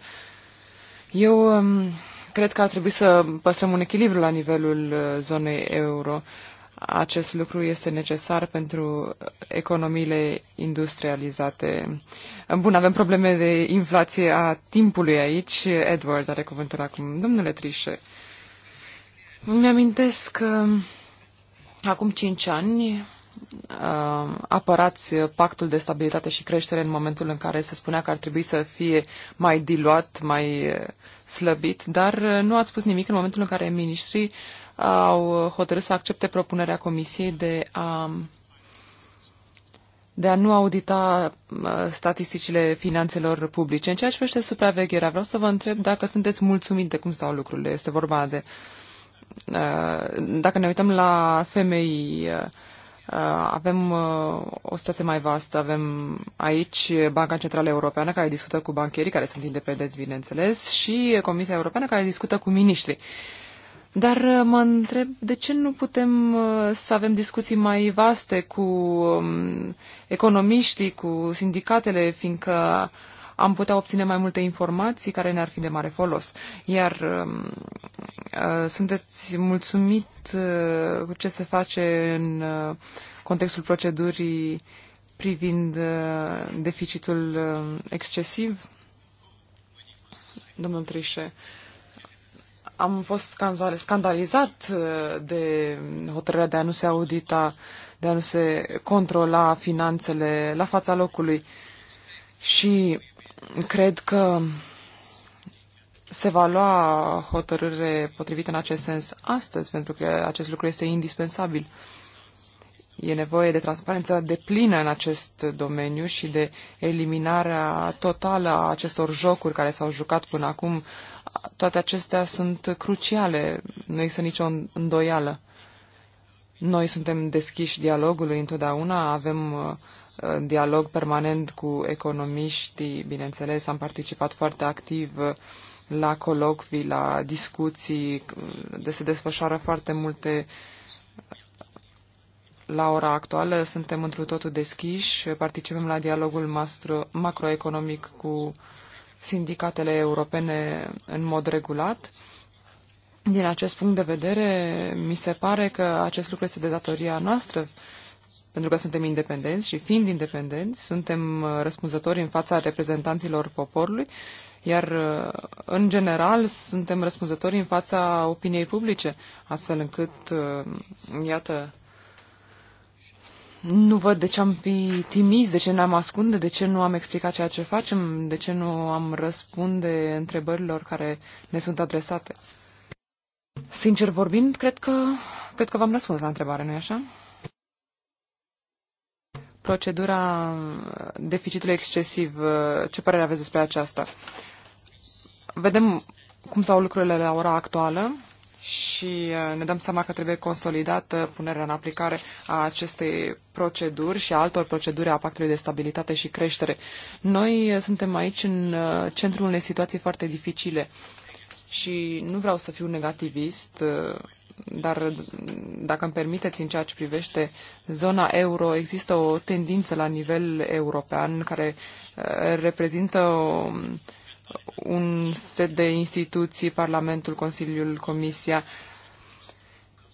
Speaker 4: eu um, cred că ar trebui să păstrăm un echilibru la nivelul zonei euro acest lucru este necesar pentru economiile industrializate. Bun, avem probleme de inflație a timpului aici. Edward are cuvântul acum. Domnule Trișe, mi-amintesc că acum cinci ani uh, apărați pactul de stabilitate și creștere în momentul în care se spunea că ar trebui să fie mai diluat, mai uh, slăbit, dar uh, nu ați spus nimic în momentul în care ministrii au hotărât să accepte propunerea Comisiei de a de a nu audita uh, statisticile finanțelor publice. În ceea ce privește supravegherea, vreau să vă întreb dacă sunteți mulțumit de cum stau lucrurile. Este vorba de. Uh, dacă ne uităm la femei, uh, avem o situație mai vastă. Avem aici Banca Centrală Europeană care discută cu bancherii, care sunt independenți, bineînțeles, și Comisia Europeană care discută cu miniștrii. Dar uh, mă întreb de ce nu putem uh, să avem discuții mai vaste cu um, economiștii, cu sindicatele, fiindcă am putea obține mai multe informații care ne-ar fi de mare folos. Iar um, uh, sunteți mulțumit cu ce se face în contextul procedurii privind deficitul excesiv? Domnul Trișe, am fost scandalizat uh, de hotărârea de a nu se audita, de a nu se controla finanțele la fața locului și cred că se va lua hotărâre potrivită în acest sens astăzi, pentru că acest lucru este indispensabil. E nevoie de transparență deplină în acest domeniu și de eliminarea totală a acestor jocuri care s-au jucat până acum toate acestea sunt cruciale, nu există nicio îndoială. Noi suntem deschiși dialogului întotdeauna, avem uh, dialog permanent cu economiștii, bineînțeles, am participat foarte activ uh, la colocvii, la discuții, uh, de se desfășoară foarte multe la ora actuală. Suntem într totul deschiși, participăm la dialogul macroeconomic cu sindicatele europene în mod regulat. Din acest punct de vedere, mi se pare că acest lucru este de datoria noastră, pentru că suntem independenți și fiind independenți, suntem uh, răspunzători în fața reprezentanților poporului, iar uh, în general suntem răspunzători în fața opiniei publice, astfel încât, uh, iată, nu văd de ce am fi timizi, de ce ne-am ascunde, de ce nu am explicat ceea ce facem, de ce nu am răspunde întrebărilor care ne sunt adresate. Sincer vorbind, cred că, cred că v-am răspuns la întrebare, nu-i așa? Procedura deficitului excesiv, ce părere aveți despre aceasta? Vedem cum stau lucrurile la ora actuală și uh, ne dăm seama că trebuie consolidată punerea în aplicare a acestei proceduri și a altor proceduri a Pactului de Stabilitate și Creștere. Noi uh, suntem aici în uh, centrul unei situații foarte dificile și nu vreau să fiu negativist, dar dacă îmi permiteți în ceea ce privește zona euro, există o tendință la nivel european care reprezintă un set de instituții, Parlamentul, Consiliul, Comisia.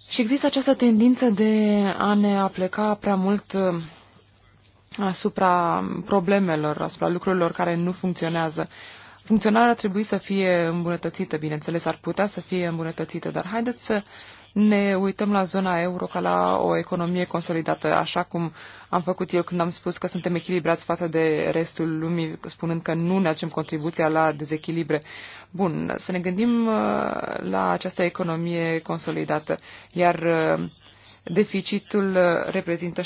Speaker 4: Și există această tendință de a ne apleca prea mult uh, asupra problemelor, asupra lucrurilor care nu funcționează. Funcționarea ar trebui să fie îmbunătățită, bineînțeles, ar putea să fie îmbunătățită, dar haideți să ne uităm la zona euro ca la o economie consolidată, așa cum am făcut eu când am spus că suntem echilibrați față de restul lumii, spunând că nu ne facem contribuția la dezechilibre. Bun, să ne gândim uh, la această economie consolidată, iar uh, deficitul uh, reprezintă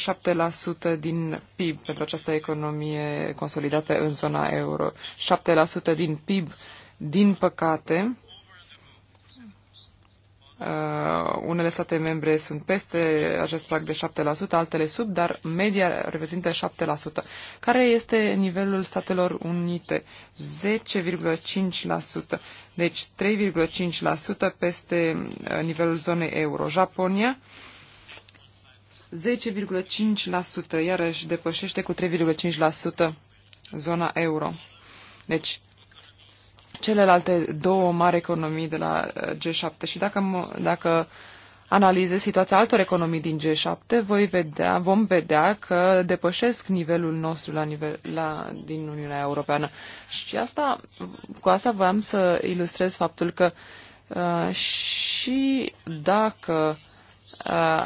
Speaker 4: 7% din PIB pentru această economie consolidată în zona euro. 7% din PIB, din păcate, Uh, unele state membre sunt peste acest prag de 7%, altele sub, dar media reprezintă 7%. Care este nivelul Statelor Unite? 10,5%. Deci 3,5% peste uh, nivelul zonei euro. Japonia 10,5%, iarăși depășește cu 3,5% zona euro. Deci celelalte două mari economii de la uh, G7 și dacă, dacă analizez situația altor economii din G7, voi vedea, vom vedea că depășesc nivelul nostru la nivel, la, din Uniunea Europeană. Și asta, cu asta voiam să ilustrez faptul că uh, și dacă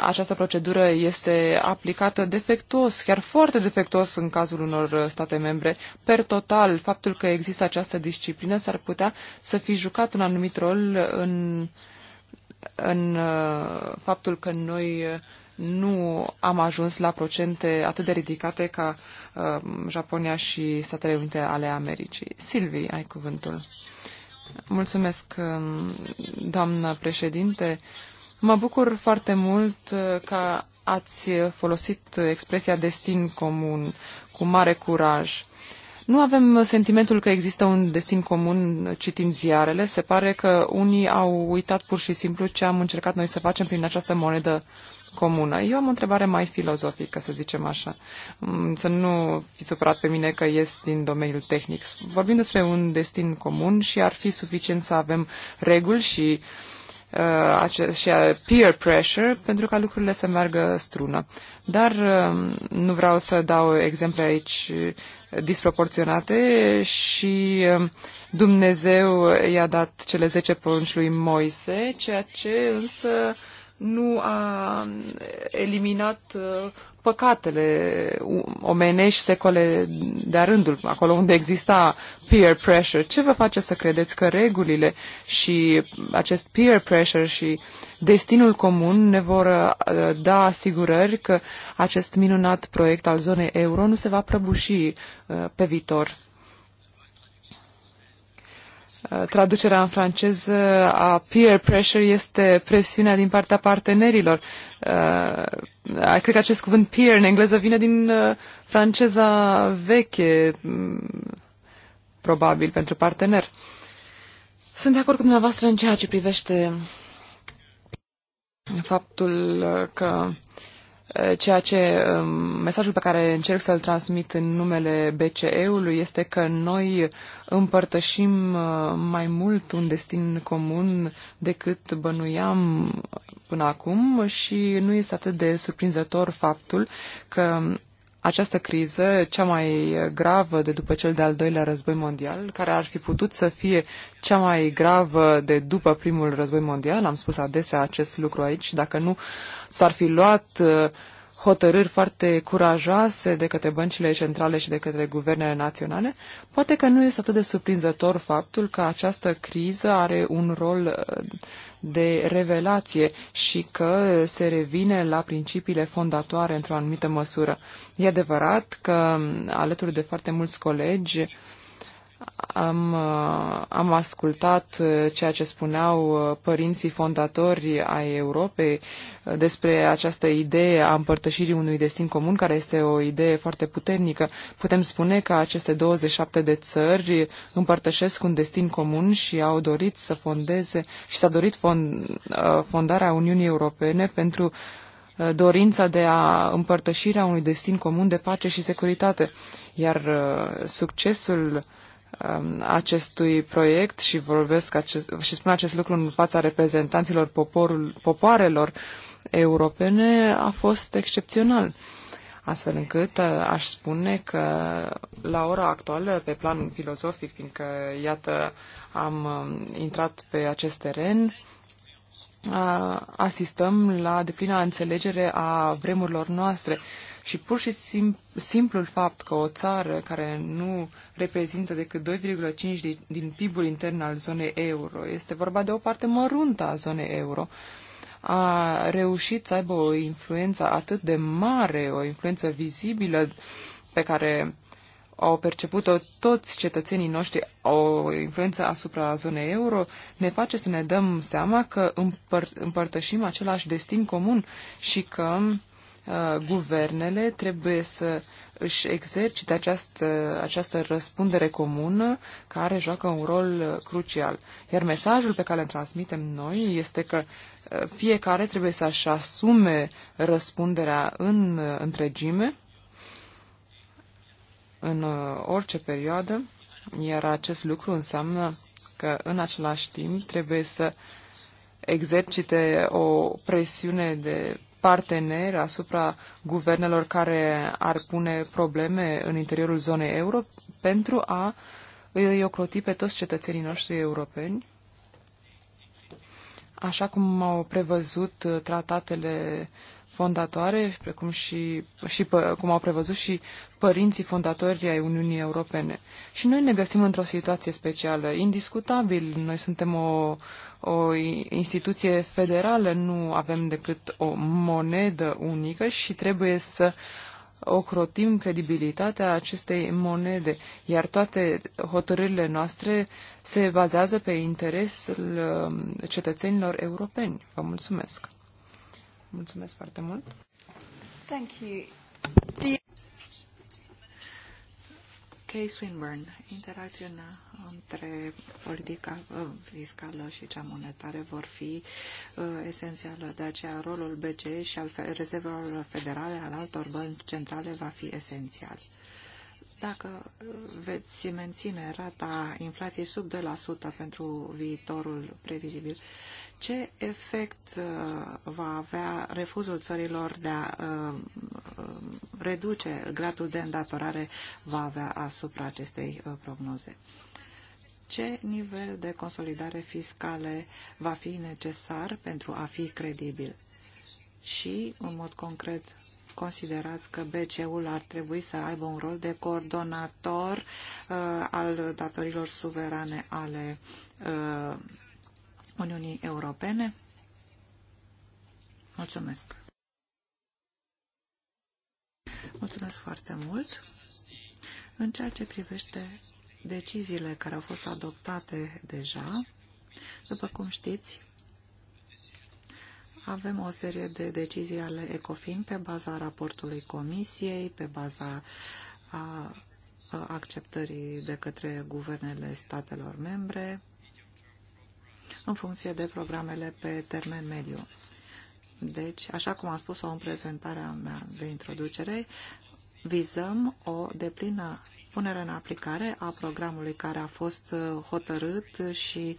Speaker 4: această procedură este aplicată defectuos, chiar foarte defectuos în cazul unor uh, state membre. Per total, faptul că există această disciplină s-ar putea să fi jucat un anumit rol în, în uh, faptul că noi uh, nu am ajuns la procente atât de ridicate ca Japonia și Statele Unite ale Americii. Silvi, ai cuvântul. Mulțumesc, um, doamnă președinte. Mă bucur foarte mult uh, că ați folosit expresia destin comun cu mare curaj. Nu avem sentimentul că există un destin comun citind ziarele. Se pare că unii au uitat pur și simplu ce am încercat noi să facem prin această monedă comună. Eu am o întrebare mai filozofică, să zicem așa. Mm, să nu fiți supărat pe mine că ies din domeniul tehnic. Vorbim despre un destin comun și ar fi suficient să avem reguli și uh, uh, acest, și a peer pressure pentru ca lucrurile să meargă strună. Dar uh, nu vreau să dau exemple aici disproporționate și um, Dumnezeu i-a dat cele 10 porunci lui Moise, ceea ce însă nu a eliminat uh, păcatele omenești secole de rândul, acolo unde exista peer pressure. Ce vă face să credeți că regulile și acest peer pressure și destinul comun ne vor uh, da asigurări că acest minunat proiect al zonei euro nu se va prăbuși uh, pe viitor? Eh, traducerea în franceză a peer pressure este presiunea din partea partenerilor. Uh, cred că acest cuvânt peer în engleză vine din uh, franceza veche, mm, probabil pentru partener. Sunt de acord cu dumneavoastră în ceea ce privește faptul că Eh, ceea ce eh, mesajul pe care încerc să-l transmit în numele BCE-ului este că noi împărtășim eh, mai mult un destin comun decât bănuiam până acum și nu este atât de surprinzător faptul că această criză, cea mai gravă de după cel de-al doilea război mondial, care ar fi putut să fie cea mai gravă de după primul război mondial, am spus adesea acest lucru aici, dacă nu s-ar fi luat uh, hotărâri foarte curajoase de către băncile centrale și de către guvernele naționale, poate că nu este atât de surprinzător faptul că această criză are un rol uh, de revelație și că se revine la principiile fondatoare într-o anumită măsură. E adevărat că, alături de foarte mulți colegi, am, uh, am ascultat uh, ceea ce spuneau uh, părinții fondatori ai Europei despre această idee a împărtășirii unui destin comun, care este o idee foarte puternică. Putem spune că aceste 27 de țări împărtășesc un destin comun și au dorit să fondeze și s-a dorit fond, fondarea Uniunii Europene pentru dorința de a împărtășirea unui destin comun de pace și securitate. Iar succesul uh, Um, acestui proiect și vorbesc acest, și spun acest lucru în fața reprezentanților poporul, popoarelor europene a fost excepțional. Astfel încât uh, aș spune că la ora actuală, pe plan filozofic, fiindcă, iată, am um, intrat pe acest teren, uh, asistăm la deplina înțelegere a vremurilor noastre și pur și sim, simplul fapt că o țară care nu reprezintă decât 2,5 din, din PIB-ul intern al zonei euro, este vorba de o parte măruntă a zonei euro, a reușit să aibă o influență atât de mare, o influență vizibilă pe care au perceput-o toți cetățenii noștri, o influență asupra zonei euro, ne face să ne dăm seama că împăr- împărtășim același destin comun și că Uh, guvernele trebuie să își exercite această, această răspundere comună care joacă un rol uh, crucial. Iar mesajul pe care îl transmitem noi este că uh, fiecare trebuie să-și asume răspunderea în întregime, în orice perioadă, iar acest lucru înseamnă că în același timp trebuie să exercite o presiune de parteneri asupra guvernelor care ar pune probleme în interiorul zonei euro pentru a îi ocroti pe toți cetățenii noștri europeni, așa cum au prevăzut tratatele fondatoare, precum și, și cum au prevăzut și părinții fondatori ai Uniunii Europene. Și noi ne găsim într-o situație specială, indiscutabil. Noi suntem o, o instituție federală, nu avem decât o monedă unică și trebuie să ocrotim credibilitatea acestei monede, iar toate hotărârile noastre se bazează pe interesul um, cetățenilor europeni. Vă mulțumesc! Mulțumesc foarte mult.
Speaker 2: Thank you. The... Kay Swinburne, interacțiunea între politica uh, fiscală și cea monetară vor fi uh, esențială. De aceea, rolul BCE și al rezervelor federale al altor bănci centrale va fi esențial. Dacă uh, veți menține rata inflației sub 2% pentru viitorul previzibil ce efect uh, va avea refuzul țărilor de a uh, uh, reduce gradul de îndatorare va avea asupra acestei prognoze? Ce nivel de consolidare fiscale va fi necesar pentru a fi credibil? Și, în mod concret, considerați că BCE-ul ar trebui să aibă un rol de coordonator uh, al datorilor suverane ale uh, Uniunii Europene. Mulțumesc! Mulțumesc foarte mult! În ceea ce privește deciziile care au fost adoptate deja, după cum știți, avem o serie de decizii ale ECOFIN pe baza raportului Comisiei, pe baza a acceptării de către guvernele statelor membre, în funcție de programele pe termen mediu. Deci, așa cum am spus-o în prezentarea mea de introducere, vizăm o deplină punere în aplicare a programului care a fost uh, hotărât și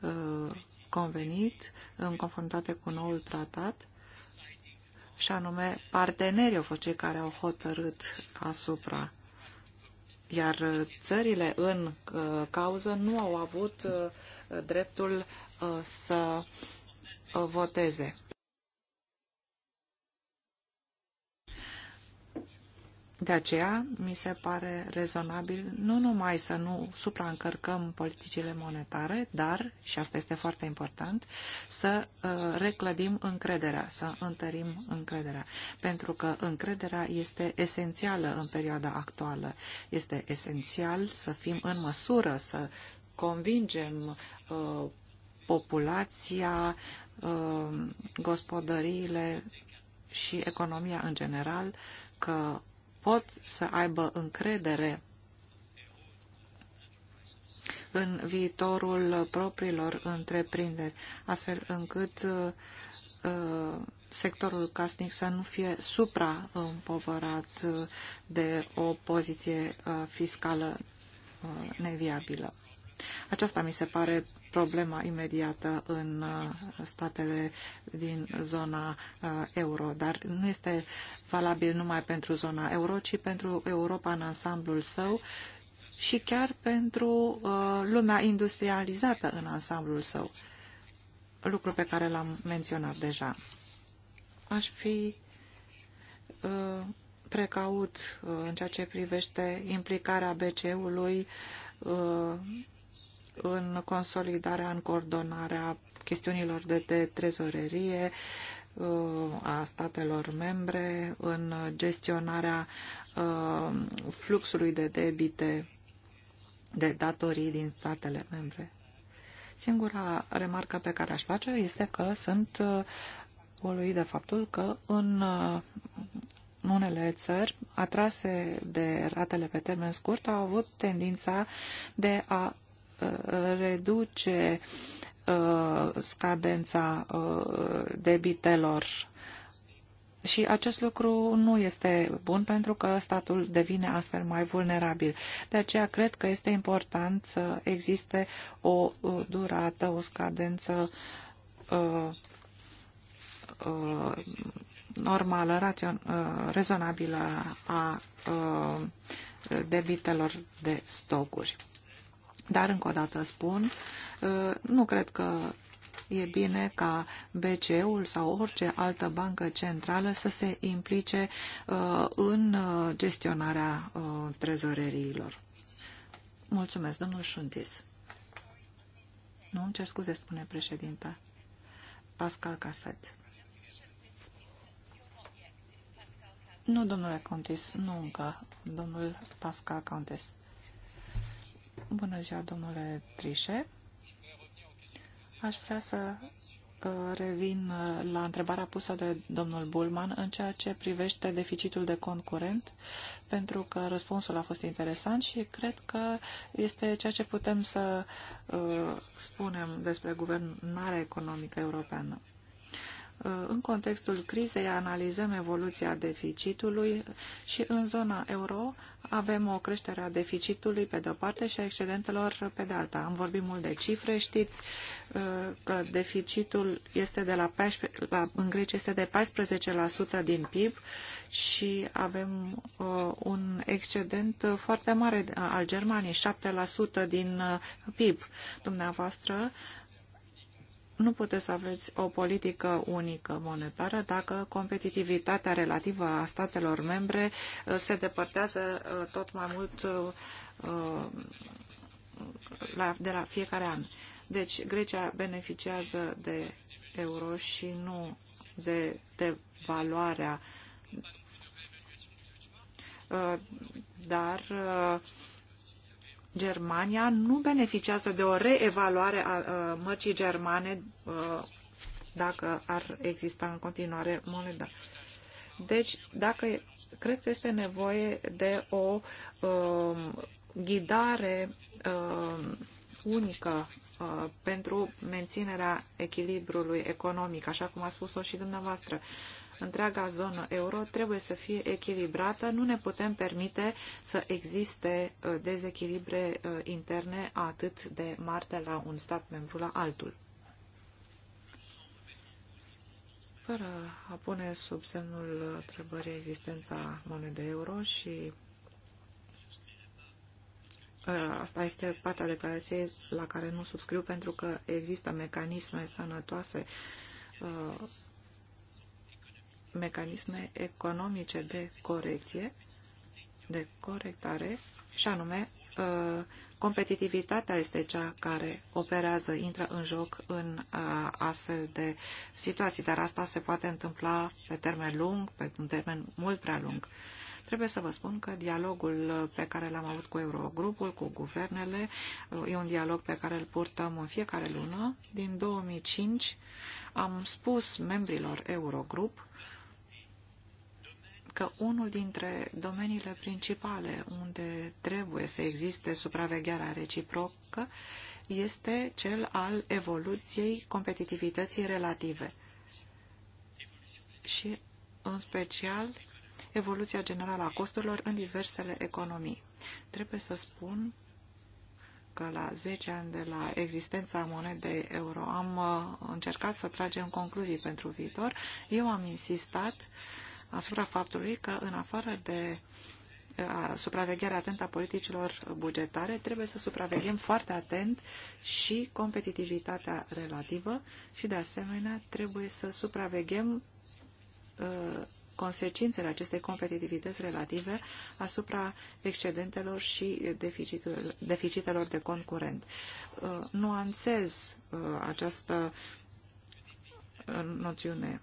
Speaker 2: uh, convenit în conformitate cu noul tratat și anume partenerii au fost cei care au hotărât asupra iar uh, țările în uh, cauză nu au avut uh, dreptul să voteze. De aceea, mi se pare rezonabil nu numai să nu supraîncărcăm politicile monetare, dar, și asta este foarte important, să uh, reclădim încrederea, să întărim încrederea. Pentru că încrederea este esențială în perioada actuală. Este esențial să fim în măsură să convingem uh, populația, uh, gospodăriile și economia în general că pot să aibă încredere în viitorul propriilor întreprinderi, astfel încât uh, sectorul casnic să nu fie supraîmpovărat uh, de o poziție uh, fiscală uh, neviabilă. Aceasta mi se pare problema imediată în uh, statele din zona uh, euro, dar nu este valabil numai pentru zona euro, ci pentru Europa în ansamblul său și chiar pentru uh, lumea industrializată în ansamblul său, lucru pe care l-am menționat deja. Aș fi precaut în ceea ce privește implicarea BCE-ului în consolidarea, în coordonarea chestiunilor de, de trezorerie uh, a statelor membre, în gestionarea uh, fluxului de debite de datorii din statele membre. Singura remarcă pe care aș face este că sunt uluit uh, de faptul că în unele țări atrase de ratele pe termen scurt au avut tendința de a reduce uh, scadența uh, debitelor și acest lucru nu este bun pentru că statul devine astfel mai vulnerabil. De aceea cred că este important să existe o uh, durată, o scadență uh, uh, normală, rațion, uh, rezonabilă a debitelor de stocuri. Dar, încă o dată spun, uh, nu cred că e bine ca BCE-ul sau orice altă bancă centrală să se implice uh, în uh, gestionarea trezoreriilor. Mulțumesc, domnul Șuntis. Nu, ce scuze, spune președinta. Pascal Cafet. Nu, domnule Contis, nu încă. Domnul Pascal Contis. Bună ziua, domnule Trișe. Aș vrea să uh, revin uh, la întrebarea pusă de domnul Bulman în ceea ce privește deficitul de concurent, pentru că răspunsul a fost interesant și cred că este ceea ce putem să uh, spunem despre guvernarea economică europeană. În contextul crizei analizăm evoluția deficitului și în zona euro avem o creștere a deficitului pe de-o parte și a excedentelor pe de alta. Am vorbit mult de cifre, știți uh, că deficitul este de la, 14, la în Grecia este de 14% din PIB și avem uh, un excedent foarte mare al Germaniei, 7% din uh, PIB. Dumneavoastră nu puteți să aveți o politică unică monetară dacă competitivitatea relativă a statelor membre uh, se depărtează uh, tot mai mult uh, de la fiecare an. Deci Grecia beneficiază de euro și nu de, de valoarea dar Germania nu beneficiază de o reevaluare a mărcii germane dacă ar exista în continuare moneda. Deci, dacă cred că este nevoie de o uh, ghidare uh, unică uh, pentru menținerea echilibrului economic, așa cum a spus-o și dumneavoastră întreaga zonă euro trebuie să fie echilibrată. Nu ne putem permite să existe uh, dezechilibre uh, interne atât de mari de la un stat membru la altul. Fără a pune sub semnul întrebării existența monedei euro și uh, Asta este partea declarației la care nu subscriu pentru că există mecanisme sănătoase mecanisme economice de corecție, de corectare, și anume uh, competitivitatea este cea care operează, intră în joc în uh, astfel de situații, dar asta se poate întâmpla pe termen lung, pe un termen mult prea lung. Trebuie să vă spun că dialogul pe care l-am avut cu Eurogrupul, cu guvernele, uh, e un dialog pe care îl purtăm în fiecare lună. Din 2005 am spus membrilor Eurogrup că unul dintre domeniile principale unde trebuie să existe supravegherea reciprocă este cel al evoluției competitivității relative și, în special, evoluția generală a costurilor în diversele economii. Trebuie să spun că la 10 ani de la existența monedei euro am uh, încercat să tragem concluzii pentru viitor. Eu am insistat uh, asupra faptului că, în afară de uh, supravegherea atentă a politicilor bugetare, trebuie să supraveghem foarte atent și competitivitatea relativă și, de asemenea, trebuie să supraveghem uh, consecințele acestei competitivități relative asupra excedentelor și deficitelor de concurent. Uh, nuanțez această noțiune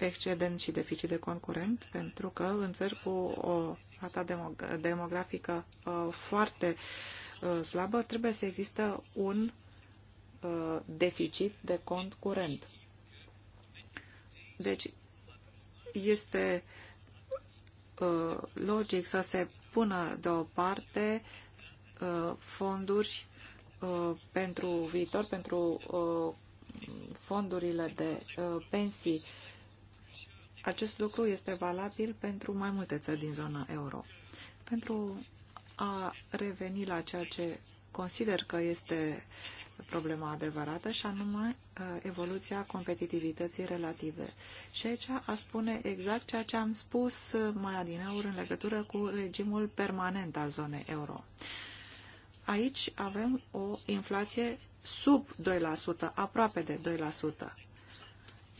Speaker 2: excedent și deficit de concurent, pentru că în țări cu o rata demografică uh, foarte uh, slabă, trebuie să există un uh, deficit de cont curent. Deci, este logic să se pună deoparte fonduri pentru viitor, pentru fondurile de pensii acest lucru este valabil pentru mai multe țări din zona euro. Pentru a reveni la ceea ce consider că este problema adevărată și anume uh, evoluția competitivității relative. Și aici a spune exact ceea ce am spus uh, mai adineauri în legătură cu regimul permanent al zonei euro. Aici avem o inflație sub 2%, aproape de 2%.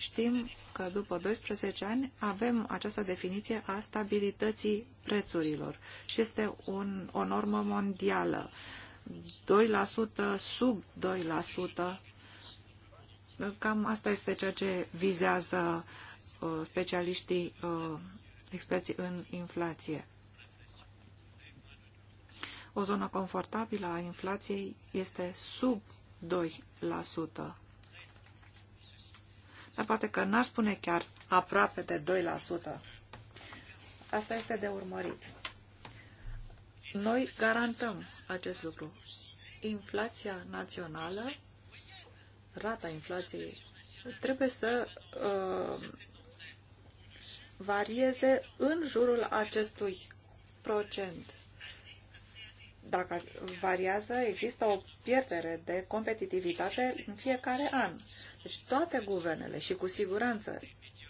Speaker 2: Știm că după 12 ani avem această definiție a stabilității prețurilor și este un, o normă mondială. 2% sub 2%. Cam asta este ceea ce vizează uh, specialiștii uh, experți în inflație. O zonă confortabilă a inflației este sub 2% dar poate că n-aș spune chiar aproape de 2%. Asta este de urmărit. Noi garantăm acest lucru. Inflația națională, rata inflației, trebuie să uh, varieze în jurul acestui procent dacă variază, există o pierdere de competitivitate în fiecare an. Deci toate guvernele și cu siguranță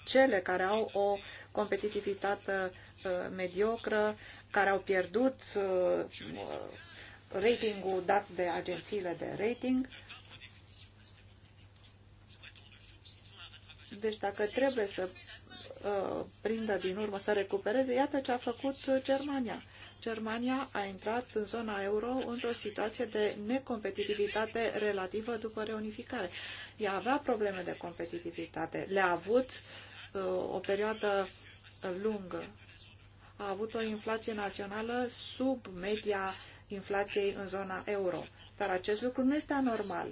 Speaker 2: cele care au o competitivitate uh, mediocră, care au pierdut uh, ratingul dat de agențiile de rating. Deci dacă trebuie să uh, prindă din urmă, să recupereze, iată ce a făcut Germania. Germania a intrat în zona euro într-o situație de necompetitivitate relativă după reunificare. Ea avea probleme de competitivitate. Le-a avut uh, o perioadă lungă. A avut o inflație națională sub media inflației în zona euro. Dar acest lucru nu este anormal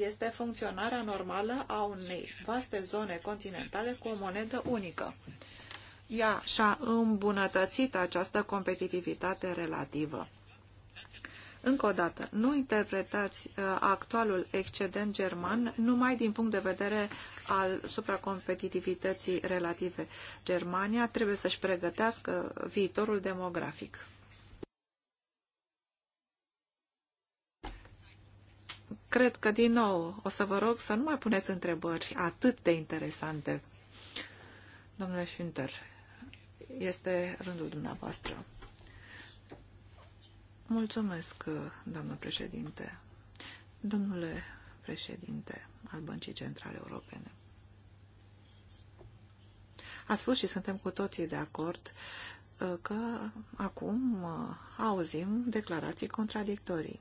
Speaker 2: este funcționarea normală a unei vaste zone continentale cu o monedă unică ea și-a îmbunătățit această competitivitate relativă. Încă o dată, nu interpretați uh, actualul excedent german numai din punct de vedere al supracompetitivității relative. Germania trebuie să-și pregătească viitorul demografic. Cred că, din nou, o să vă rog să nu mai puneți întrebări atât de interesante. Domnule Schinter este rândul dumneavoastră. Mulțumesc, doamnă președinte. Domnule președinte al Băncii Centrale Europene. Ați spus și suntem cu toții de acord uh, că acum uh, auzim declarații contradictorii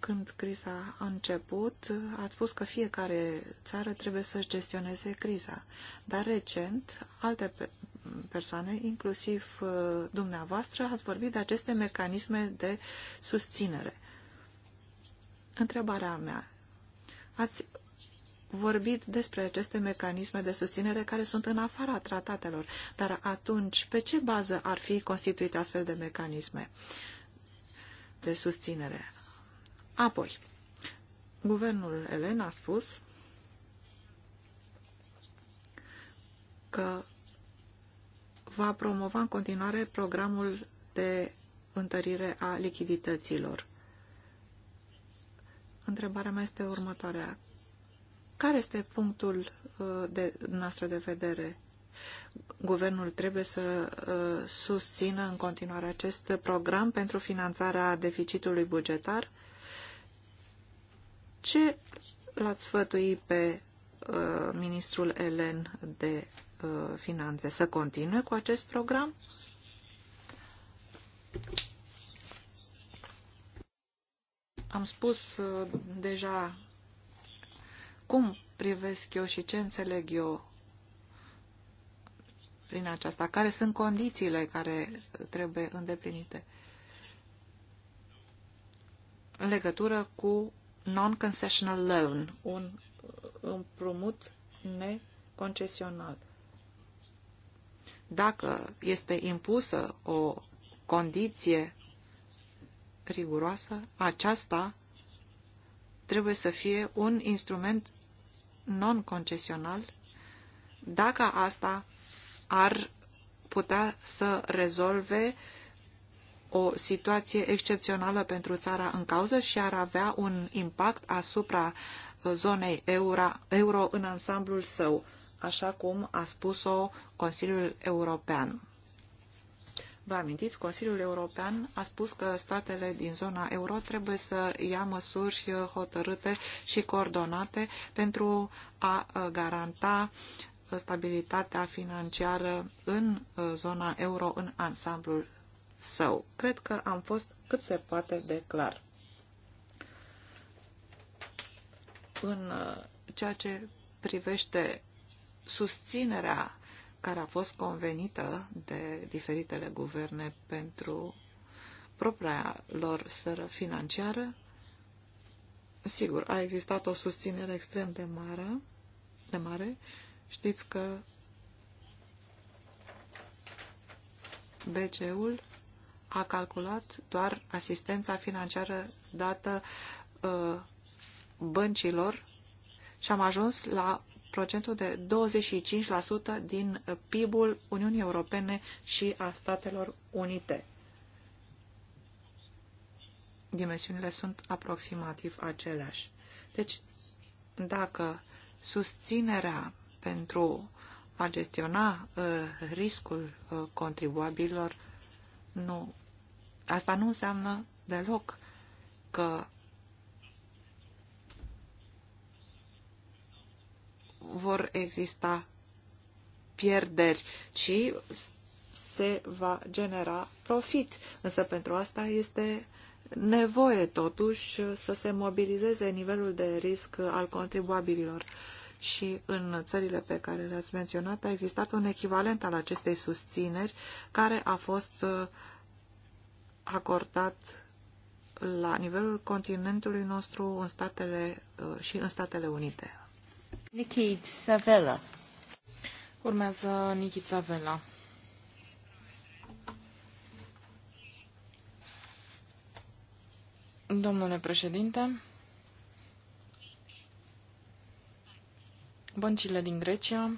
Speaker 2: când criza a început, ați spus că fiecare țară trebuie să-și gestioneze criza. Dar recent, alte persoane, inclusiv uh, dumneavoastră, ați vorbit de aceste mecanisme de susținere. Întrebarea mea. Ați vorbit despre aceste mecanisme de susținere care sunt în afara tratatelor, dar atunci pe ce bază ar fi constituite astfel de mecanisme de susținere? Apoi, guvernul Elen a spus că va promova în continuare programul de întărire a lichidităților. Întrebarea mea este următoarea. Care este punctul uh, de, noastră de vedere? Guvernul trebuie să uh, susțină în continuare acest program pentru finanțarea deficitului bugetar ce l-ați sfătui pe uh, ministrul Elen de uh, Finanțe să continue cu acest program? Am spus uh, deja cum privesc eu și ce înțeleg eu prin aceasta, care sunt condițiile care trebuie îndeplinite în legătură cu non-concessional loan, un împrumut neconcesional. Dacă este impusă o condiție riguroasă, aceasta trebuie să fie un instrument non-concesional dacă asta ar putea să rezolve uh, o situație excepțională pentru țara în cauză și ar avea un impact asupra uh, zonei euro, euro în ansamblul său, așa cum a spus-o Consiliul European. Vă amintiți, Consiliul European a spus că statele din zona euro trebuie să ia măsuri uh, hotărâte și coordonate pentru a uh, garanta stabilitatea financiară în zona euro în ansamblul său. Cred că am fost cât se poate de clar. În uh, ceea ce privește susținerea care a fost convenită de diferitele guverne pentru propria lor sferă financiară, sigur, a existat o susținere extrem de mare, de mare. Știți că BCE-ul a calculat doar asistența financiară dată uh, băncilor și am ajuns la procentul de 25% din PIB-ul Uniunii Europene și a Statelor Unite. Dimensiunile sunt aproximativ aceleași. Deci, dacă susținerea pentru a gestiona uh, riscul uh, contribuabililor nu Asta nu înseamnă deloc că vor exista pierderi, ci se va genera profit. Însă pentru asta este nevoie totuși să se mobilizeze nivelul de risc al contribuabililor. Și în țările pe care le-ați menționat a existat un echivalent al acestei susțineri care a fost acordat la nivelul continentului nostru în statele, uh, și în Statele
Speaker 3: Unite. Nikita Savela. Urmează Nikita Savela. Domnule președinte, băncile din Grecia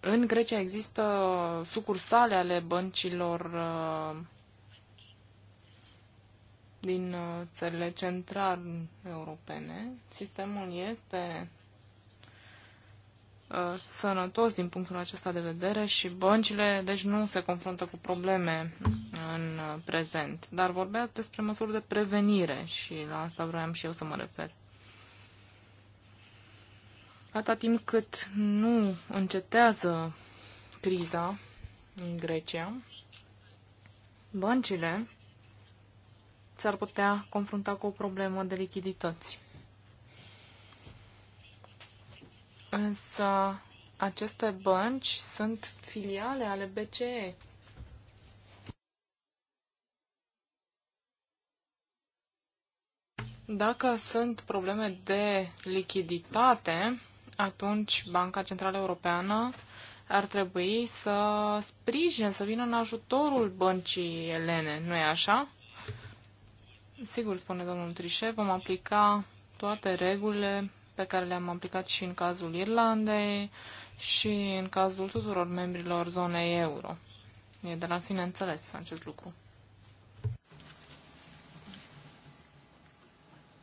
Speaker 3: În Grecia există sucursale ale băncilor uh, din uh, țările central europene. Sistemul este uh, sănătos din punctul acesta de vedere și băncile deci nu se confruntă cu probleme în prezent. Dar vorbeați despre măsuri de prevenire și la asta vroiam și eu să mă refer. Atâta timp cât nu încetează criza în Grecia, băncile s-ar putea confrunta cu o problemă de lichidități. Însă aceste bănci sunt filiale ale BCE. Dacă sunt probleme de lichiditate, atunci Banca Centrală Europeană ar trebui să sprijine, să vină în ajutorul băncii elene, nu e așa? Sigur, spune domnul Trișe, vom aplica toate regulile pe care le-am aplicat și în cazul Irlandei și în cazul tuturor membrilor zonei euro. E de la sine înțeles acest lucru.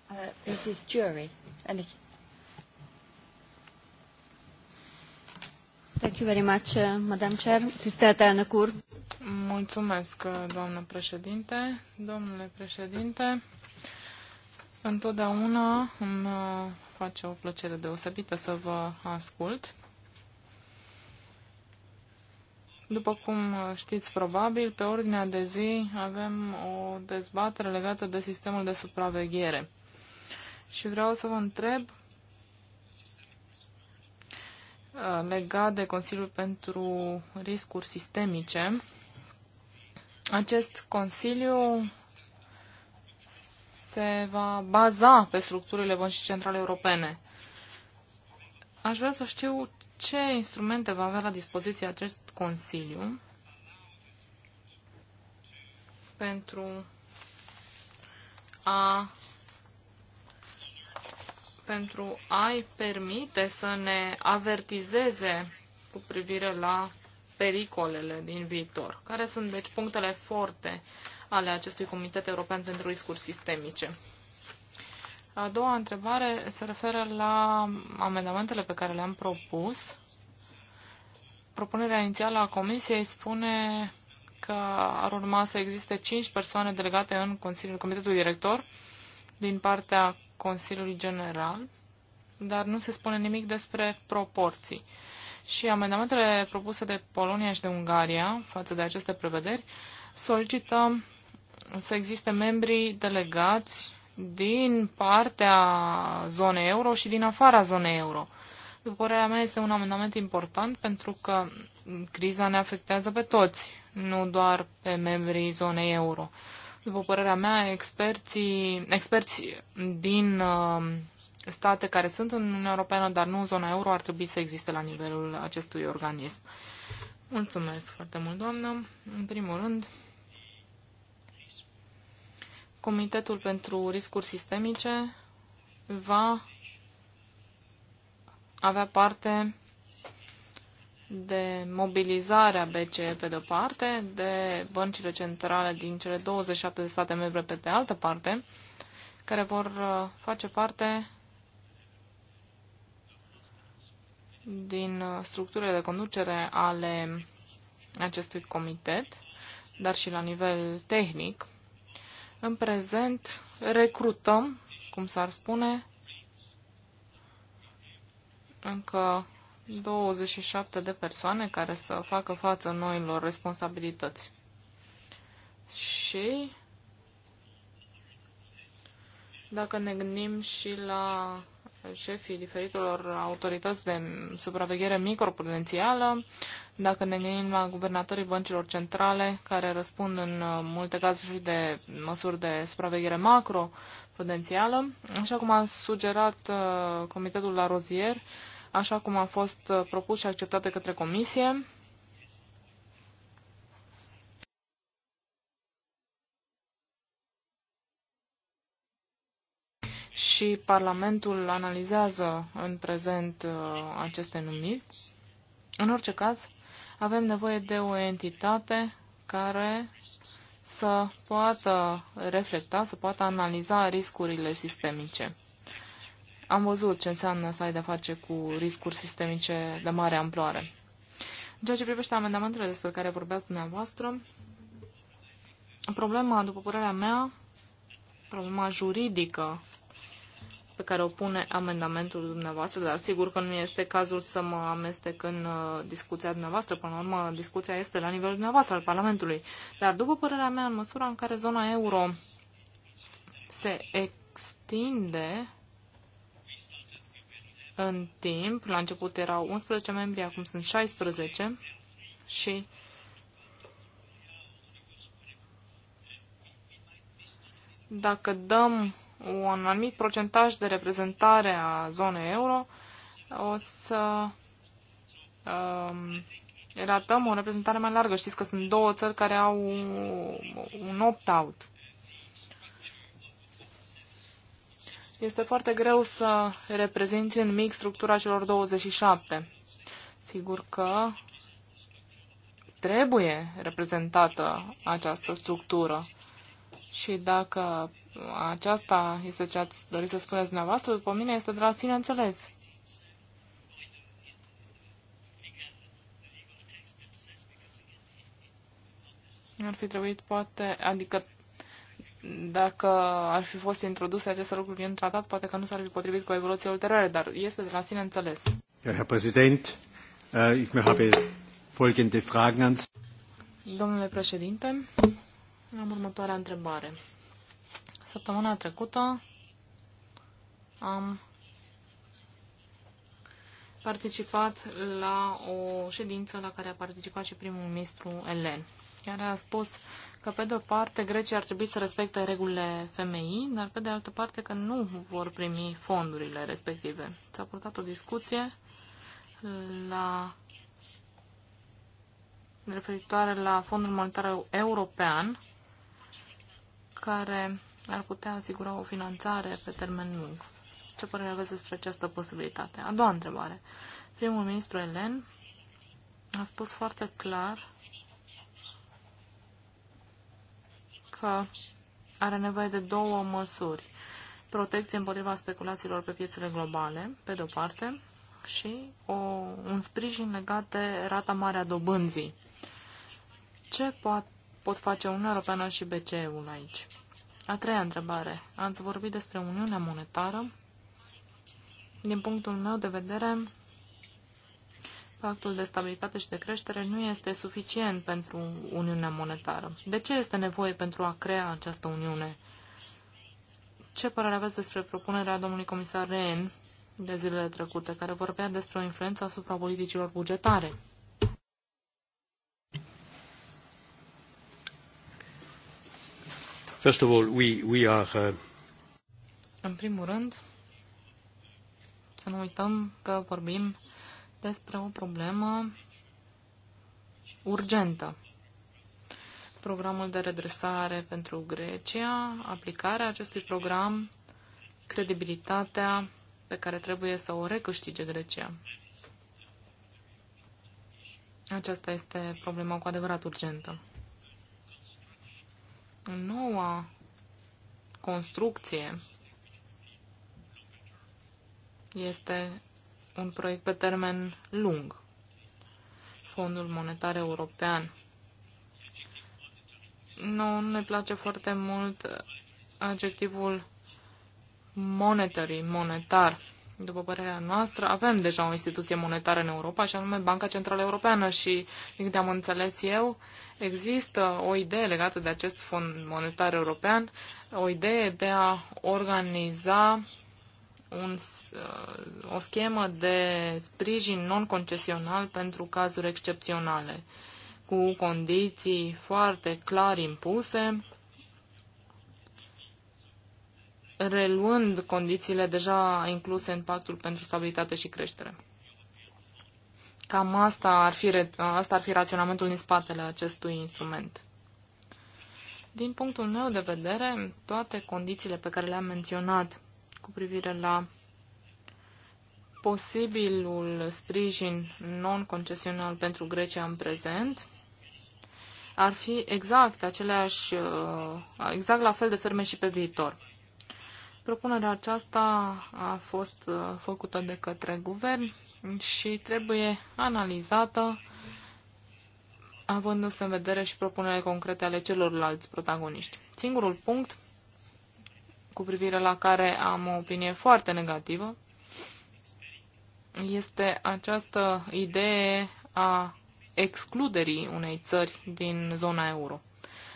Speaker 1: Uh, is Jury, Thank you very much, uh, Madam Chair. Tisztelt elnök úr!
Speaker 3: Mulțumesc, uh, doamnă președinte, domnule președinte. Întotdeauna îmi uh, face o plăcere deosebită să vă ascult. După cum știți probabil, pe ordinea de zi avem o dezbatere legată de sistemul de supraveghere. Și vreau să vă întreb Uh, legat de Consiliul pentru Riscuri Sistemice. Acest Consiliu se va baza pe structurile băncii centrale europene. Aș vrea să știu ce instrumente va avea la dispoziție acest Consiliu pentru a pentru a-i permite să ne avertizeze cu privire la pericolele din viitor. Care sunt, deci, punctele forte ale acestui Comitet European pentru Riscuri Sistemice? A doua întrebare se referă la amendamentele pe care le-am propus. Propunerea inițială a Comisiei spune că ar urma să existe cinci persoane delegate în Consiliul Comitetului Director din partea Consiliului General, dar nu se spune nimic despre proporții. Și amendamentele propuse de Polonia și de Ungaria față de aceste prevederi solicită să existe membrii delegați din partea zonei euro și din afara zonei euro. După părerea mea, este un amendament important pentru că criza ne afectează pe toți, nu doar pe membrii zonei euro. După părerea mea, experții, experți din um, state care sunt în Uniunea Europeană, dar nu în zona euro, ar trebui să existe la nivelul acestui organism. Mulțumesc foarte mult, doamnă. În primul rând, Comitetul pentru Riscuri Sistemice va avea parte de mobilizarea BCE pe de-o parte, de băncile centrale din cele 27 de state membre pe de altă parte, care vor uh, face parte din uh, structurile de conducere ale acestui comitet, dar și la nivel tehnic. În prezent recrutăm, cum s-ar spune, încă 27 de persoane care să facă față noilor responsabilități. Și dacă ne gândim și la șefii diferitelor autorități de supraveghere microprudențială, dacă ne gândim la guvernatorii băncilor centrale, care răspund în multe cazuri de măsuri de supraveghere macroprudențială, așa cum a sugerat uh, Comitetul la Rozier, așa cum a fost uh, propus și acceptat de către Comisie. Și Parlamentul analizează în prezent uh, aceste numiri. În orice caz, avem nevoie de o entitate care să poată reflecta, să poată analiza riscurile sistemice am văzut ce înseamnă să ai de-a face cu riscuri sistemice de mare amploare. În ceea ce privește amendamentele despre care vorbeați dumneavoastră, problema, după părerea mea, problema juridică pe care o pune amendamentul dumneavoastră, dar sigur că nu este cazul să mă amestec în uh, discuția dumneavoastră. Până la urmă, discuția este la nivelul dumneavoastră al Parlamentului. Dar, după părerea mea, în măsura în care zona euro se extinde în timp. La început erau 11 membri, acum sunt 16 și dacă dăm un anumit procentaj de reprezentare a zonei euro, o să um, ratăm o reprezentare mai largă. Știți că sunt două țări care au un opt-out Este foarte greu să reprezinți în mic structura celor 27. Sigur că trebuie reprezentată această structură și dacă aceasta este ce ați dori să spuneți dumneavoastră, după mine este de la sine înțeles. Ar fi trebuit poate, adică dacă ar fi fost introduse aceste lucruri în tratat, poate că nu s-ar fi potrivit cu evoluția ulterioară, dar este de la sine înțeles.
Speaker 1: Äh,
Speaker 3: Domnule președinte, am următoarea întrebare. Săptămâna trecută am participat la o ședință la care a participat și primul ministru Elen, care a spus că, pe de-o parte, Grecia ar trebui să respecte regulile FMI, dar, pe de altă parte, că nu vor primi fondurile respective. S-a purtat o discuție la referitoare la Fondul Monetar European, care ar putea asigura o finanțare pe termen lung. Ce părere aveți despre această posibilitate? A doua întrebare. Primul ministru Elen a spus foarte clar că are nevoie de două măsuri. Protecție împotriva speculațiilor pe piețele globale, pe de-o parte, și o, un sprijin legat de rata mare a dobânzii. Ce pot, pot face Uniunea Europeană și BCE-ul aici? A treia întrebare. Ați vorbit despre Uniunea Monetară. Din punctul meu de vedere, pactul de stabilitate și de creștere nu este suficient pentru Uniunea Monetară. De ce este nevoie pentru a crea această Uniune? Ce părere aveți despre propunerea domnului comisar Rehn de zilele trecute, care vorbea despre o influență asupra politicilor bugetare?
Speaker 1: First of all, we, we are, uh...
Speaker 3: În primul rând, să nu uităm că vorbim despre o problemă urgentă. Programul de redresare pentru Grecia, aplicarea acestui program, credibilitatea pe care trebuie să o recâștige Grecia. Aceasta este problema cu adevărat urgentă. Noua construcție este un proiect pe termen lung. Fondul Monetar European. Nu, ne place foarte mult adjectivul monetary, monetar. După părerea noastră, avem deja o instituție monetară în Europa, și anume Banca Centrală Europeană și, din câte am înțeles eu, există o idee legată de acest fond monetar european, o idee de a organiza un, uh, o schemă de sprijin non-concesional pentru cazuri excepționale, cu condiții foarte clar impuse, reluând condițiile deja incluse în pactul pentru stabilitate și creștere. Cam asta ar fi, asta ar fi raționamentul din spatele acestui instrument. Din punctul meu de vedere, toate condițiile pe care le-am menționat cu privire la posibilul sprijin non-concesional pentru Grecia în prezent ar fi exact aceleași, uh, exact la fel de ferme și pe viitor. Propunerea aceasta a fost uh, făcută de către guvern și trebuie analizată avându-se în vedere și propunerile concrete ale celorlalți protagoniști. Singurul punct cu privire la care am o opinie foarte negativă, este această idee a excluderii unei țări din zona euro.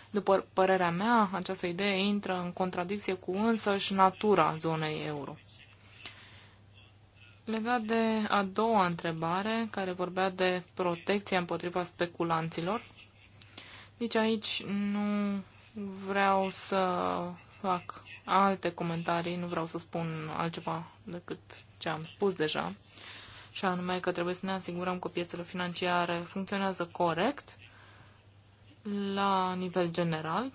Speaker 3: După părerea mea, această idee intră în contradicție cu însăși natura zonei euro. Legat de a doua întrebare, care vorbea de protecția împotriva speculanților, nici aici nu vreau să fac alte comentarii, nu vreau să spun altceva decât ce am spus deja, și anume că trebuie să ne asigurăm că piețele financiare funcționează corect la nivel general.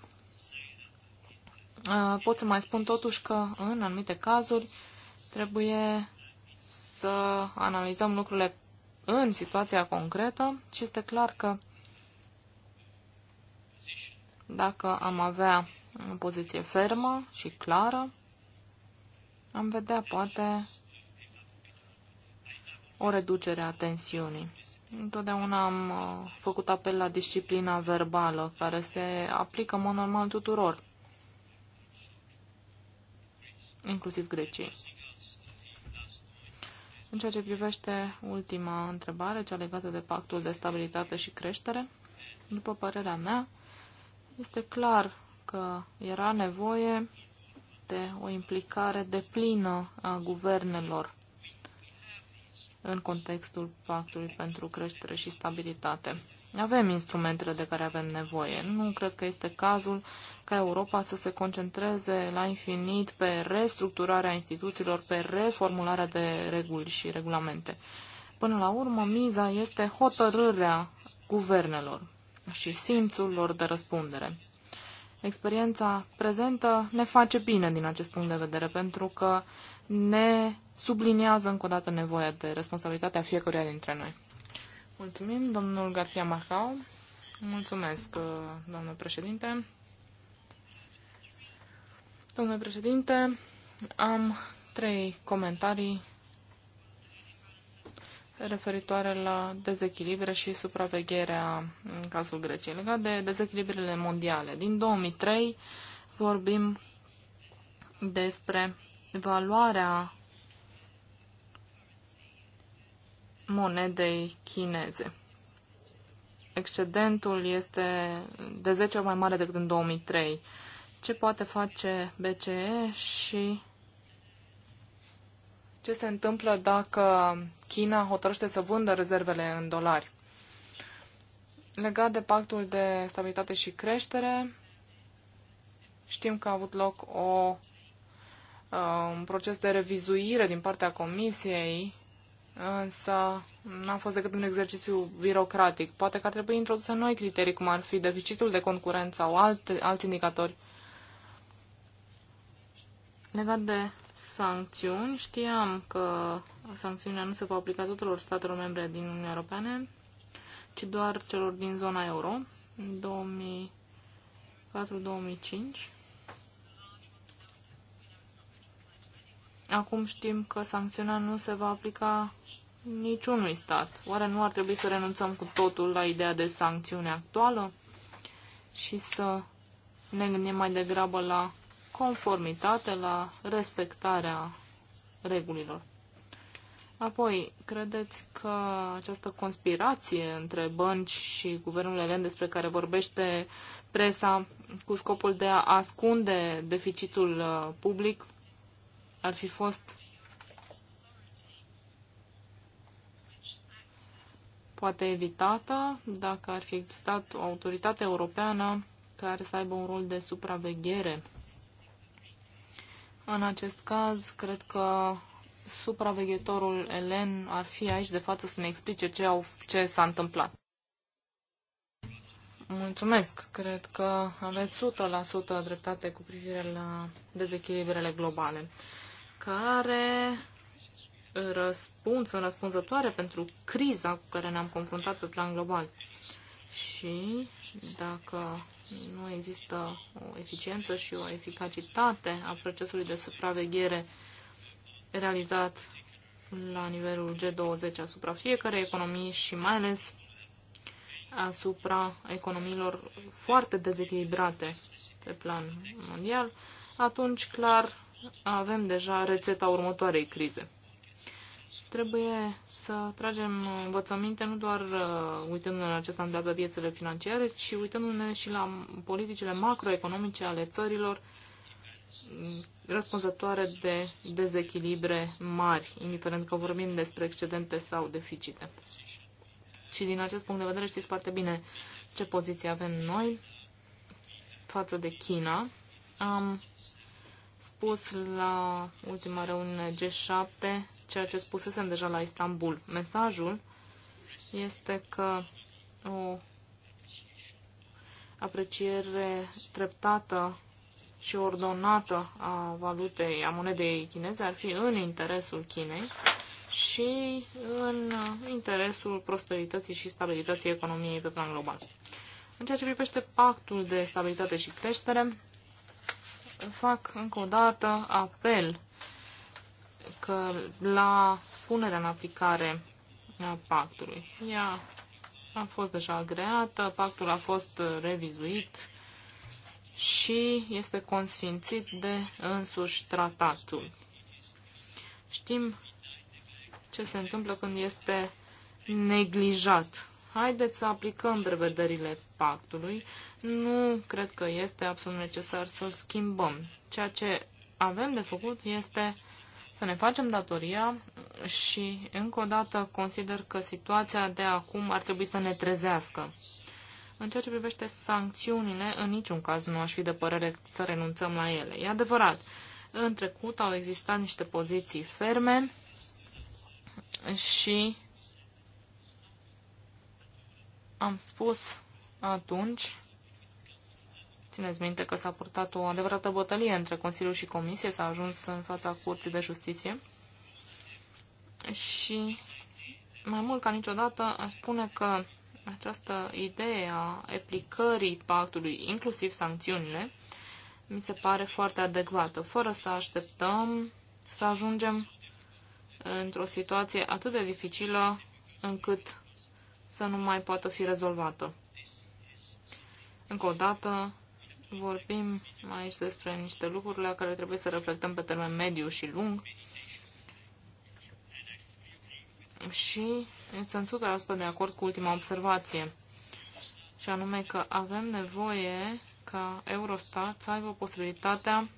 Speaker 3: Pot să mai spun totuși că în anumite cazuri trebuie să analizăm lucrurile în situația concretă și este clar că dacă am avea o poziție fermă și clară, am vedea poate o reducere a tensiunii. Întotdeauna am uh, făcut apel la disciplina verbală, care se aplică, în normal, tuturor, inclusiv grecii. În ceea ce privește ultima întrebare, cea legată de pactul de stabilitate și creștere, după părerea mea, este clar că era nevoie de o implicare deplină a guvernelor în contextul Pactului pentru Creștere și Stabilitate. Avem instrumentele de care avem nevoie. Nu cred că este cazul ca Europa să se concentreze la infinit pe restructurarea instituțiilor, pe reformularea de reguli și regulamente. Până la urmă, miza este hotărârea guvernelor și simțul lor de răspundere. Experiența prezentă ne face bine din acest punct de vedere, pentru că ne subliniază încă o dată nevoia de responsabilitatea fiecăruia dintre noi. Mulțumim, domnul García Marcau. Mulțumesc, uh, domnul președinte. Domnule președinte, am trei comentarii referitoare la dezechilibre și supravegherea în cazul Greciei. Legat de dezechilibrele mondiale, din 2003 vorbim despre valoarea monedei chineze. Excedentul este de 10 ori mai mare decât în 2003. Ce poate face BCE și ce se întâmplă dacă China hotărăște să vândă rezervele în dolari. Legat de pactul de stabilitate și creștere, știm că a avut loc o, un proces de revizuire din partea Comisiei, însă n-a fost decât un exercițiu birocratic. Poate că ar trebui introduse noi criterii, cum ar fi deficitul de concurență sau alte, alți indicatori. Legat de sancțiuni. Știam că sancțiunea nu se va aplica tuturor statelor membre din Uniunea Europeană, ci doar celor din zona euro, în 2004-2005. Acum știm că sancțiunea nu se va aplica niciunui stat. Oare nu ar trebui să renunțăm cu totul la ideea de sancțiune actuală și să ne gândim mai degrabă la conformitate, la respectarea regulilor. Apoi, credeți că această conspirație între bănci și guvernul elen despre care vorbește presa cu scopul de a ascunde deficitul uh, public ar fi fost poate evitată dacă ar fi existat o autoritate europeană care să aibă un rol de supraveghere în acest caz, cred că supraveghetorul Elen ar fi aici de față să ne explice ce, au, ce s-a întâmplat. Mulțumesc. Cred că aveți 100% dreptate cu privire la dezechilibrele globale, care răspuns, sunt răspunzătoare pentru criza cu care ne-am confruntat pe plan global. Și dacă nu există o eficiență și o eficacitate a procesului de supraveghere realizat la nivelul G20 asupra fiecare economii și mai ales asupra economiilor foarte dezechilibrate pe plan mondial, atunci clar avem deja rețeta următoarei crize trebuie să tragem învățăminte nu doar uh, uitându-ne la ce s-a întâmplat pe piețele financiare, ci uitându-ne și la politicile macroeconomice ale țărilor mm, răspunzătoare de dezechilibre mari, indiferent că vorbim despre excedente sau deficite. Și din acest punct de vedere știți foarte bine ce poziție avem noi față de China. Am spus la ultima reuniune G7 ceea ce spusesem deja la Istanbul. Mesajul este că o apreciere treptată și ordonată a valutei, a monedei chineze ar fi în interesul Chinei și în interesul prosperității și stabilității economiei pe plan global. În ceea ce privește pactul de stabilitate și creștere, fac încă o dată apel că la punerea în aplicare a pactului. Ea a fost deja agreată, pactul a fost revizuit și este consfințit de însuși tratatul. Știm ce se întâmplă când este neglijat. Haideți să aplicăm prevederile pactului. Nu cred că este absolut necesar să-l schimbăm. Ceea ce avem de făcut este să ne facem datoria și, încă o dată, consider că situația de acum ar trebui să ne trezească. În ceea ce privește sancțiunile, în niciun caz nu aș fi de părere să renunțăm la ele. E adevărat, în trecut au existat niște poziții ferme și am spus atunci Țineți minte că s-a purtat o adevărată bătălie între Consiliu și Comisie, s-a ajuns în fața Curții de Justiție și mai mult ca niciodată aș spune că această idee a aplicării pactului, inclusiv sancțiunile, mi se pare foarte adecvată, fără să așteptăm să ajungem într-o situație atât de dificilă încât să nu mai poată fi rezolvată. Încă o dată, vorbim aici despre niște lucruri la care trebuie să reflectăm pe termen mediu și lung și sunt 100% de acord cu ultima observație, și anume că avem nevoie ca Eurostat să aibă posibilitatea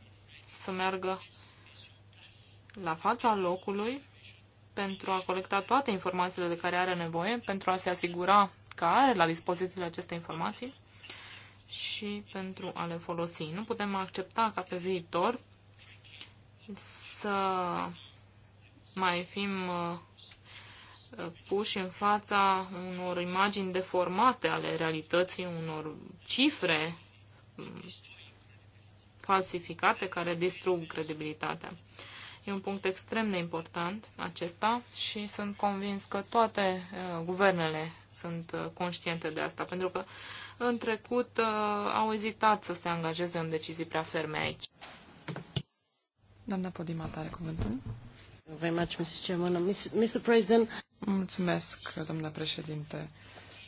Speaker 3: să meargă la fața locului pentru a colecta toate informațiile de care are nevoie, pentru a se asigura că are la dispoziție aceste informații și pentru a le folosi. Nu putem accepta ca pe viitor să mai fim uh, uh, puși în fața unor imagini deformate ale realității, unor cifre mm, falsificate care distrug credibilitatea. E un punct extrem de important acesta și sunt convins că toate uh, guvernele sunt uh, conștiente de asta, pentru că în trecut uh, au ezitat să se angajeze în decizii prea ferme aici.
Speaker 4: Doamna Podimata are cuvântul. Very much, Mrs. Mr. Uh, President. Mulțumesc, domnule președinte.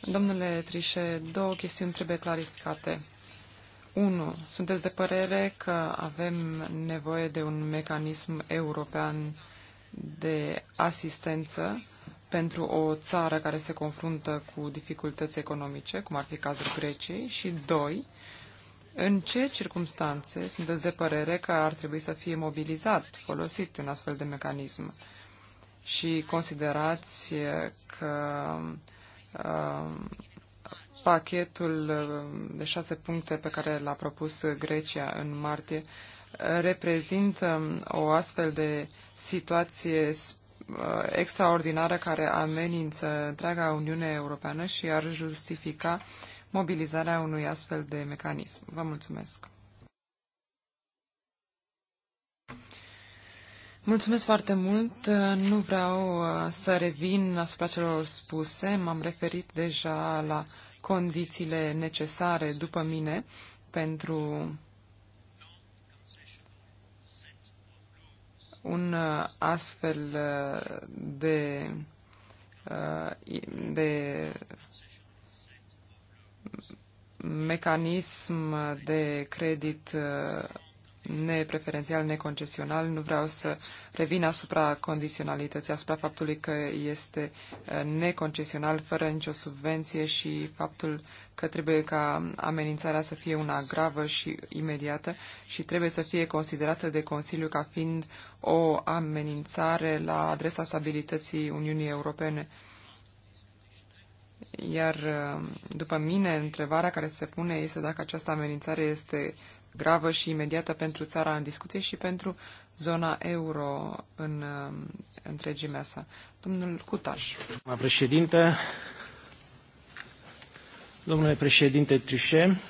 Speaker 4: Domnule Trișe, două chestiuni trebuie clarificate. 1. Sunteți de părere că avem nevoie de un mecanism european de asistență pentru o țară care se confruntă cu dificultăți economice, cum ar fi cazul Greciei, și doi, în ce circunstanțe sunteți de părere că ar trebui să fie mobilizat, folosit un astfel de mecanism? Și considerați că uh, pachetul um, de șase puncte pe care l-a propus Grecia în martie reprezintă um, o astfel de situație Uh, extraordinară care amenință întreaga Uniune Europeană și ar justifica mobilizarea unui astfel de mecanism. Vă mulțumesc! Mulțumesc foarte mult. Nu vreau uh, să revin asupra celor spuse. M-am referit deja la condițiile necesare după mine pentru un uh, astfel uh, de, uh, de mecanism de credit nepreferențial, neconcesional. Nu vreau să revin asupra condiționalității, asupra faptului că este uh, neconcesional, fără nicio subvenție și faptul că trebuie ca amenințarea să fie una gravă și imediată și trebuie să fie considerată de Consiliu ca fiind o amenințare la adresa stabilității Uniunii Europene. Iar uh, după mine, întrebarea care se pune este dacă această amenințare este gravă și imediată pentru țara în discuție și pentru zona euro în um, întregimea sa. Domnul Cutaș.
Speaker 1: Domnule președinte, domnule președinte Trișe,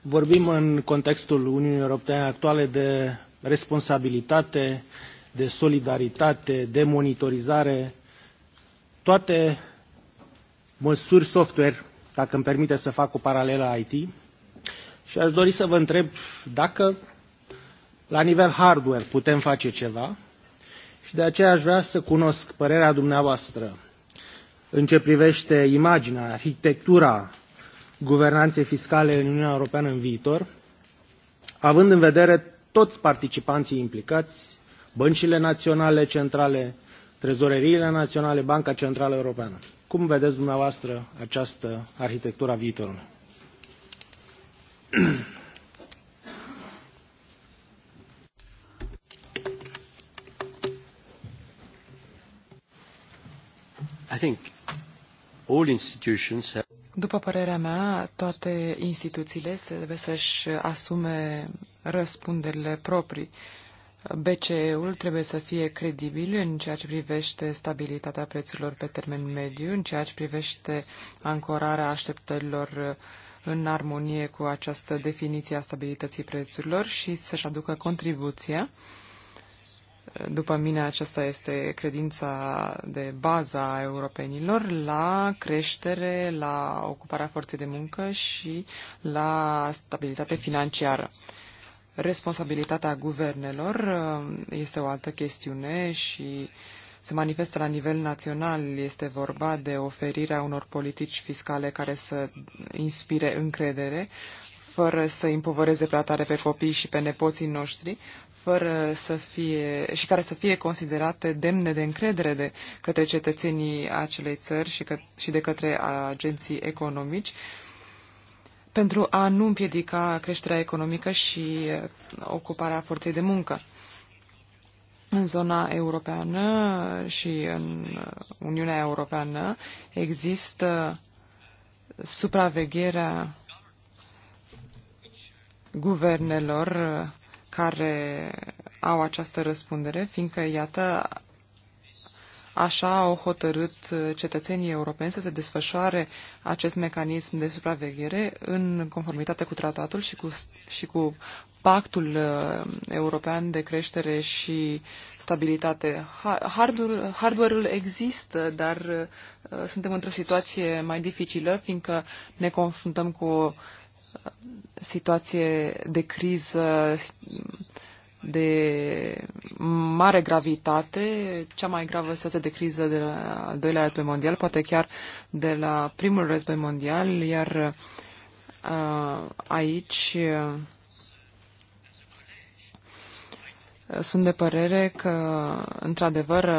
Speaker 1: vorbim în contextul Uniunii Europene actuale de responsabilitate, de solidaritate, de monitorizare, toate măsuri software, dacă îmi permite să fac o paralelă IT, și aș dori să vă întreb dacă la nivel hardware putem face ceva și de aceea aș vrea să cunosc părerea dumneavoastră în ce privește imaginea, arhitectura guvernanței fiscale în Uniunea Europeană în viitor, având în vedere toți participanții implicați, băncile naționale, centrale, trezoreriile naționale, Banca Centrală Europeană. Cum vedeți dumneavoastră această arhitectură a viitorului? I think all institutions have...
Speaker 4: După părerea mea, toate instituțiile trebuie să-și asume răspunderile proprii. BCE-ul trebuie să fie credibil în ceea ce privește stabilitatea prețurilor pe termen mediu, în ceea ce privește ancorarea așteptărilor uh, în armonie cu această definiție a stabilității prețurilor și să-și aducă contribuția. După mine, aceasta este credința de bază a europenilor la creștere, la ocuparea forței de muncă și la stabilitate financiară. Responsabilitatea guvernelor uh, este o altă chestiune și uh, se manifestă la nivel național. Este vorba de oferirea unor politici fiscale care să inspire încredere, fără să împovăreze prea tare pe copii și pe nepoții noștri, fără să fie, și care să fie considerate demne de încredere de către cetățenii acelei țări și, că, și de către agenții economici pentru a nu împiedica creșterea economică și ocuparea forței de muncă în zona europeană și în Uniunea Europeană există supravegherea guvernelor care au această răspundere, fiindcă, iată, Așa au hotărât cetățenii europeni să se desfășoare acest mecanism de supraveghere în conformitate cu tratatul și cu, și cu pactul uh, european de creștere și stabilitate. Hardware-ul există, dar uh, suntem într-o situație mai dificilă, fiindcă ne confruntăm cu o uh, situație de criză de mare gravitate, cea mai gravă situație de criză de la al doilea război mondial, poate chiar de la primul război mondial, iar aici sunt de părere că, într-adevăr,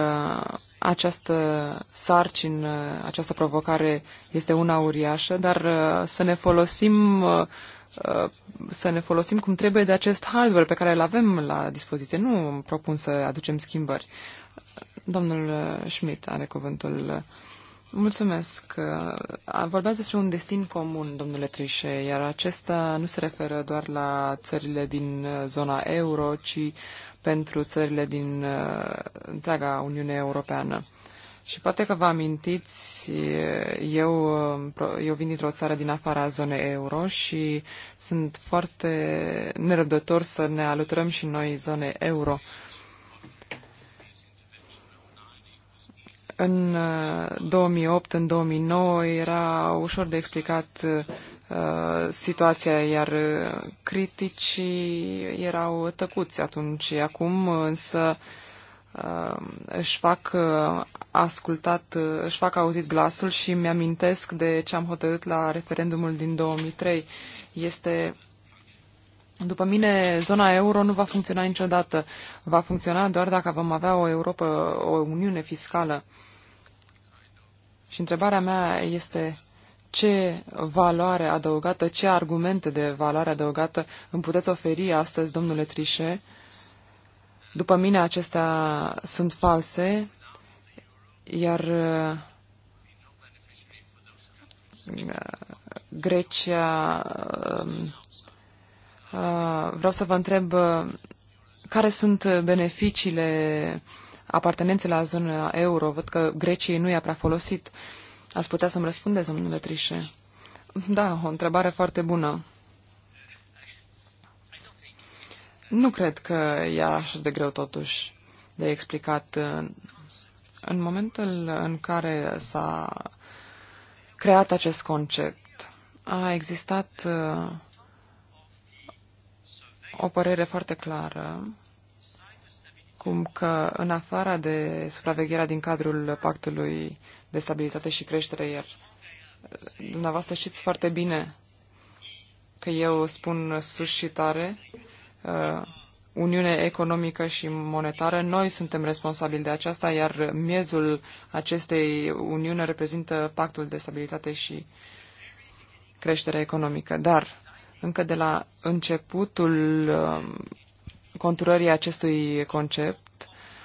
Speaker 4: această sarcină, această provocare este una uriașă, dar uh, să ne folosim uh, uh, să ne folosim cum trebuie de acest hardware pe care îl avem la dispoziție. Nu propun să aducem schimbări. Domnul Schmidt are cuvântul. Mulțumesc. Vorbeați despre un destin comun, domnule Trișe, iar acesta nu se referă doar la țările din uh, zona euro, ci pentru țările din uh, întreaga Uniune Europeană. Și poate că vă amintiți, eu, uh, eu vin dintr-o țară din afara zonei euro și sunt foarte nerăbdător să ne alăturăm și noi zonei euro. Uh, în 2008, uh, în 2009 era ușor de explicat uh, situația, iar uh, criticii erau tăcuți atunci. Acum însă își fac ascultat, își fac auzit glasul și mi-amintesc de ce am hotărât la referendumul din 2003. Este după mine, zona euro nu va funcționa niciodată. Va funcționa doar dacă vom avea o Europa, o Uniune fiscală. Uh, și întrebarea mea este ce valoare adăugată, ce argumente de valoare adăugată îmi puteți oferi astăzi, domnule Trișe? După mine acestea sunt false, iar uh, Grecia. Um, uh, vreau să vă întreb uh, care sunt beneficiile uh, apartenențe la zona euro. Văd că Greciei nu i-a prea folosit. Ați putea să-mi răspundeți, domnule Trișe? Da, o întrebare foarte bună. Nu cred că e așa de greu totuși de explicat. În momentul în care s-a creat acest concept, a existat uh, o părere foarte clară acum că, în afara de supravegherea din cadrul Pactului de Stabilitate și Creștere, iar dumneavoastră știți foarte bine că eu spun sus și tare, uh, Uniune Economică și Monetară, noi suntem responsabili de aceasta, iar miezul acestei uniuni reprezintă Pactul de Stabilitate și Creștere Economică. Dar, încă de la începutul um, conturării acestui concept,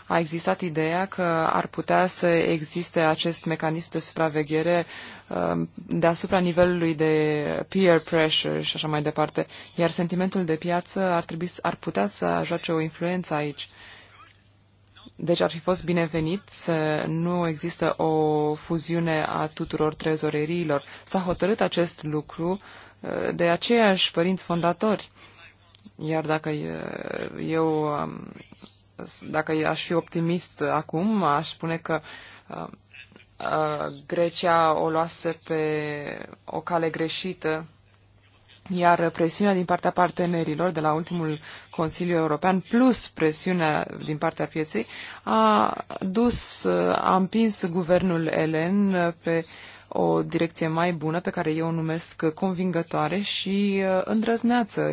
Speaker 4: a existat ideea că ar putea să existe acest mecanism de supraveghere um, deasupra nivelului de peer pressure și așa mai departe, iar sentimentul de piață ar, trebui, ar putea să joace o influență aici. Deci ar fi fost binevenit să nu există o fuziune a tuturor trezoreriilor. S-a hotărât acest lucru uh, de aceiași părinți fondatori. Iar dacă eu, dacă aș fi optimist acum, aș spune că Grecia o luase pe o cale greșită, iar presiunea din partea partenerilor de la ultimul Consiliu European, plus presiunea din partea pieței, a dus, a împins guvernul elen pe o direcție mai bună, pe care eu o numesc convingătoare și îndrăzneață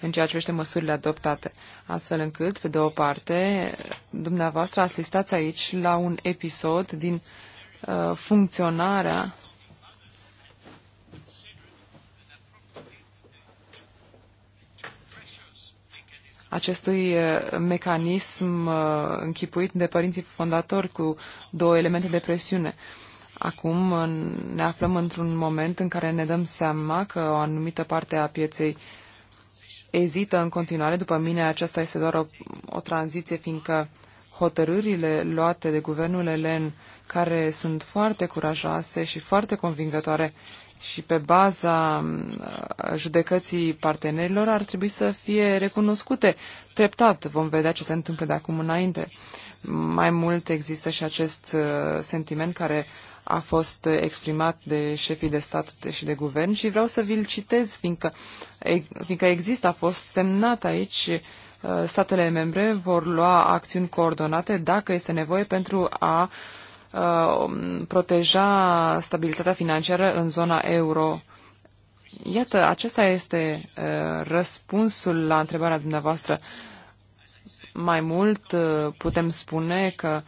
Speaker 4: în ceea ce privește măsurile adoptate, astfel încât, pe de o parte, dumneavoastră asistați aici la un episod din uh, funcționarea acestui uh, mecanism uh, închipuit de părinții fondatori cu două elemente de presiune. Acum ne aflăm într-un moment în care ne dăm seama că o anumită parte a pieței uh, ezită în continuare. După mine, aceasta este doar o, o tranziție, fiindcă hotărârile luate de guvernul elen, care sunt foarte curajoase și foarte convingătoare și pe baza mm, judecății partenerilor, ar trebui să fie recunoscute. Treptat vom vedea ce se întâmplă de acum înainte. Mai mult există și acest uh, sentiment care a fost exprimat de șefii de stat și de guvern și vreau să vi-l citez, fiindcă, fiindcă există, a fost semnat aici, uh, statele membre vor lua acțiuni coordonate dacă este nevoie pentru a uh, proteja stabilitatea financiară în zona euro. Iată, acesta este răspunsul la întrebarea dumneavoastră. Mai mult, uh, putem spune că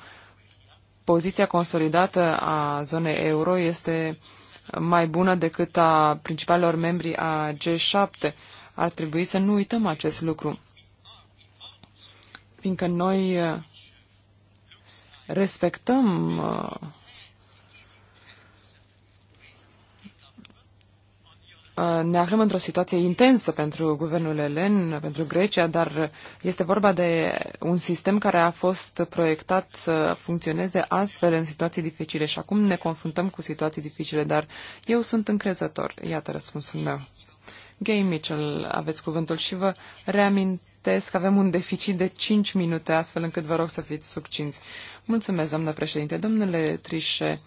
Speaker 4: poziția consolidată a zonei euro este mai bună decât a principalelor membri a G7. Ar trebui să nu uităm acest lucru, fiindcă noi uh, respectăm uh, Uh, ne aflăm într-o situație intensă pentru guvernul elen, pentru Grecia, dar este vorba de un sistem care a fost proiectat să funcționeze astfel în situații dificile și acum ne confruntăm cu situații dificile, dar eu sunt încrezător. Iată răspunsul meu. Gay Mitchell, aveți cuvântul și vă reamintesc că avem un deficit de 5 minute, astfel încât vă rog să fiți succinți. Mulțumesc, doamnă președinte. Domnule Trișe,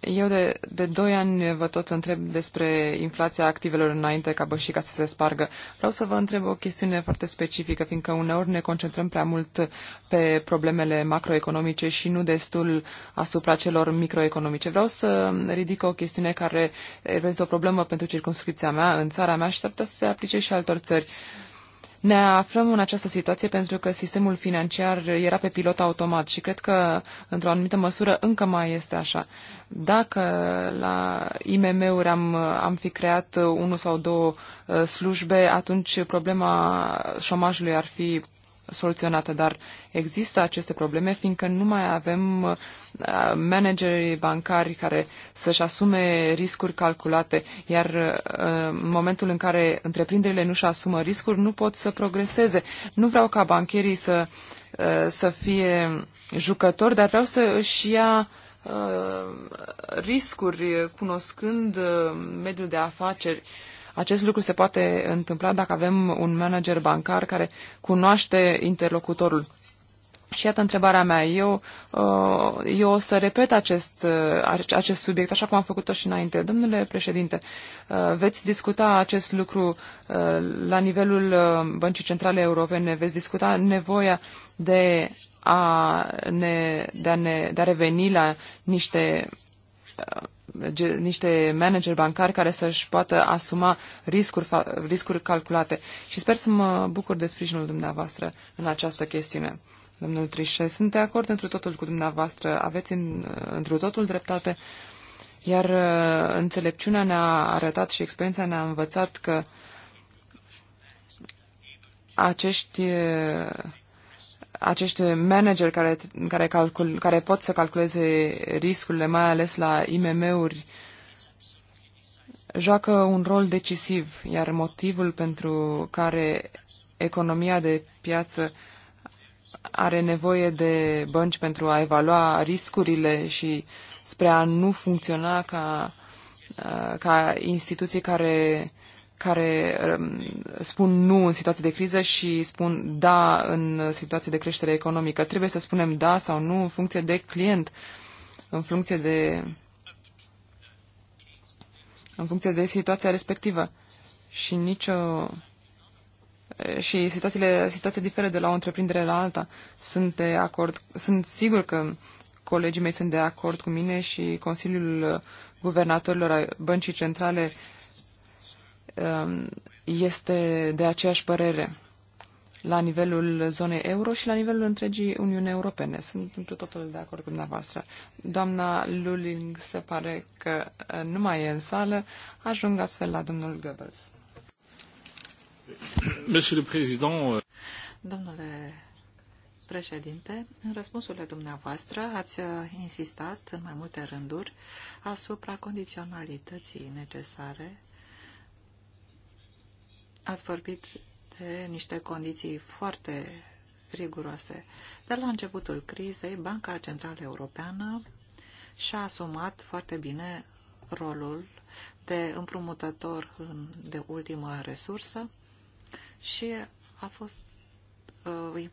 Speaker 4: eu de, de doi ani vă tot întreb despre inflația activelor înainte ca bășica să se spargă. Vreau să vă întreb o chestiune foarte specifică, fiindcă uneori ne concentrăm prea mult pe problemele macroeconomice și nu destul asupra celor microeconomice. Vreau să ridic o chestiune care este o problemă pentru circunscripția mea, în țara mea și s-ar putea să se aplice și altor țări. Uh, ne aflăm în această situație pentru că sistemul financiar era pe pilot automat și cred că, într-o anumită măsură, încă mai este așa. Dacă la IMM-uri am, am fi creat unul sau două uh, slujbe, atunci problema șomajului ar fi soluționată, dar există aceste probleme fiindcă nu mai avem uh, manageri bancari care să-și asume riscuri calculate, iar uh, în momentul în care întreprinderile nu-și asumă riscuri, nu pot să progreseze. Nu vreau ca bancherii să, uh, să fie jucători, dar vreau să își ia riscuri cunoscând mediul de afaceri acest lucru se poate întâmpla dacă avem un manager bancar care cunoaște interlocutorul. Și iată întrebarea mea. Eu, uh, eu o să repet acest, uh, acest subiect, așa cum am făcut-o și înainte. Domnule președinte, uh, veți discuta acest lucru la nivelul Băncii Centrale Europene, veți discuta nevoia de a, ne, de a, ne, de a reveni la niște niște manageri bancari care să-și poată asuma riscuri, riscuri calculate. Și sper să mă bucur de sprijinul dumneavoastră în această chestiune. Domnul Trișe, sunt de acord într totul cu dumneavoastră, aveți în, într totul dreptate, iar uh, înțelepciunea ne-a arătat și experiența ne-a învățat că acești uh, acești manageri care, care, calcul, care pot să calculeze riscurile, mai ales la IMM-uri, joacă un rol decisiv, iar motivul pentru care economia de piață are nevoie de bănci pentru a evalua riscurile și spre a nu funcționa ca, ca instituții care care um, spun nu în situații de criză și spun da în situații de creștere economică. Trebuie să spunem da sau nu în funcție de client, în funcție de, în funcție de situația respectivă. Și nicio uh, și situațiile, situația diferă de la o întreprindere la alta. Sunt de acord, sunt sigur că colegii mei sunt de acord cu mine și Consiliul Guvernatorilor Băncii Centrale uh, Um, este de aceeași părere la nivelul zonei euro și la nivelul întregii Uniuni Europene. Sunt într totul de acord cu dumneavoastră. Doamna Luling se pare că uh, nu mai e în sală. Ajung astfel la domnul Goebbels.
Speaker 3: Euh,
Speaker 2: Domnule președinte, în răspunsurile dumneavoastră ați uh, insistat în mai multe rânduri asupra condiționalității necesare Ați vorbit de niște condiții foarte riguroase. De la începutul crizei, Banca Centrală Europeană și-a asumat foarte bine rolul de împrumutător de ultimă resursă și a fost uh,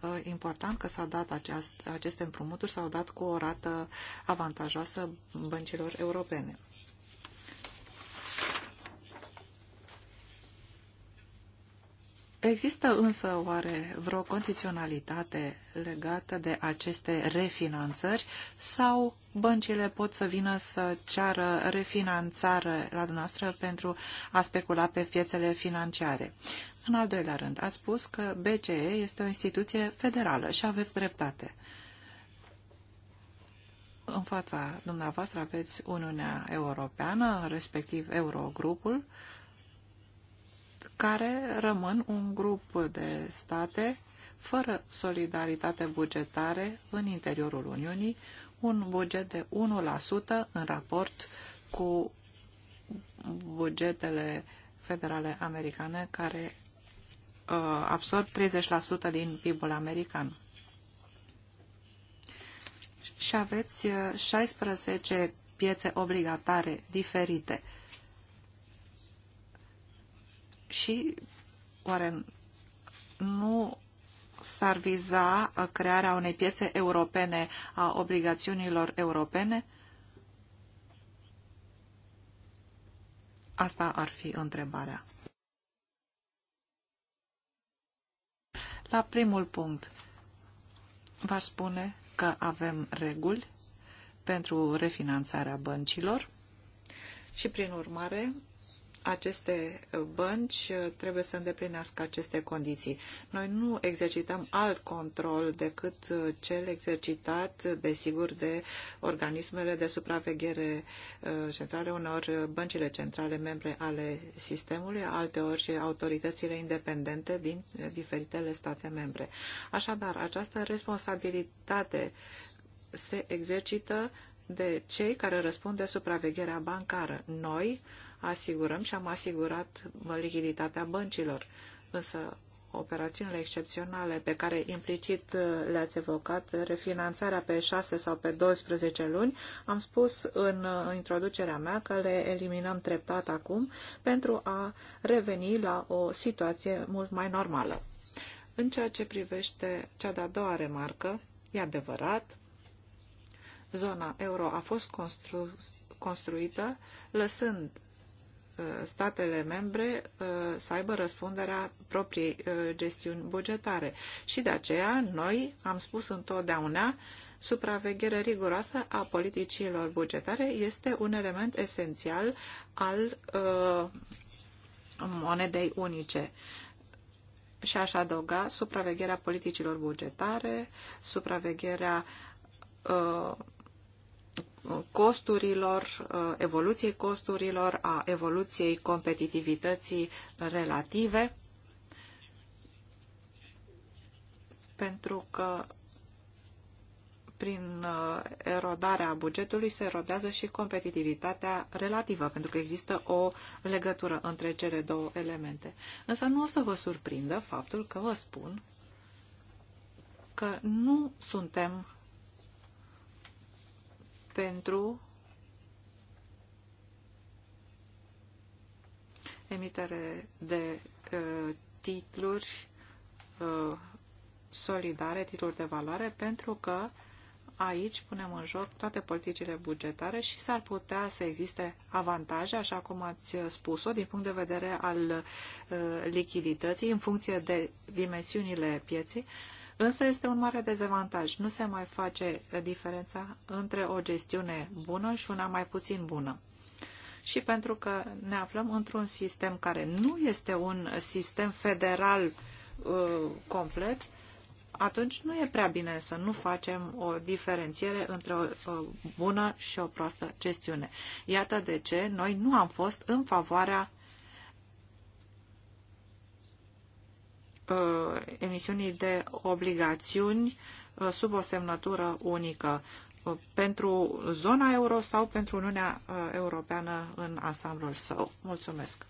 Speaker 2: uh important că s-a dat aceast, aceste împrumuturi, s-au dat cu o rată avantajoasă băncilor europene. Există însă oare vreo condiționalitate legată de aceste refinanțări sau băncile pot să vină să ceară refinanțare la dumneavoastră pentru a specula pe piețele financiare? În al doilea rând, ați spus că BCE este o instituție federală și aveți dreptate. În fața dumneavoastră aveți Uniunea Europeană, respectiv Eurogrupul, care rămân un grup de state fără solidaritate bugetare în interiorul Uniunii, un buget de 1% în raport cu bugetele federale americane care uh, absorb 30% din PIB-ul american. Și aveți 16 uh, piețe obligatare diferite. Uh, și oare nu s-ar viza uh, crearea unei piețe europene a obligațiunilor europene? Asta ar fi întrebarea. La primul punct, va spune că avem reguli pentru refinanțarea băncilor și, prin urmare, aceste bănci uh, trebuie să îndeplinească aceste condiții. Noi nu exercităm alt control decât uh, cel exercitat, desigur, de organismele de supraveghere uh, centrale, uneori băncile centrale membre ale sistemului, alteori și autoritățile independente din diferitele state membre. Așadar, această responsabilitate se exercită de cei care răspund de supravegherea bancară. Noi, asigurăm și am asigurat lichiditatea băncilor. Însă operațiunile excepționale pe care implicit uh, le-ați evocat, refinanțarea pe 6 sau pe 12 luni, am spus în uh, introducerea mea că le eliminăm treptat acum pentru a reveni la o situație mult mai normală. În ceea ce privește cea de-a doua remarcă, e adevărat, zona euro a fost constru- construită lăsând Uh, statele membre uh, să aibă răspunderea propriei uh, gestiuni bugetare. Și de aceea noi am spus întotdeauna supraveghere riguroasă a politicilor bugetare este un element esențial al monedei unice. Și aș adăuga supravegherea politicilor bugetare, supravegherea uh, costurilor, uh, evoluției costurilor, a evoluției competitivității relative, pentru că prin uh, erodarea bugetului se erodează și competitivitatea relativă, pentru că există o legătură între cele două elemente. Însă nu o să vă surprindă faptul că vă spun că nu suntem pentru emitere de uh, titluri uh, solidare, titluri de valoare, pentru că aici punem în joc toate politicile bugetare și s-ar putea să existe avantaje, așa cum ați spus-o, din punct de vedere al uh, lichidității, în funcție de dimensiunile pieții. Uh, Însă este un mare dezavantaj. Nu se mai face diferența între o gestiune bună și una mai puțin bună. Și pentru că ne aflăm într-un sistem care nu este un sistem federal uh, complet, atunci nu e prea bine să nu facem o diferențiere între o bună și o proastă gestiune. Iată de ce noi nu am fost în favoarea Uh, emisiunii de obligațiuni uh, sub o semnătură unică uh, pentru zona euro sau pentru Uniunea Europeană în ansamblul său. Mulțumesc!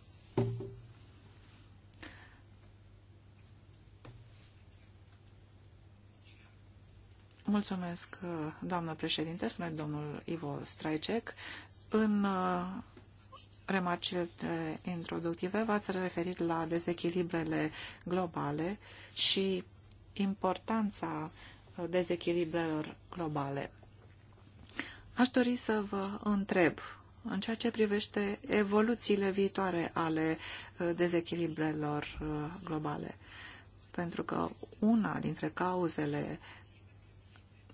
Speaker 2: Mulțumesc, doamnă președinte, spune domnul Ivo Straicek. În remarcile introductive, v-ați referit la dezechilibrele globale și importanța dezechilibrelor globale. Aș dori să vă întreb în ceea ce privește evoluțiile viitoare ale uh, dezechilibrelor uh, globale. Pentru că una dintre cauzele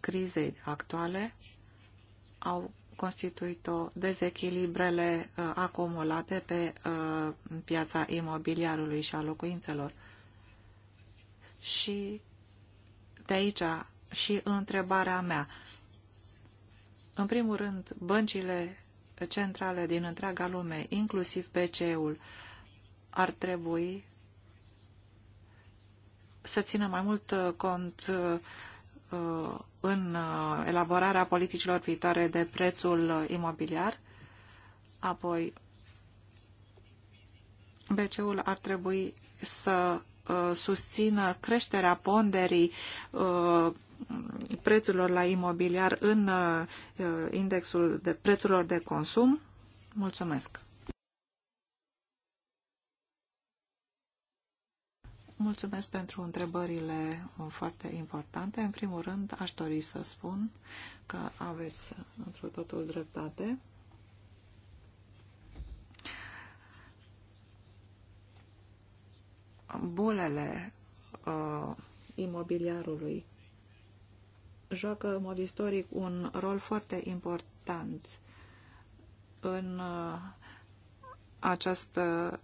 Speaker 2: crizei actuale au constituit-o dezechilibrele uh, acumulate pe uh, piața imobiliarului și a locuințelor. Și de aici și întrebarea mea. În primul rând, băncile centrale din întreaga lume, inclusiv BCE-ul, ar trebui să țină mai mult uh, cont Uh, în uh, elaborarea politicilor viitoare de prețul uh, imobiliar, apoi BCE-ul ar trebui să susțină creșterea ponderii prețurilor la imobiliar în indexul de prețurilor de consum. Mulțumesc! Mulțumesc pentru întrebările uh, foarte importante. În primul rând, aș dori să spun că aveți într totul dreptate. Bulele uh, imobiliarului joacă în mod istoric un rol foarte important în uh, această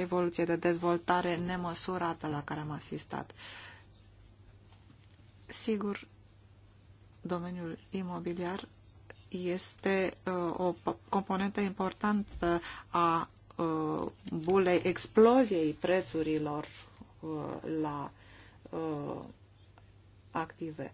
Speaker 2: evoluție de dezvoltare nemăsurată la care am asistat. Sigur, domeniul imobiliar este uh, o componentă importantă a uh, bulei exploziei prețurilor uh, la active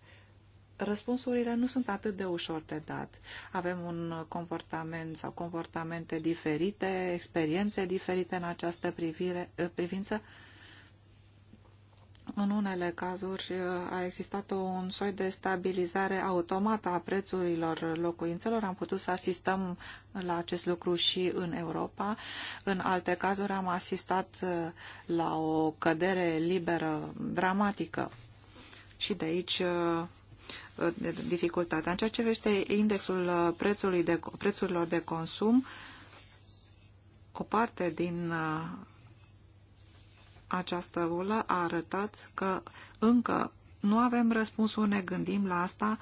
Speaker 2: răspunsurile nu sunt atât de ușor de dat. Avem un comportament sau comportamente diferite, experiențe diferite în această privire, eh, privință. În unele cazuri eh, a existat un soi de stabilizare automată a prețurilor locuințelor. Am putut să asistăm la acest lucru și în Europa. În alte cazuri am asistat eh, la o cădere liberă dramatică. Și de aici dificultatea. În ceea ce privește indexul uh, prețului de, prețurilor de consum, o parte din uh, această bulă a arătat că încă nu avem răspunsul, ne gândim la asta,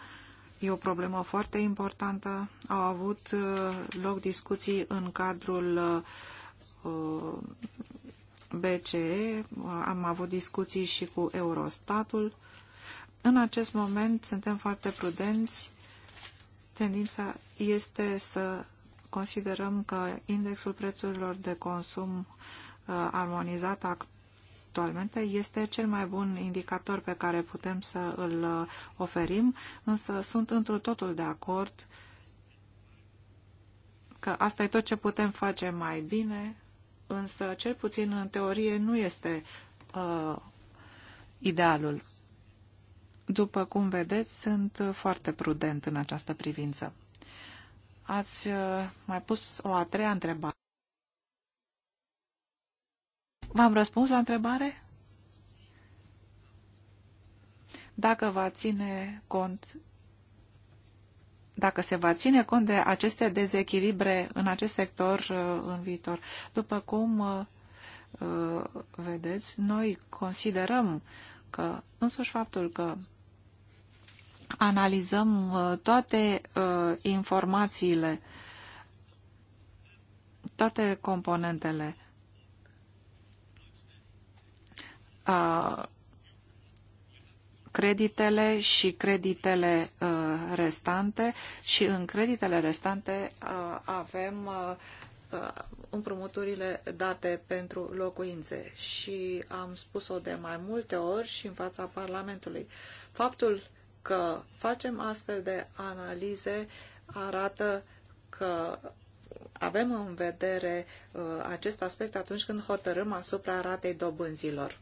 Speaker 2: e o problemă foarte importantă. Au avut uh, loc discuții în cadrul BCE, am avut discuții și cu Eurostatul, în acest moment suntem foarte prudenți. Tendința este să considerăm că indexul prețurilor de consum uh, armonizat actualmente este cel mai bun indicator pe care putem să îl uh, oferim, însă sunt întru totul de acord că asta e tot ce putem face mai bine, însă cel puțin în teorie nu este uh, idealul. După cum vedeți, sunt foarte prudent în această privință. Ați uh, mai pus o a treia întrebare. V-am răspuns la întrebare? Dacă va ține cont dacă se va ține cont de aceste dezechilibre în acest sector uh, în viitor. După cum uh, vedeți, noi considerăm că însuși faptul că analizăm uh, toate uh, informațiile, toate componentele. Uh, creditele și creditele restante și în creditele restante avem împrumuturile date pentru locuințe și am spus-o de mai multe ori și în fața Parlamentului. Faptul că facem astfel de analize arată că avem în vedere uh, acest aspect atunci când hotărâm asupra ratei dobânzilor.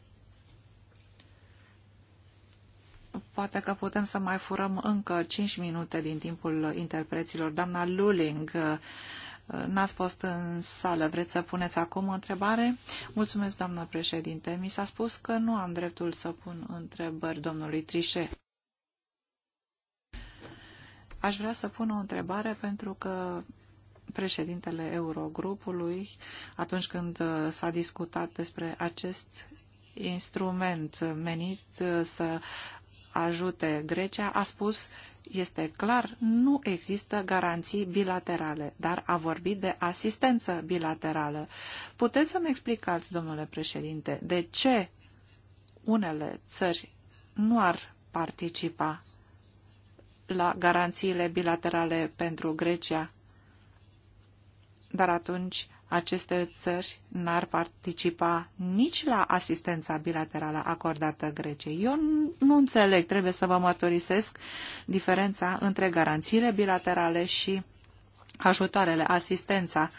Speaker 2: Poate că putem să mai furăm încă 5 minute din timpul interpreților. Doamna Luling, uh, n-ați fost în sală. Vreți să puneți acum o întrebare? Mulțumesc, doamnă președinte. Mi s-a spus că nu am dreptul să pun întrebări domnului Trișe. Aș vrea să pun o întrebare pentru că președintele Eurogrupului, atunci când uh, s-a discutat despre acest instrument menit uh, să ajute Grecia, a spus este clar, nu există garanții bilaterale, dar a vorbit de asistență bilaterală. Puteți să-mi explicați, domnule președinte, de ce unele țări nu ar participa la garanțiile bilaterale pentru Grecia. Dar atunci aceste țări n-ar participa nici la asistența bilaterală acordată Greciei. Eu nu înțeleg, trebuie să vă mărturisesc diferența între garanțiile bilaterale și ajutoarele, asistența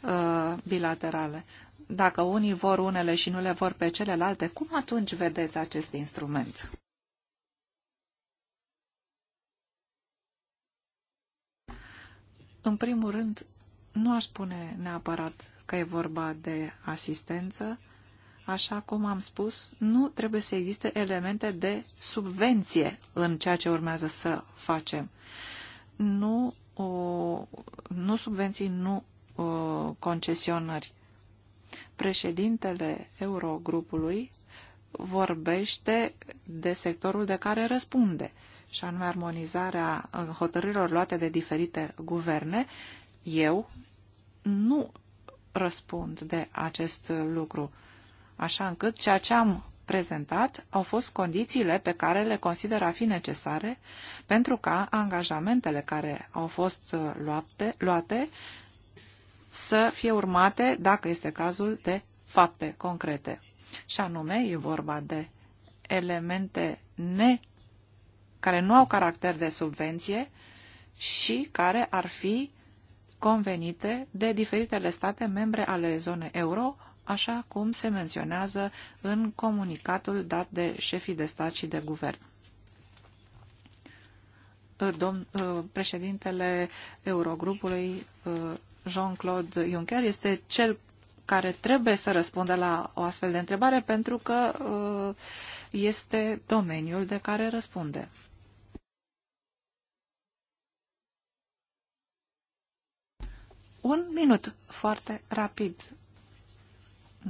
Speaker 2: uh, bilaterale. Dacă unii vor unele și nu le vor pe celelalte, cum atunci vedeți acest instrument? În primul rând, nu aș spune neapărat că e vorba de asistență. Așa cum am spus, nu trebuie să existe elemente de subvenție în ceea ce urmează să facem. Nu, o, nu subvenții, nu o, concesionări. Președintele Eurogrupului vorbește de sectorul de care răspunde și anume armonizarea uh, hotărârilor luate de diferite guverne, eu nu răspund de acest lucru, așa încât ceea ce am prezentat au fost condițiile pe care le consider a fi necesare pentru ca angajamentele care au fost uh, luate, luate să fie urmate, dacă este cazul, de fapte concrete. Și anume, e vorba de elemente ne care nu au caracter de subvenție și care ar fi convenite de diferitele state membre ale zonei euro, așa cum se menționează în comunicatul dat de șefii de stat și de guvern. Uh, Domn, uh, președintele Eurogrupului uh, Jean-Claude Juncker este cel care trebuie să răspundă la o astfel de întrebare pentru că este domeniul de care răspunde. Un minut, foarte rapid,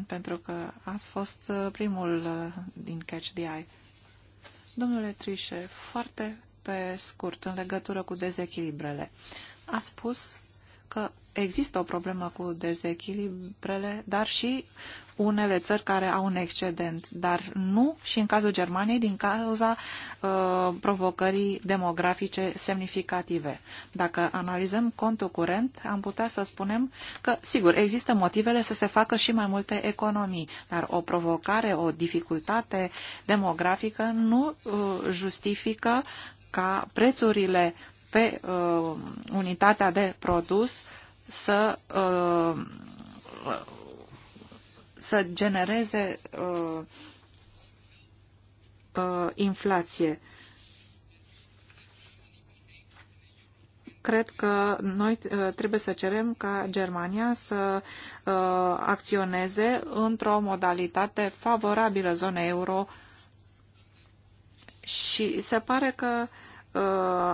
Speaker 2: pentru că ați fost uh, primul uh, din Catch the Eye. Domnule Trișe, foarte pe scurt, în legătură cu dezechilibrele, a spus că există o problemă cu dezechilibrele, dar și unele țări care au un excedent, dar nu și în cazul Germaniei din cauza uh, provocării demografice semnificative. Dacă analizăm contul curent, am putea să spunem că, sigur, există motivele să se facă și mai multe economii, dar o provocare, o dificultate demografică nu uh, justifică ca prețurile pe uh, unitatea de produs uh, să uh, să genereze uh, uh, inflație. cred că noi trebuie să cerem ca Germania să acționeze într-o modalitate favorabilă zonei euro și se pare că Uh,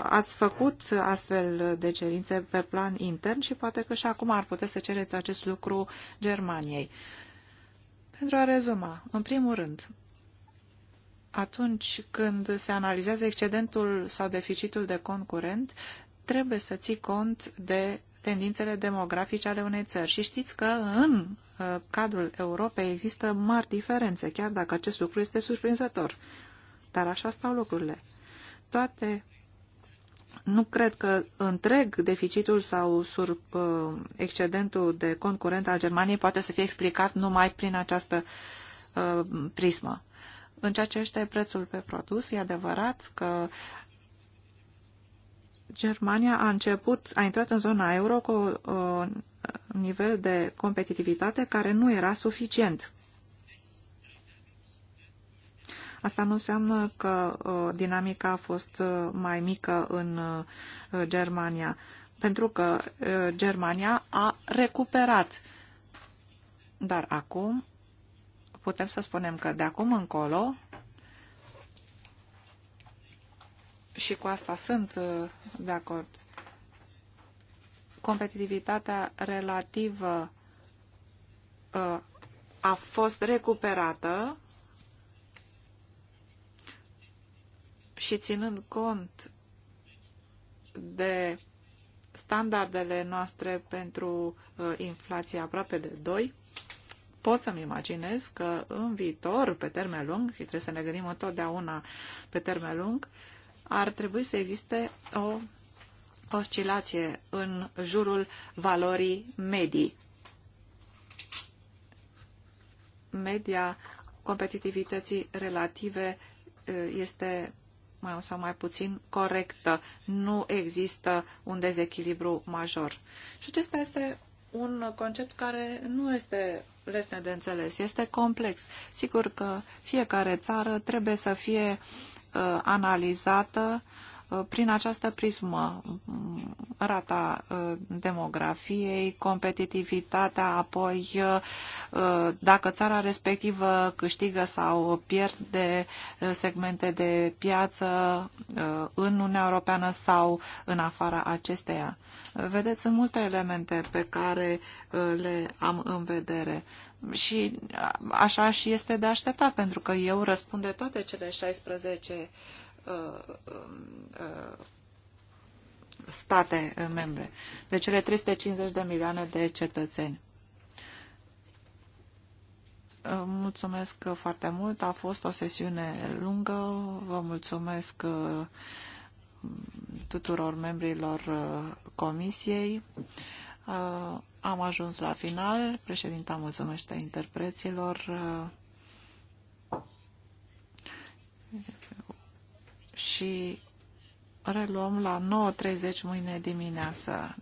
Speaker 2: ați făcut astfel de cerințe pe plan intern și poate că și acum ar putea să cereți acest lucru Germaniei. Pentru a rezuma, în primul rând, atunci când se analizează excedentul sau deficitul de concurent, trebuie să ții cont de tendințele demografice ale unei țări. Și știți că în uh, cadrul Europei există mari diferențe, chiar dacă acest lucru este surprinzător. Dar așa stau lucrurile. Toate nu cred că întreg deficitul sau sur, uh, excedentul de cont curent al Germaniei poate să fie explicat numai prin această uh, prismă. În ceea ce este prețul pe produs, e adevărat că Germania a început, a intrat în zona euro cu un uh, nivel de competitivitate care nu era suficient. Asta nu înseamnă că uh, dinamica a fost uh, mai mică în uh, Germania, pentru că Germania a recuperat. Dar acum putem să spunem că de acum încolo și cu asta sunt de acord. Competitivitatea relativă a fost recuperată și ținând cont de standardele noastre pentru uh, inflație aproape de 2, pot să-mi imaginez că în viitor, pe termen lung, și trebuie să ne gândim întotdeauna pe termen lung, ar trebui să existe o oscilație în jurul valorii medii. Media competitivității relative uh, este mai sau mai puțin corectă. Nu există un dezechilibru major. Și acesta este un concept care nu este lesne de înțeles, este complex. Sigur că fiecare țară trebuie să fie uh, analizată uh, Uh, prin această prismă, mm, rata uh, demografiei, competitivitatea, apoi uh, dacă țara respectivă câștigă sau pierde segmente de piață în Uniunea Europeană sau în afara acesteia. Vedeți, sunt multe elemente pe care le am în vedere. Și așa și este de așteptat, pentru că eu răspund de toate cele 16 Uh, uh, state membre, de cele 350 de milioane de cetățeni. Uh, mulțumesc foarte mult, a fost o sesiune lungă, vă mulțumesc tuturor membrilor comisiei. Am ajuns la final, președinta mulțumește interpreților. și reluăm la 9.30 mâine dimineață.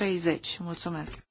Speaker 2: 9.30. Mulțumesc!